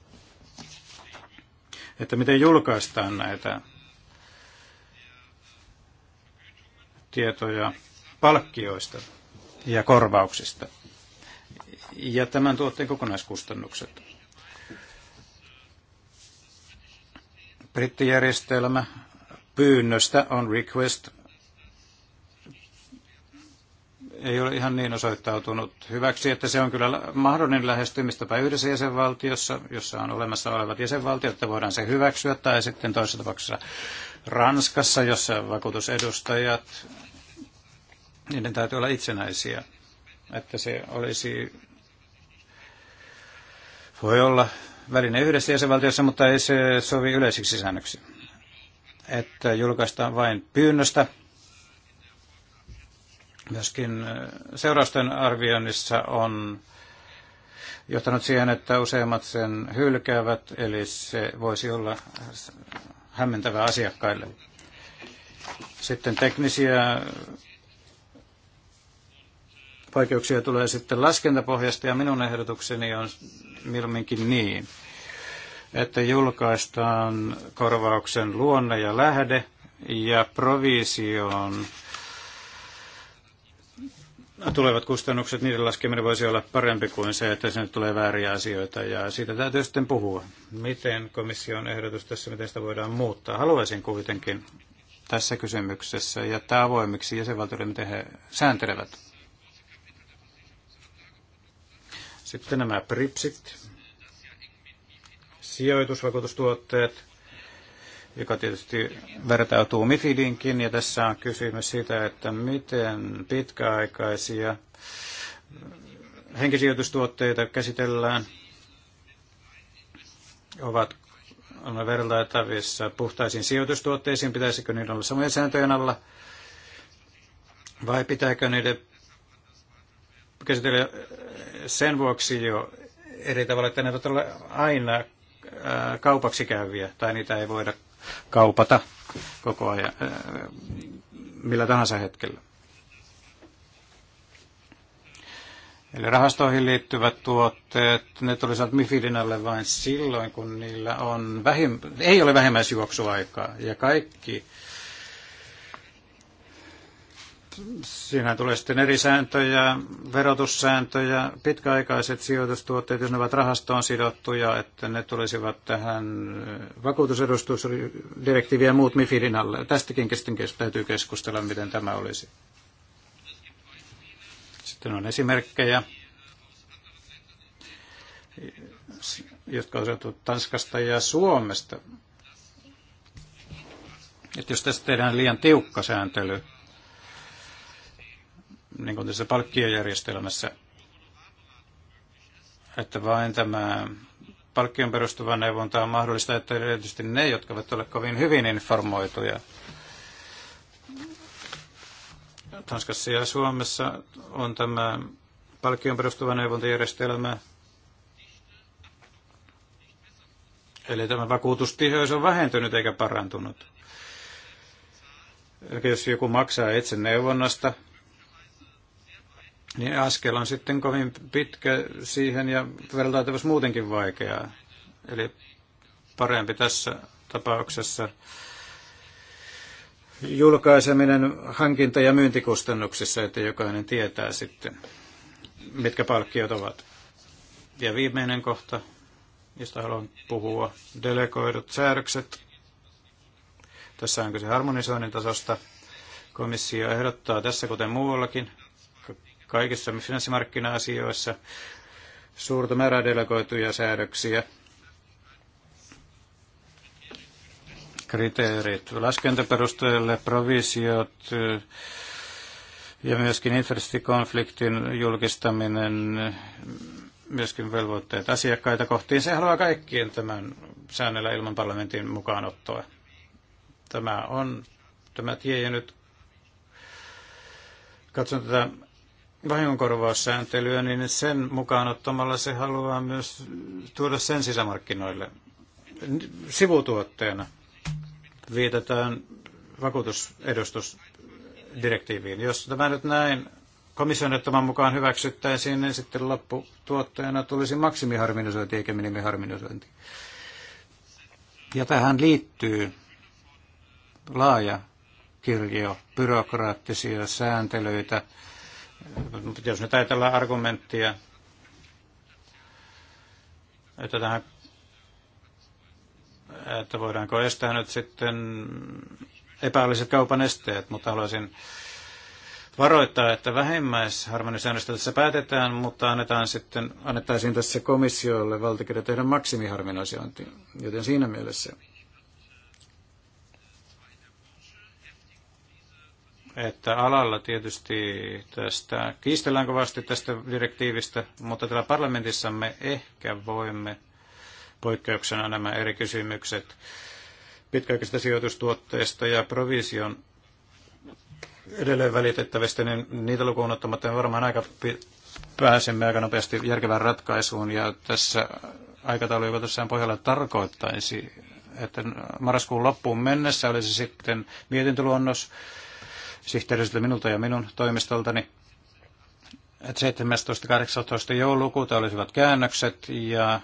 että miten julkaistaan näitä tietoja palkkioista ja korvauksista ja tämän tuotteen kokonaiskustannukset. Brittijärjestelmä pyynnöstä on request. Ei ole ihan niin osoittautunut hyväksi, että se on kyllä mahdollinen lähestymistapa yhdessä jäsenvaltiossa, jossa on olemassa olevat jäsenvaltiot, että voidaan se hyväksyä, tai sitten toisessa tapauksessa Ranskassa, jossa vakuutusedustajat, niiden täytyy olla itsenäisiä, että se olisi, voi olla väline yhdessä jäsenvaltiossa, mutta ei se sovi yleisiksi säännöksi. Että julkaistaan vain pyynnöstä. Myöskin seurausten arvioinnissa on johtanut siihen, että useimmat sen hylkäävät, eli se voisi olla hämmentävä asiakkaille. Sitten teknisiä vaikeuksia tulee sitten laskentapohjasta ja minun ehdotukseni on milminkin niin, että julkaistaan korvauksen luonne ja lähde ja provisioon tulevat kustannukset, niiden laskeminen voisi olla parempi kuin se, että sinne tulee vääriä asioita ja siitä täytyy sitten puhua. Miten komission ehdotus tässä, miten sitä voidaan muuttaa? Haluaisin kuitenkin tässä kysymyksessä jättää avoimiksi jäsenvaltioiden, miten he sääntelevät. Sitten nämä PRIPSit, sijoitusvakuutustuotteet, joka tietysti vertautuu Mifidinkin, ja tässä on kysymys siitä, että miten pitkäaikaisia henkisijoitustuotteita käsitellään, ovat on vertailtavissa puhtaisiin sijoitustuotteisiin, pitäisikö niiden olla samojen sääntöjen alla, vai pitääkö niiden käsitellä sen vuoksi jo eri tavalla, että ne ovat aina kaupaksi käyviä, tai niitä ei voida kaupata koko ajan, äh, millä tahansa hetkellä. Eli rahastoihin liittyvät tuotteet, ne tulisivat Mifidin alle vain silloin, kun niillä on vähim- ei ole vähimmäisjuoksuaikaa. Ja kaikki Siinä tulee sitten eri sääntöjä, verotussääntöjä, pitkäaikaiset sijoitustuotteet, jos ne ovat rahastoon sidottuja, että ne tulisivat tähän vakuutusedustusdirektiiviin ja muut MIFIDin alle. Tästäkin täytyy keskustella, miten tämä olisi. Sitten on esimerkkejä, jotka on saatu Tanskasta ja Suomesta. Että jos tästä tehdään liian tiukka sääntely, niin kuin tässä palkkiojärjestelmässä, että vain tämä palkkion perustuva neuvonta on mahdollista, että erityisesti ne, jotka ovat ole kovin hyvin informoituja. Tanskassa ja Suomessa on tämä palkkion perustuva neuvontajärjestelmä. Eli tämä vakuutustiheys on vähentynyt eikä parantunut. Eli jos joku maksaa itse neuvonnasta, niin askel on sitten kovin pitkä siihen ja vertailtavasti muutenkin vaikeaa. Eli parempi tässä tapauksessa julkaiseminen hankinta- ja myyntikustannuksissa, että jokainen tietää sitten, mitkä palkkiot ovat. Ja viimeinen kohta, josta haluan puhua, delegoidut säädökset. Tässä on kyse harmonisoinnin tasosta. Komissio ehdottaa tässä, kuten muuallakin, kaikissa finanssimarkkina-asioissa suurta määrää delegoituja säädöksiä. Kriteerit laskentaperusteelle, provisiot eh, ja myöskin intressikonfliktin julkistaminen, myöskin velvoitteet asiakkaita kohtiin. Se haluaa kaikkien tämän säännellä ilman parlamentin mukaanottoa. Tämä on tämä tie ja nyt katson tätä vahingonkorvaussääntelyä, niin sen mukaan ottamalla se haluaa myös tuoda sen sisämarkkinoille sivutuotteena. Viitataan vakuutusedustusdirektiiviin. Jos tämä nyt näin komission ottaman mukaan hyväksyttäisiin, niin sitten lopputuotteena tulisi maksimiharminisointi eikä minimiharminisointi. Ja tähän liittyy laaja kirjo byrokraattisia sääntelyitä, mutta jos nyt ajatellaan argumenttia, että, tähän, että voidaanko estää nyt sitten epäolliset kaupan esteet, mutta haluaisin varoittaa, että vähimmäisharmonisoinnista tässä päätetään, mutta annetaan sitten, annettaisiin tässä komissiolle valtakirja tehdä maksimiharmonisointi. Joten siinä mielessä että alalla tietysti tästä kiistellään kovasti tästä direktiivistä, mutta täällä parlamentissa me ehkä voimme poikkeuksena nämä eri kysymykset pitkäaikaisista sijoitustuotteista ja provision edelleen välitettävistä, niin niitä lukuun ottamatta me varmaan aika pääsemme aika nopeasti järkevään ratkaisuun. Ja tässä aikataulu, joka tässä pohjalla tarkoittaisi, että marraskuun loppuun mennessä olisi sitten mietintöluonnos, sihteeristöltä minulta ja minun toimistoltani. 17.18. joulukuuta olisivat käännökset ja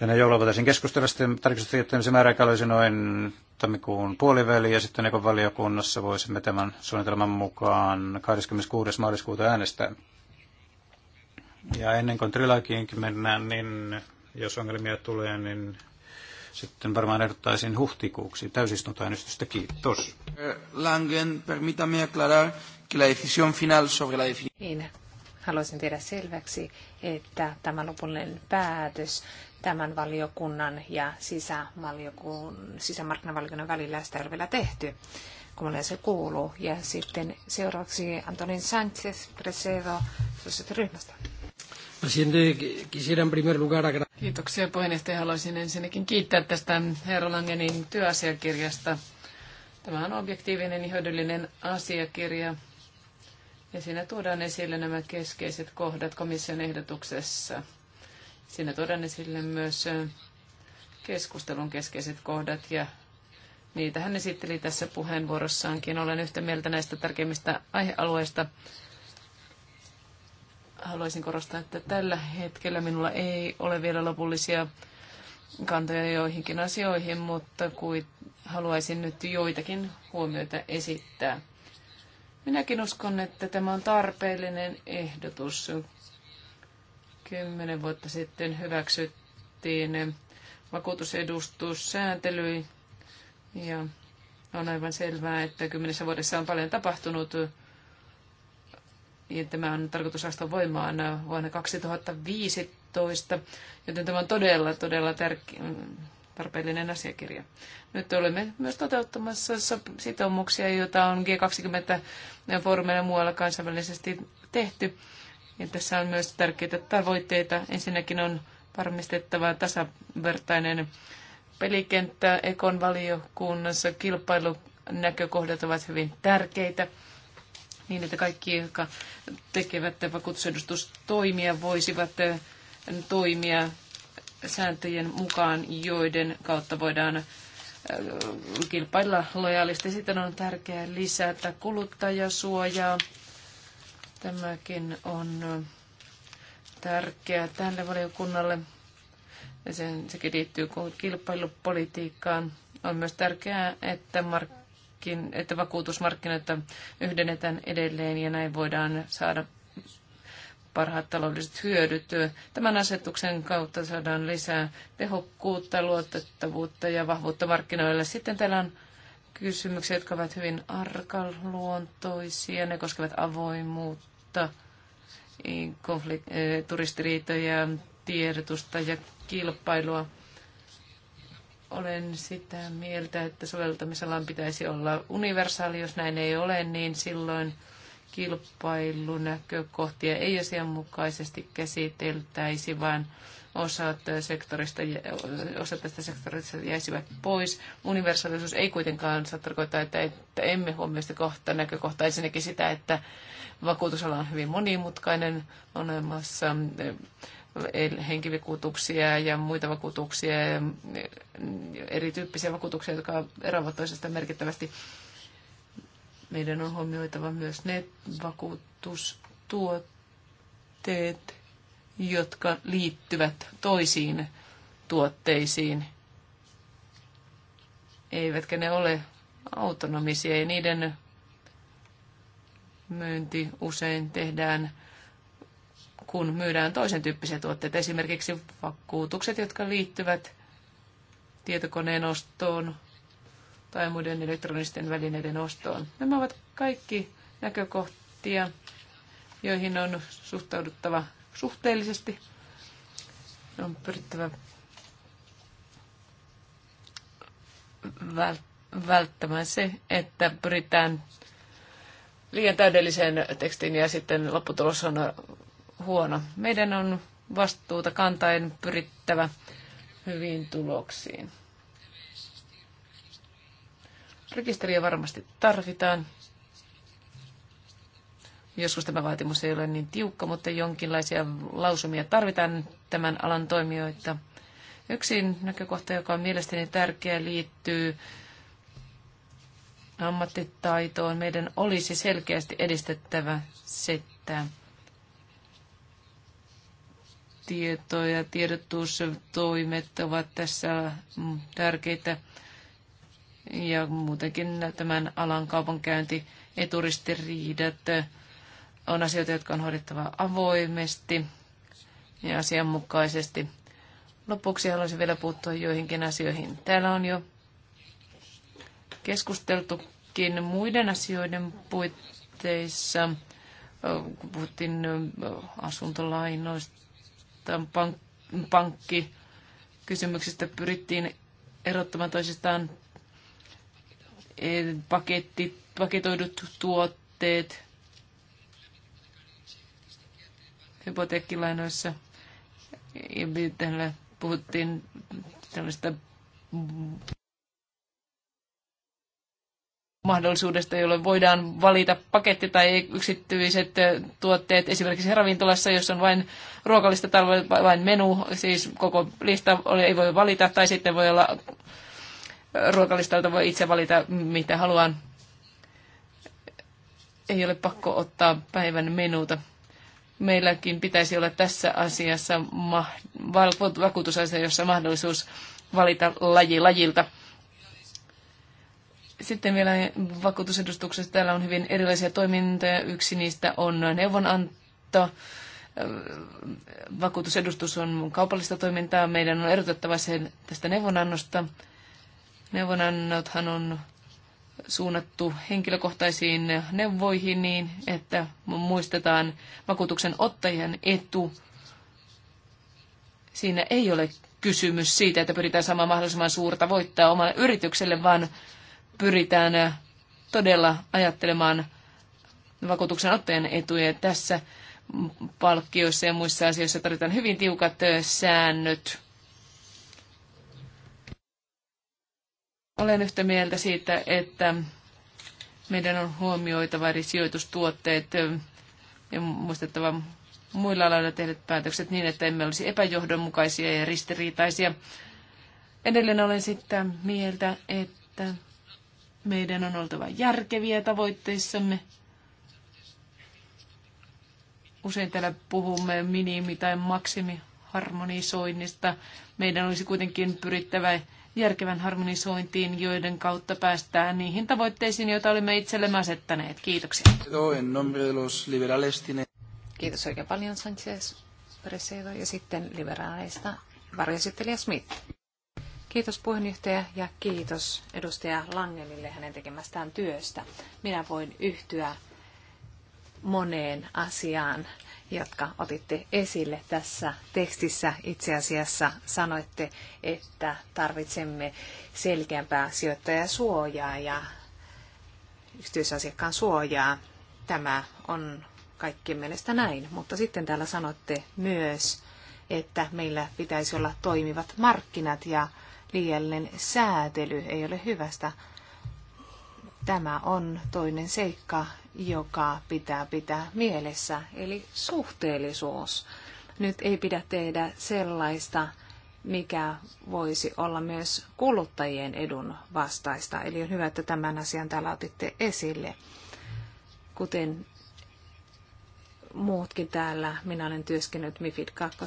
ennen joulua voitaisiin keskustella sitten tarkistusjättämisen määräaika olisi noin tammikuun puoliväli ja sitten valiokunnassa voisimme tämän suunnitelman mukaan 26. maaliskuuta äänestää. Ja ennen kuin trilagiinkin mennään, niin jos ongelmia tulee, niin sitten varmaan ehdottaisin huhtikuuksi täysistuntoäänestystä. Kiitos. Eh, Langen, permítame aclarar que la decisión final sobre la definición. Niin, haluaisin tehdä selväksi, että tämä lopullinen päätös tämän valiokunnan ja sisämarkkinavaliokunnan välillä sitä ei ole vielä tehty, kun se kuuluu. Ja sitten seuraavaksi Antonin Sanchez Presedo ryhmästä. Kiitoksia puheenjohtaja. Haluaisin ensinnäkin kiittää tästä Herra Langenin työasiakirjasta. Tämä on objektiivinen ja hyödyllinen asiakirja. Ja siinä tuodaan esille nämä keskeiset kohdat komission ehdotuksessa. Siinä tuodaan esille myös keskustelun keskeiset kohdat ja niitä hän esitteli tässä puheenvuorossaankin. Olen yhtä mieltä näistä tärkeimmistä aihealueista haluaisin korostaa, että tällä hetkellä minulla ei ole vielä lopullisia kantoja joihinkin asioihin, mutta kuin haluaisin nyt joitakin huomioita esittää. Minäkin uskon, että tämä on tarpeellinen ehdotus. Kymmenen vuotta sitten hyväksyttiin vakuutusedustussääntely ja on aivan selvää, että kymmenessä vuodessa on paljon tapahtunut niin tämä on tarkoitus astua voimaan äh, vuonna 2015, joten tämä on todella, todella mm, tarpeellinen asiakirja. Nyt olemme myös toteuttamassa sitoumuksia, joita on G20-foorumeilla muualla kansainvälisesti tehty. Ja tässä on myös tärkeitä tavoitteita. Ensinnäkin on varmistettava tasavertainen pelikenttä Ekon valiokunnassa. Kilpailunäkökohdat ovat hyvin tärkeitä niin, että kaikki, jotka tekevät vakuutusedustustoimia, voisivat eh, toimia sääntöjen mukaan, joiden kautta voidaan eh, kilpailla lojaalisti. Sitten on tärkeää lisätä kuluttajasuojaa. Tämäkin on eh, tärkeää tälle valiokunnalle. Sen, sekin liittyy kilpailupolitiikkaan. On myös tärkeää, että mark- että vakuutusmarkkinoita yhdennetään edelleen ja näin voidaan saada parhaat taloudelliset hyödyt. Tämän asetuksen kautta saadaan lisää tehokkuutta, luotettavuutta ja vahvuutta markkinoille. Sitten täällä on kysymyksiä, jotka ovat hyvin arkaluontoisia. Ne koskevat avoimuutta, konflikt- eh, turistiriitoja, tiedotusta ja kilpailua. Olen sitä mieltä, että soveltamisalan pitäisi olla universaali. Jos näin ei ole, niin silloin kilpailunäkökohtia ei asianmukaisesti käsiteltäisi, vaan osat, sektorista, osa tästä sektorista jäisivät pois. Universaalisuus ei kuitenkaan saa tarkoittaa, että, että emme huomioi sitä kohta, näkökohtaa. Ensinnäkin sitä, että vakuutusala on hyvin monimutkainen, on olemassa henkivakuutuksia ja muita vakuutuksia, erityyppisiä vakuutuksia, jotka eroavat toisesta merkittävästi. Meidän on huomioitava myös ne vakuutustuotteet, jotka liittyvät toisiin tuotteisiin, eivätkä ne ole autonomisia ja niiden myynti usein tehdään kun myydään toisen tyyppisiä tuotteita, esimerkiksi vakuutukset, jotka liittyvät tietokoneen ostoon tai muiden elektronisten välineiden ostoon. Nämä ovat kaikki näkökohtia, joihin on suhtauduttava suhteellisesti. On pyrittävä välttämään se, että pyritään liian täydelliseen tekstiin ja sitten lopputulos on huono. Meidän on vastuuta kantaen pyrittävä hyviin tuloksiin. Rekisteriä varmasti tarvitaan. Joskus tämä vaatimus ei ole niin tiukka, mutta jonkinlaisia lausumia tarvitaan tämän alan toimijoita. Yksi näkökohta, joka on mielestäni tärkeä, liittyy ammattitaitoon. Meidän olisi selkeästi edistettävä sitä, tieto- ja tiedotustoimet ovat tässä mm, tärkeitä ja muutenkin tämän alan kaupankäynti eturistiriidat on asioita, jotka on hoidettava avoimesti ja asianmukaisesti. Lopuksi haluaisin vielä puuttua joihinkin asioihin. Täällä on jo keskusteltukin muiden asioiden puitteissa, puhuttiin asuntolainoista pank- pankkikysymyksistä pyrittiin erottamaan toisistaan e, paketti, paketoidut tuotteet hypoteekkilainoissa. Ja puhuttiin tällaista mahdollisuudesta, jolloin voidaan valita paketti tai yksityiset tuotteet esimerkiksi ravintolassa, jos on vain ruokalista tai vain menu, siis koko lista ei voi valita, tai sitten voi olla ruokalistalta voi itse valita mitä haluan. Ei ole pakko ottaa päivän menuta. Meilläkin pitäisi olla tässä asiassa ma- vakuutusasia, jossa mahdollisuus valita laji lajilta. Sitten vielä vakuutusedustuksessa täällä on hyvin erilaisia toimintoja. Yksi niistä on neuvonanto. Vakuutusedustus on kaupallista toimintaa. Meidän on erotettava sen tästä neuvonannosta. Neuvonannothan on suunnattu henkilökohtaisiin neuvoihin niin, että muistetaan vakuutuksen ottajan etu. Siinä ei ole kysymys siitä, että pyritään saamaan mahdollisimman suurta voittaa omalle yritykselle, vaan pyritään todella ajattelemaan vakuutuksen ottajan etuja. Tässä palkkioissa ja muissa asioissa tarvitaan hyvin tiukat säännöt. Olen yhtä mieltä siitä, että meidän on huomioitava eri sijoitustuotteet ja muistettava muilla aloilla tehdyt päätökset niin, että emme olisi epäjohdonmukaisia ja ristiriitaisia. Edelleen olen sitä mieltä, että meidän on oltava järkeviä tavoitteissamme. Usein täällä puhumme minimi- tai maksimiharmonisoinnista. Meidän olisi kuitenkin pyrittävä järkevän harmonisointiin, joiden kautta päästään niihin tavoitteisiin, joita olemme itsellemme asettaneet. Kiitoksia. Kiitos oikein paljon Sanchez Presedo ja sitten liberaaleista varjosittelijä Smith. Kiitos puheenjohtaja ja kiitos edustaja Langelille hänen tekemästään työstä. Minä voin yhtyä moneen asiaan, jotka otitte esille tässä tekstissä. Itse asiassa sanoitte, että tarvitsemme selkeämpää sijoittajasuojaa ja yksityisasiakkaan suojaa. Tämä on kaikkien mielestä näin, mutta sitten täällä sanotte myös, että meillä pitäisi olla toimivat markkinat ja liiallinen säätely ei ole hyvästä. Tämä on toinen seikka, joka pitää pitää mielessä, eli suhteellisuus. Nyt ei pidä tehdä sellaista, mikä voisi olla myös kuluttajien edun vastaista. Eli on hyvä, että tämän asian täällä otitte esille. Kuten muutkin täällä, minä olen työskennellyt MIFID 2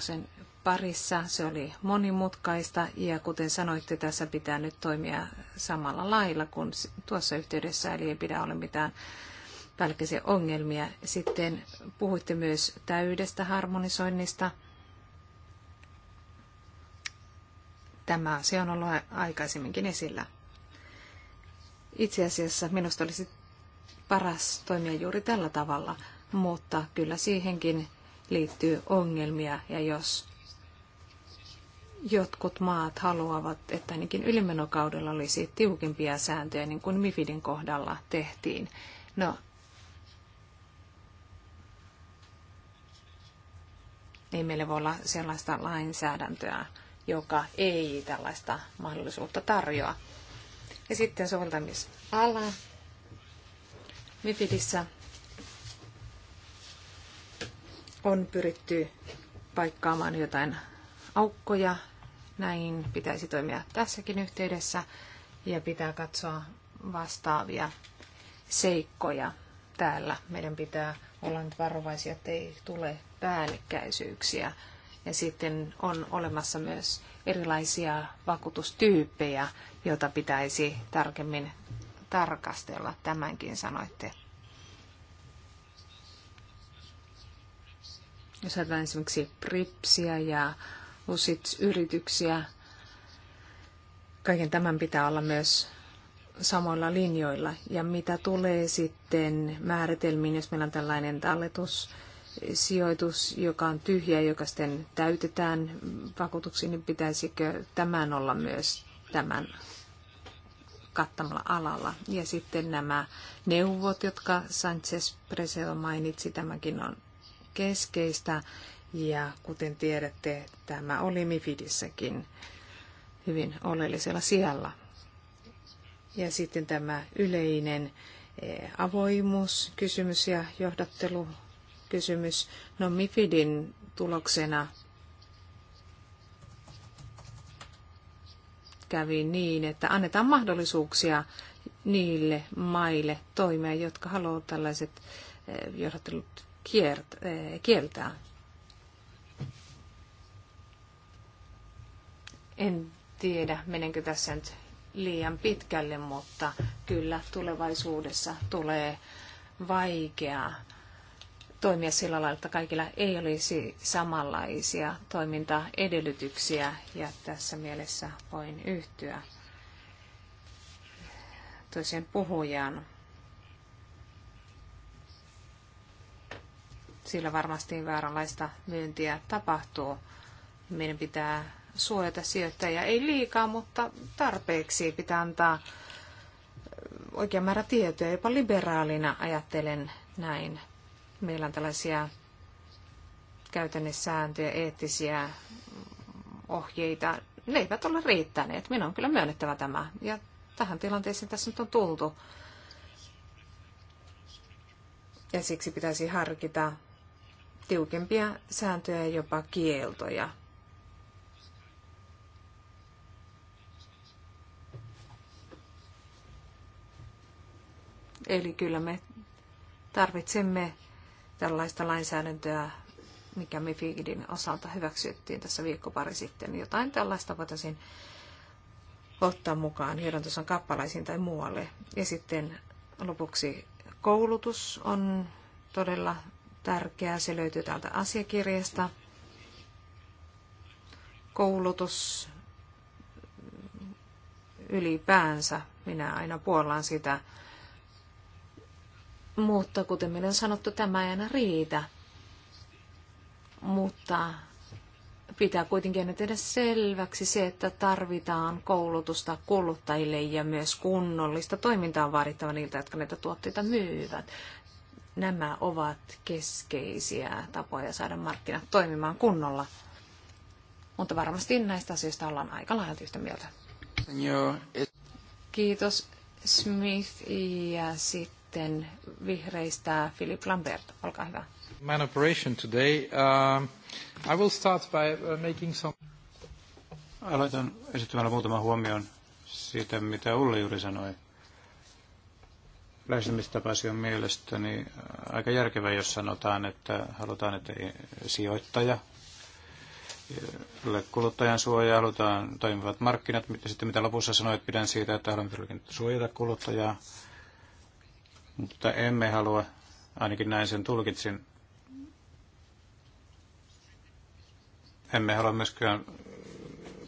parissa. Se oli monimutkaista ja kuten sanoitte, tässä pitää nyt toimia samalla lailla kuin tuossa yhteydessä, eli ei pidä olla mitään välkisiä ongelmia. Sitten puhuitte myös täydestä harmonisoinnista. Tämä asia on ollut aikaisemminkin esillä. Itse asiassa minusta olisi paras toimia juuri tällä tavalla, mutta kyllä siihenkin liittyy ongelmia ja jos jotkut maat haluavat, että ainakin ylimenokaudella olisi tiukempia sääntöjä, niin kuin Mifidin kohdalla tehtiin. No, ei meillä voi olla sellaista lainsäädäntöä, joka ei tällaista mahdollisuutta tarjoa. Ja sitten soveltamisala. Mifidissä on pyritty paikkaamaan jotain aukkoja näin pitäisi toimia tässäkin yhteydessä ja pitää katsoa vastaavia seikkoja täällä. Meidän pitää olla nyt varovaisia, ettei tule päällekkäisyyksiä. Ja sitten on olemassa myös erilaisia vakuutustyyppejä, joita pitäisi tarkemmin tarkastella. Tämänkin sanoitte. Jos ajatellaan esimerkiksi PRIPSiä ja USITS-yrityksiä. Kaiken tämän pitää olla myös samoilla linjoilla. Ja mitä tulee sitten määritelmiin, jos meillä on tällainen talletus, sijoitus, joka on tyhjä, joka sitten täytetään vakuutuksiin, niin pitäisikö tämän olla myös tämän kattamalla alalla. Ja sitten nämä neuvot, jotka Sanchez Presel mainitsi, tämäkin on keskeistä. Ja kuten tiedätte, tämä oli Mifidissäkin hyvin oleellisella sijalla. Ja sitten tämä yleinen e, kysymys ja kysymys No Mifidin tuloksena kävi niin, että annetaan mahdollisuuksia niille maille toimia, jotka haluavat tällaiset e, johdattelut e, kieltää. En tiedä, menenkö tässä nyt liian pitkälle, mutta kyllä tulevaisuudessa tulee vaikeaa toimia sillä lailla, että kaikilla ei olisi samanlaisia toimintaedellytyksiä ja tässä mielessä voin yhtyä toiseen puhujaan. Sillä varmasti vääränlaista myyntiä tapahtuu. Meidän pitää suojata sijoittajia. Ei liikaa, mutta tarpeeksi pitää antaa oikea määrä tietoja. Jopa liberaalina ajattelen näin. Meillä on tällaisia käytännössääntöjä, eettisiä ohjeita. Ne eivät ole riittäneet. Minun on kyllä myönnettävä tämä. Ja tähän tilanteeseen tässä nyt on tultu. Ja siksi pitäisi harkita tiukempia sääntöjä ja jopa kieltoja Eli kyllä me tarvitsemme tällaista lainsäädäntöä, mikä MIFIDin osalta hyväksyttiin tässä viikko pari sitten. Jotain tällaista voitaisiin ottaa mukaan johdantosan kappalaisiin tai muualle. Ja sitten lopuksi koulutus on todella tärkeää. Se löytyy täältä asiakirjasta. Koulutus ylipäänsä. Minä aina puollan sitä mutta kuten meillä on sanottu, tämä ei aina riitä. Mutta pitää kuitenkin tehdä selväksi se, että tarvitaan koulutusta kuluttajille ja myös kunnollista toimintaa vaadittava niiltä, jotka näitä tuotteita myyvät. Nämä ovat keskeisiä tapoja saada markkinat toimimaan kunnolla. Mutta varmasti näistä asioista ollaan aika laajalti yhtä mieltä. Kiitos Smith ja sitten sitten vihreistä Philip Lambert. Olkaa hyvä. Man operation today. Uh, I will start by uh, making some... Aloitan esittämällä muutaman huomion siitä, mitä Ulli juuri sanoi. Lähestymistapasi on mielestäni uh, aika järkevä, jos sanotaan, että halutaan, että sijoittaja, uh, kuluttajan suojaa, halutaan toimivat markkinat. Sitten mitä lopussa sanoit, pidän siitä, että haluamme suojata kuluttajaa mutta emme halua, ainakin näin sen tulkitsin, emme halua myöskään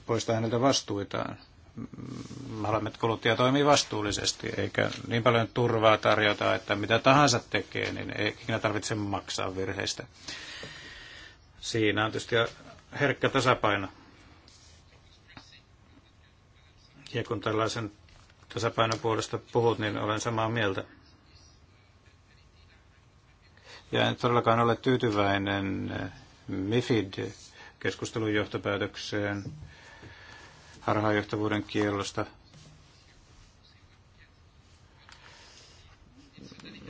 poistaa häneltä vastuitaan. Me haluamme, että kuluttaja toimii vastuullisesti, eikä niin paljon turvaa tarjota, että mitä tahansa tekee, niin ei ikinä tarvitse maksaa virheistä. Siinä on tietysti herkkä tasapaino. Ja kun tällaisen tasapainon puolesta puhut, niin olen samaa mieltä. Ja en todellakaan ole tyytyväinen MIFID-keskustelun johtopäätökseen harhaanjohtavuuden kiellosta.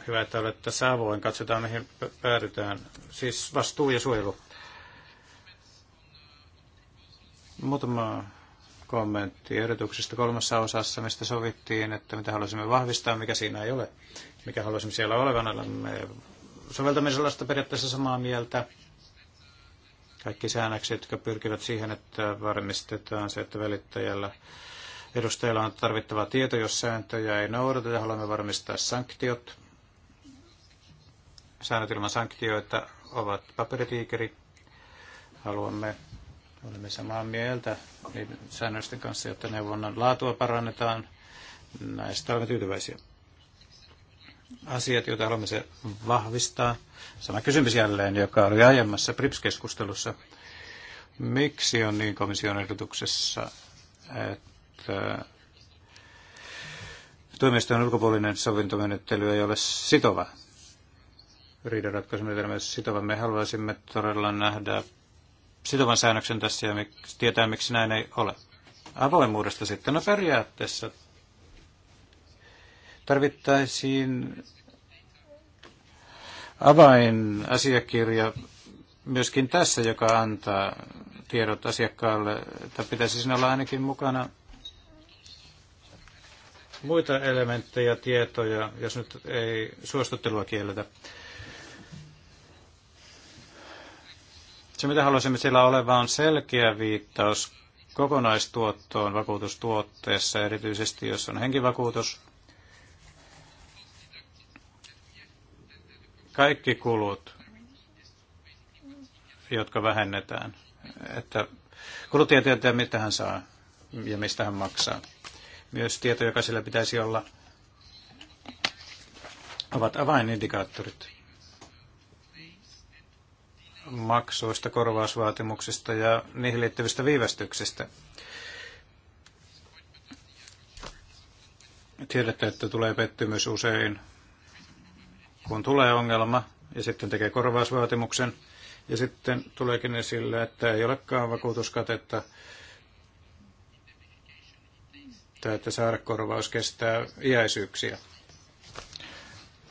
Hyvä, että olet tässä avoin. Katsotaan, mihin päädytään. Siis vastuu ja suojelu. Muutama kommentti ehdotuksista kolmessa osassa, mistä sovittiin, että mitä haluaisimme vahvistaa, mikä siinä ei ole, mikä haluaisimme siellä olevan. Olemme soveltamisalasta periaatteessa samaa mieltä. Kaikki säännökset, jotka pyrkivät siihen, että varmistetaan se, että välittäjällä edustajilla on tarvittava tieto, jos sääntöjä ei noudateta. Haluamme varmistaa sanktiot. Säännöt ilman sanktioita ovat paperitiikeri. Haluamme, olemme samaa mieltä niin säännösten kanssa, että neuvonnan laatua parannetaan. Näistä olemme tyytyväisiä asiat, joita haluamme se vahvistaa. Sama kysymys jälleen, joka oli aiemmassa PRIPS-keskustelussa. Miksi on niin komission ehdotuksessa, että tuomioistuimen ulkopuolinen sovintomenettely ei ole sitova? Riidanratkaisumenetelmä ei ole sitova. Me haluaisimme todella nähdä sitovan säännöksen tässä ja tietää, miksi näin ei ole. Avoimuudesta sitten, no periaatteessa Tarvittaisiin avainasiakirja myöskin tässä, joka antaa tiedot asiakkaalle, että pitäisi siinä olla ainakin mukana muita elementtejä, tietoja, jos nyt ei suostuttelua kielletä. Se, mitä haluaisimme siellä oleva, on selkeä viittaus kokonaistuottoon vakuutustuotteessa, erityisesti jos on henkivakuutus. kaikki kulut, jotka vähennetään, että kuluttaja tietää, mitä hän saa ja mistä hän maksaa. Myös tieto, joka sillä pitäisi olla, ovat avainindikaattorit maksuista, korvausvaatimuksista ja niihin liittyvistä viivästyksistä. Tiedätte, että tulee pettymys usein kun tulee ongelma ja sitten tekee korvausvaatimuksen ja sitten tuleekin esille, että ei olekaan vakuutuskatetta tai että saada korvaus kestää iäisyyksiä.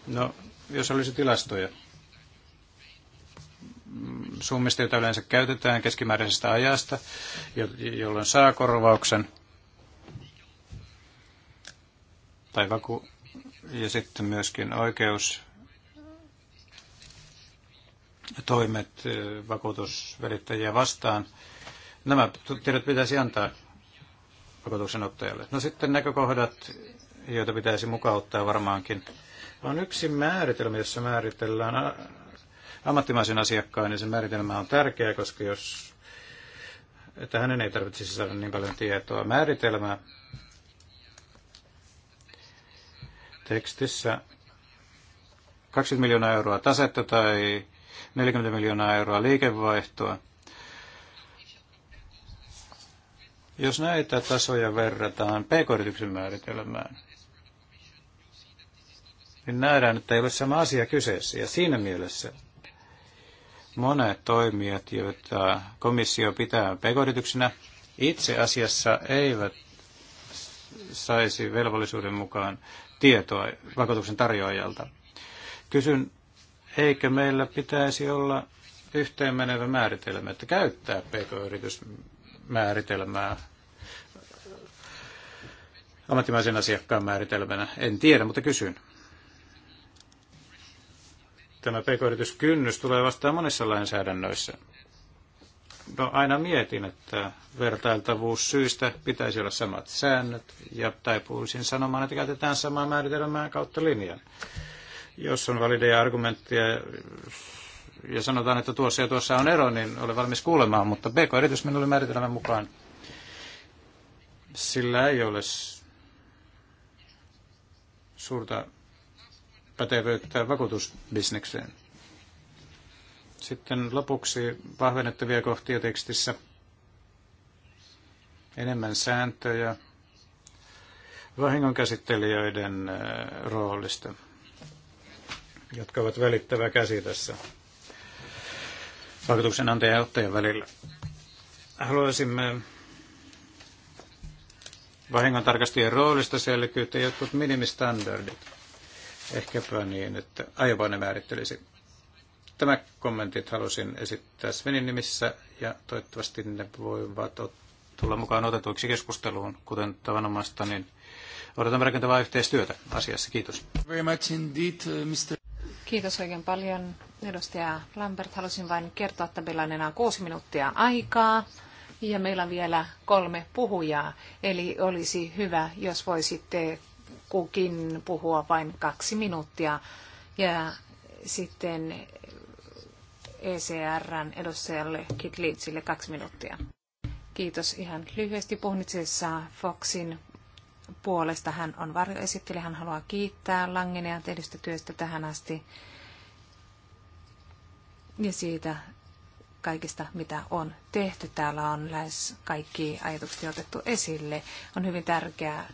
No, jos olisi tilastoja summista, joita yleensä käytetään keskimääräisestä ajasta, jolloin saa korvauksen, tai vaku- ja sitten myöskin oikeus toimet vakuutusvälittäjiä vastaan. Nämä tiedot pitäisi antaa vakuutuksenottajalle. No sitten näkökohdat, joita pitäisi mukauttaa varmaankin, on yksi määritelmä, jossa määritellään ammattimaisen asiakkaan, niin se määritelmä on tärkeä, koska jos, että hänen ei tarvitsisi saada niin paljon tietoa. Määritelmä tekstissä 20 miljoonaa euroa tasetta tai 40 miljoonaa euroa liikevaihtoa. Jos näitä tasoja verrataan pk-yrityksen määritelmään, niin nähdään, että ei ole sama asia kyseessä. Ja siinä mielessä monet toimijat, joita komissio pitää pk itse asiassa eivät saisi velvollisuuden mukaan tietoa vakuutuksen tarjoajalta. Kysyn Eikö meillä pitäisi olla yhteenmenevä määritelmä, että käyttää pk-yritysmääritelmää ammattimaisen asiakkaan määritelmänä? En tiedä, mutta kysyn. Tämä pk-yrityskynnys tulee vastaan monissa lainsäädännöissä. No aina mietin, että vertailtavuus syystä pitäisi olla samat säännöt ja taipuisin sanomaan, että käytetään samaa määritelmää kautta linjan. Jos on valideja argumentteja ja sanotaan, että tuossa ja tuossa on ero, niin olen valmis kuulemaan, mutta BK-yritys minulle määritelmän mukaan sillä ei ole suurta pätevyyttä vakuutusbisnekseen. Sitten lopuksi vahvennettavia kohtia tekstissä. Enemmän sääntöjä vahingonkäsittelijöiden äh, roolista jotka ovat välittävä käsi tässä antajan ja ottajan välillä. Haluaisimme vahingontarkastajien roolista selkyyttä jotkut minimistandardit. Ehkäpä niin, että aivan ne määrittelisi. Tämä kommentit halusin esittää Svenin nimissä ja toivottavasti ne voivat tulla mukaan otetuiksi keskusteluun, kuten tavanomaista, niin odotamme rakentavaa yhteistyötä asiassa. Kiitos. Very much indeed, uh, Mr. Kiitos oikein paljon. Edustaja Lambert, halusin vain kertoa, että meillä on enää kuusi minuuttia aikaa ja meillä on vielä kolme puhujaa. Eli olisi hyvä, jos voisitte kukin puhua vain kaksi minuuttia. Ja sitten ECRn edustajalle Kit Leedsille kaksi minuuttia. Kiitos ihan lyhyesti puhun itse siis, äh, Foxin puolesta. Hän on varjoesittely. hän haluaa kiittää Langenia tehdystä työstä tähän asti ja siitä kaikista, mitä on tehty. Täällä on lähes kaikki ajatukset otettu esille. On hyvin tärkeää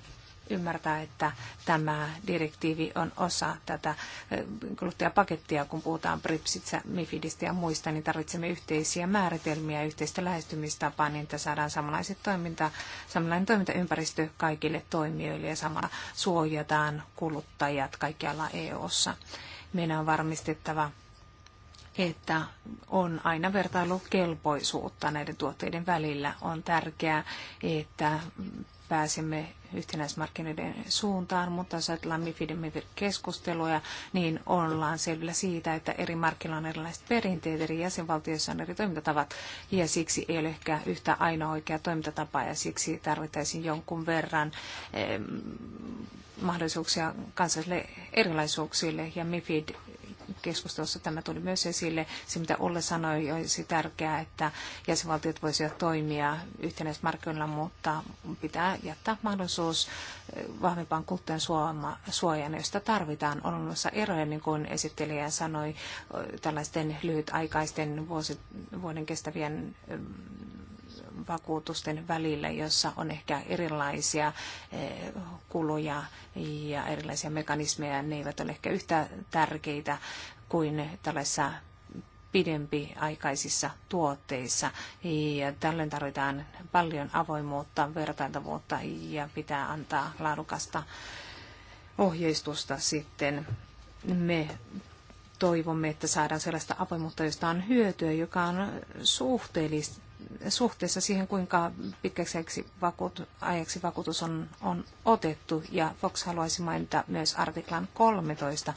ymmärtää, että tämä direktiivi on osa tätä kuluttajapakettia, kun puhutaan BRIPSistä, MIFIDistä ja muista, niin tarvitsemme yhteisiä määritelmiä yhteistä lähestymistapaa, niin että saadaan samanlaiset toiminta, samanlainen toimintaympäristö kaikille toimijoille ja samalla suojataan kuluttajat kaikkialla EU-ssa. Meidän on varmistettava että on aina vertailukelpoisuutta näiden tuotteiden välillä. On tärkeää, että pääsemme yhtenäismarkkinoiden suuntaan, mutta jos ajatellaan MIFIDin keskusteluja, niin ollaan selvillä siitä, että eri markkinoilla on erilaiset perinteet, eri jäsenvaltioissa on eri toimintatavat, ja siksi ei ole ehkä yhtä ainoa oikea toimintatapa, ja siksi tarvittaisiin jonkun verran eh, mahdollisuuksia kansallisille erilaisuuksille, ja MIFID keskustelussa tämä tuli myös esille. Se, mitä Olle sanoi, olisi tärkeää, että jäsenvaltiot voisivat toimia yhtenäismarkkinoilla, mutta pitää jättää mahdollisuus eh, vahvempaan kuluttajan suojaan, josta tarvitaan. On olemassa eroja, niin kuin esittelijä sanoi, eh, tällaisten lyhytaikaisten vuosi, vuoden kestävien eh, vakuutusten välillä, jossa on ehkä erilaisia eh, kuluja ja erilaisia mekanismeja. Ne eivät ole ehkä yhtä tärkeitä kuin tällaisissa pidempiaikaisissa tuotteissa. Ja tällöin tarvitaan paljon avoimuutta, vertailtavuutta ja pitää antaa laadukasta ohjeistusta sitten. Me toivomme, että saadaan sellaista avoimuutta, josta on hyötyä, joka on suhteellista suhteessa siihen, kuinka pitkäksi ajaksi vakuutus on, on otettu. Ja Fox haluaisi mainita myös artiklan 13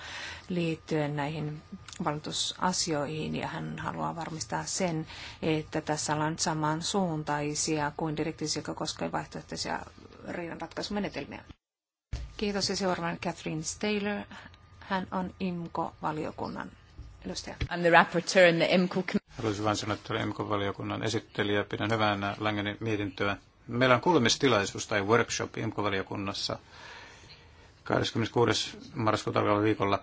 liittyen näihin valitusasioihin. Ja hän haluaa varmistaa sen, että tässä ollaan samansuuntaisia kuin direktiivisiä, jotka koskevat vaihtoehtoisia riidanratkaisumenetelmiä. Kiitos ja seuraavana Catherine Staylor. Hän on IMKO-valiokunnan Edustaja. I'm IMCO. Haluaisin sanoa, että olen IMCO-valiokunnan esittelijä. Pidän hyvänä Langenin mietintöä. Meillä on kuulemistilaisuus tai workshop IMCO-valiokunnassa 26. marraskuuta alkavalla viikolla,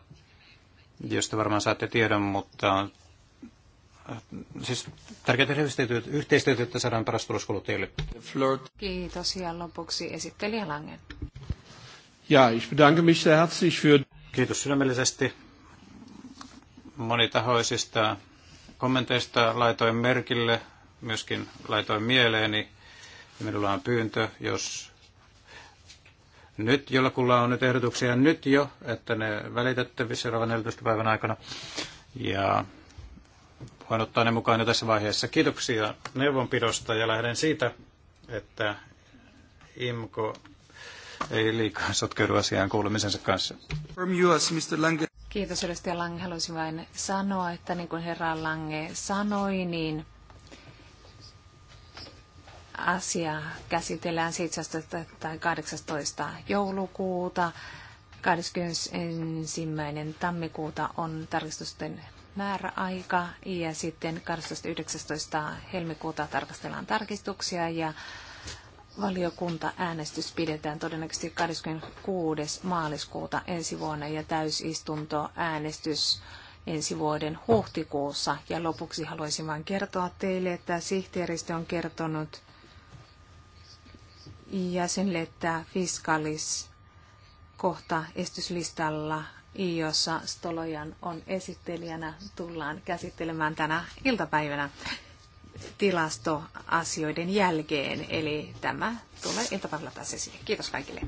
josta varmaan saatte tiedon, mutta äh, siis tärkeää yhteistyötä, yhteistyötä, että saadaan paras tulos kuluttajille. Kiitos ja lopuksi esittelijä Langen. Ja, ich bedanke mich sehr herzlich für... Kiitos sydämellisesti monitahoisista kommenteista laitoin merkille, myöskin laitoin mieleeni. Ja minulla on pyyntö, jos nyt jollakulla on nyt ehdotuksia nyt jo, että ne välitettävissä seuraavan 14 päivän aikana. Ja voin ottaa ne mukaan jo tässä vaiheessa. Kiitoksia neuvonpidosta ja lähden siitä, että IMKO ei liikaa sotkeudu asiaan kuulemisensa kanssa. Kiitos edustaja Lange. Haluaisin vain sanoa, että niin kuin herra Lange sanoi, niin asia käsitellään 17. tai 18. joulukuuta. 21. tammikuuta on tarkistusten määräaika ja sitten 18.19. helmikuuta tarkastellaan tarkistuksia ja äänestys pidetään todennäköisesti 26. maaliskuuta ensi vuonna ja täysistunto äänestys ensi vuoden huhtikuussa. Ja lopuksi haluaisin vain kertoa teille, että sihteeristö on kertonut jäsenille, että fiskalis kohta estyslistalla, jossa Stolojan on esittelijänä, tullaan käsittelemään tänä iltapäivänä tilastoasioiden jälkeen. Eli tämä tulee iltapäivällä taas esille. Kiitos kaikille.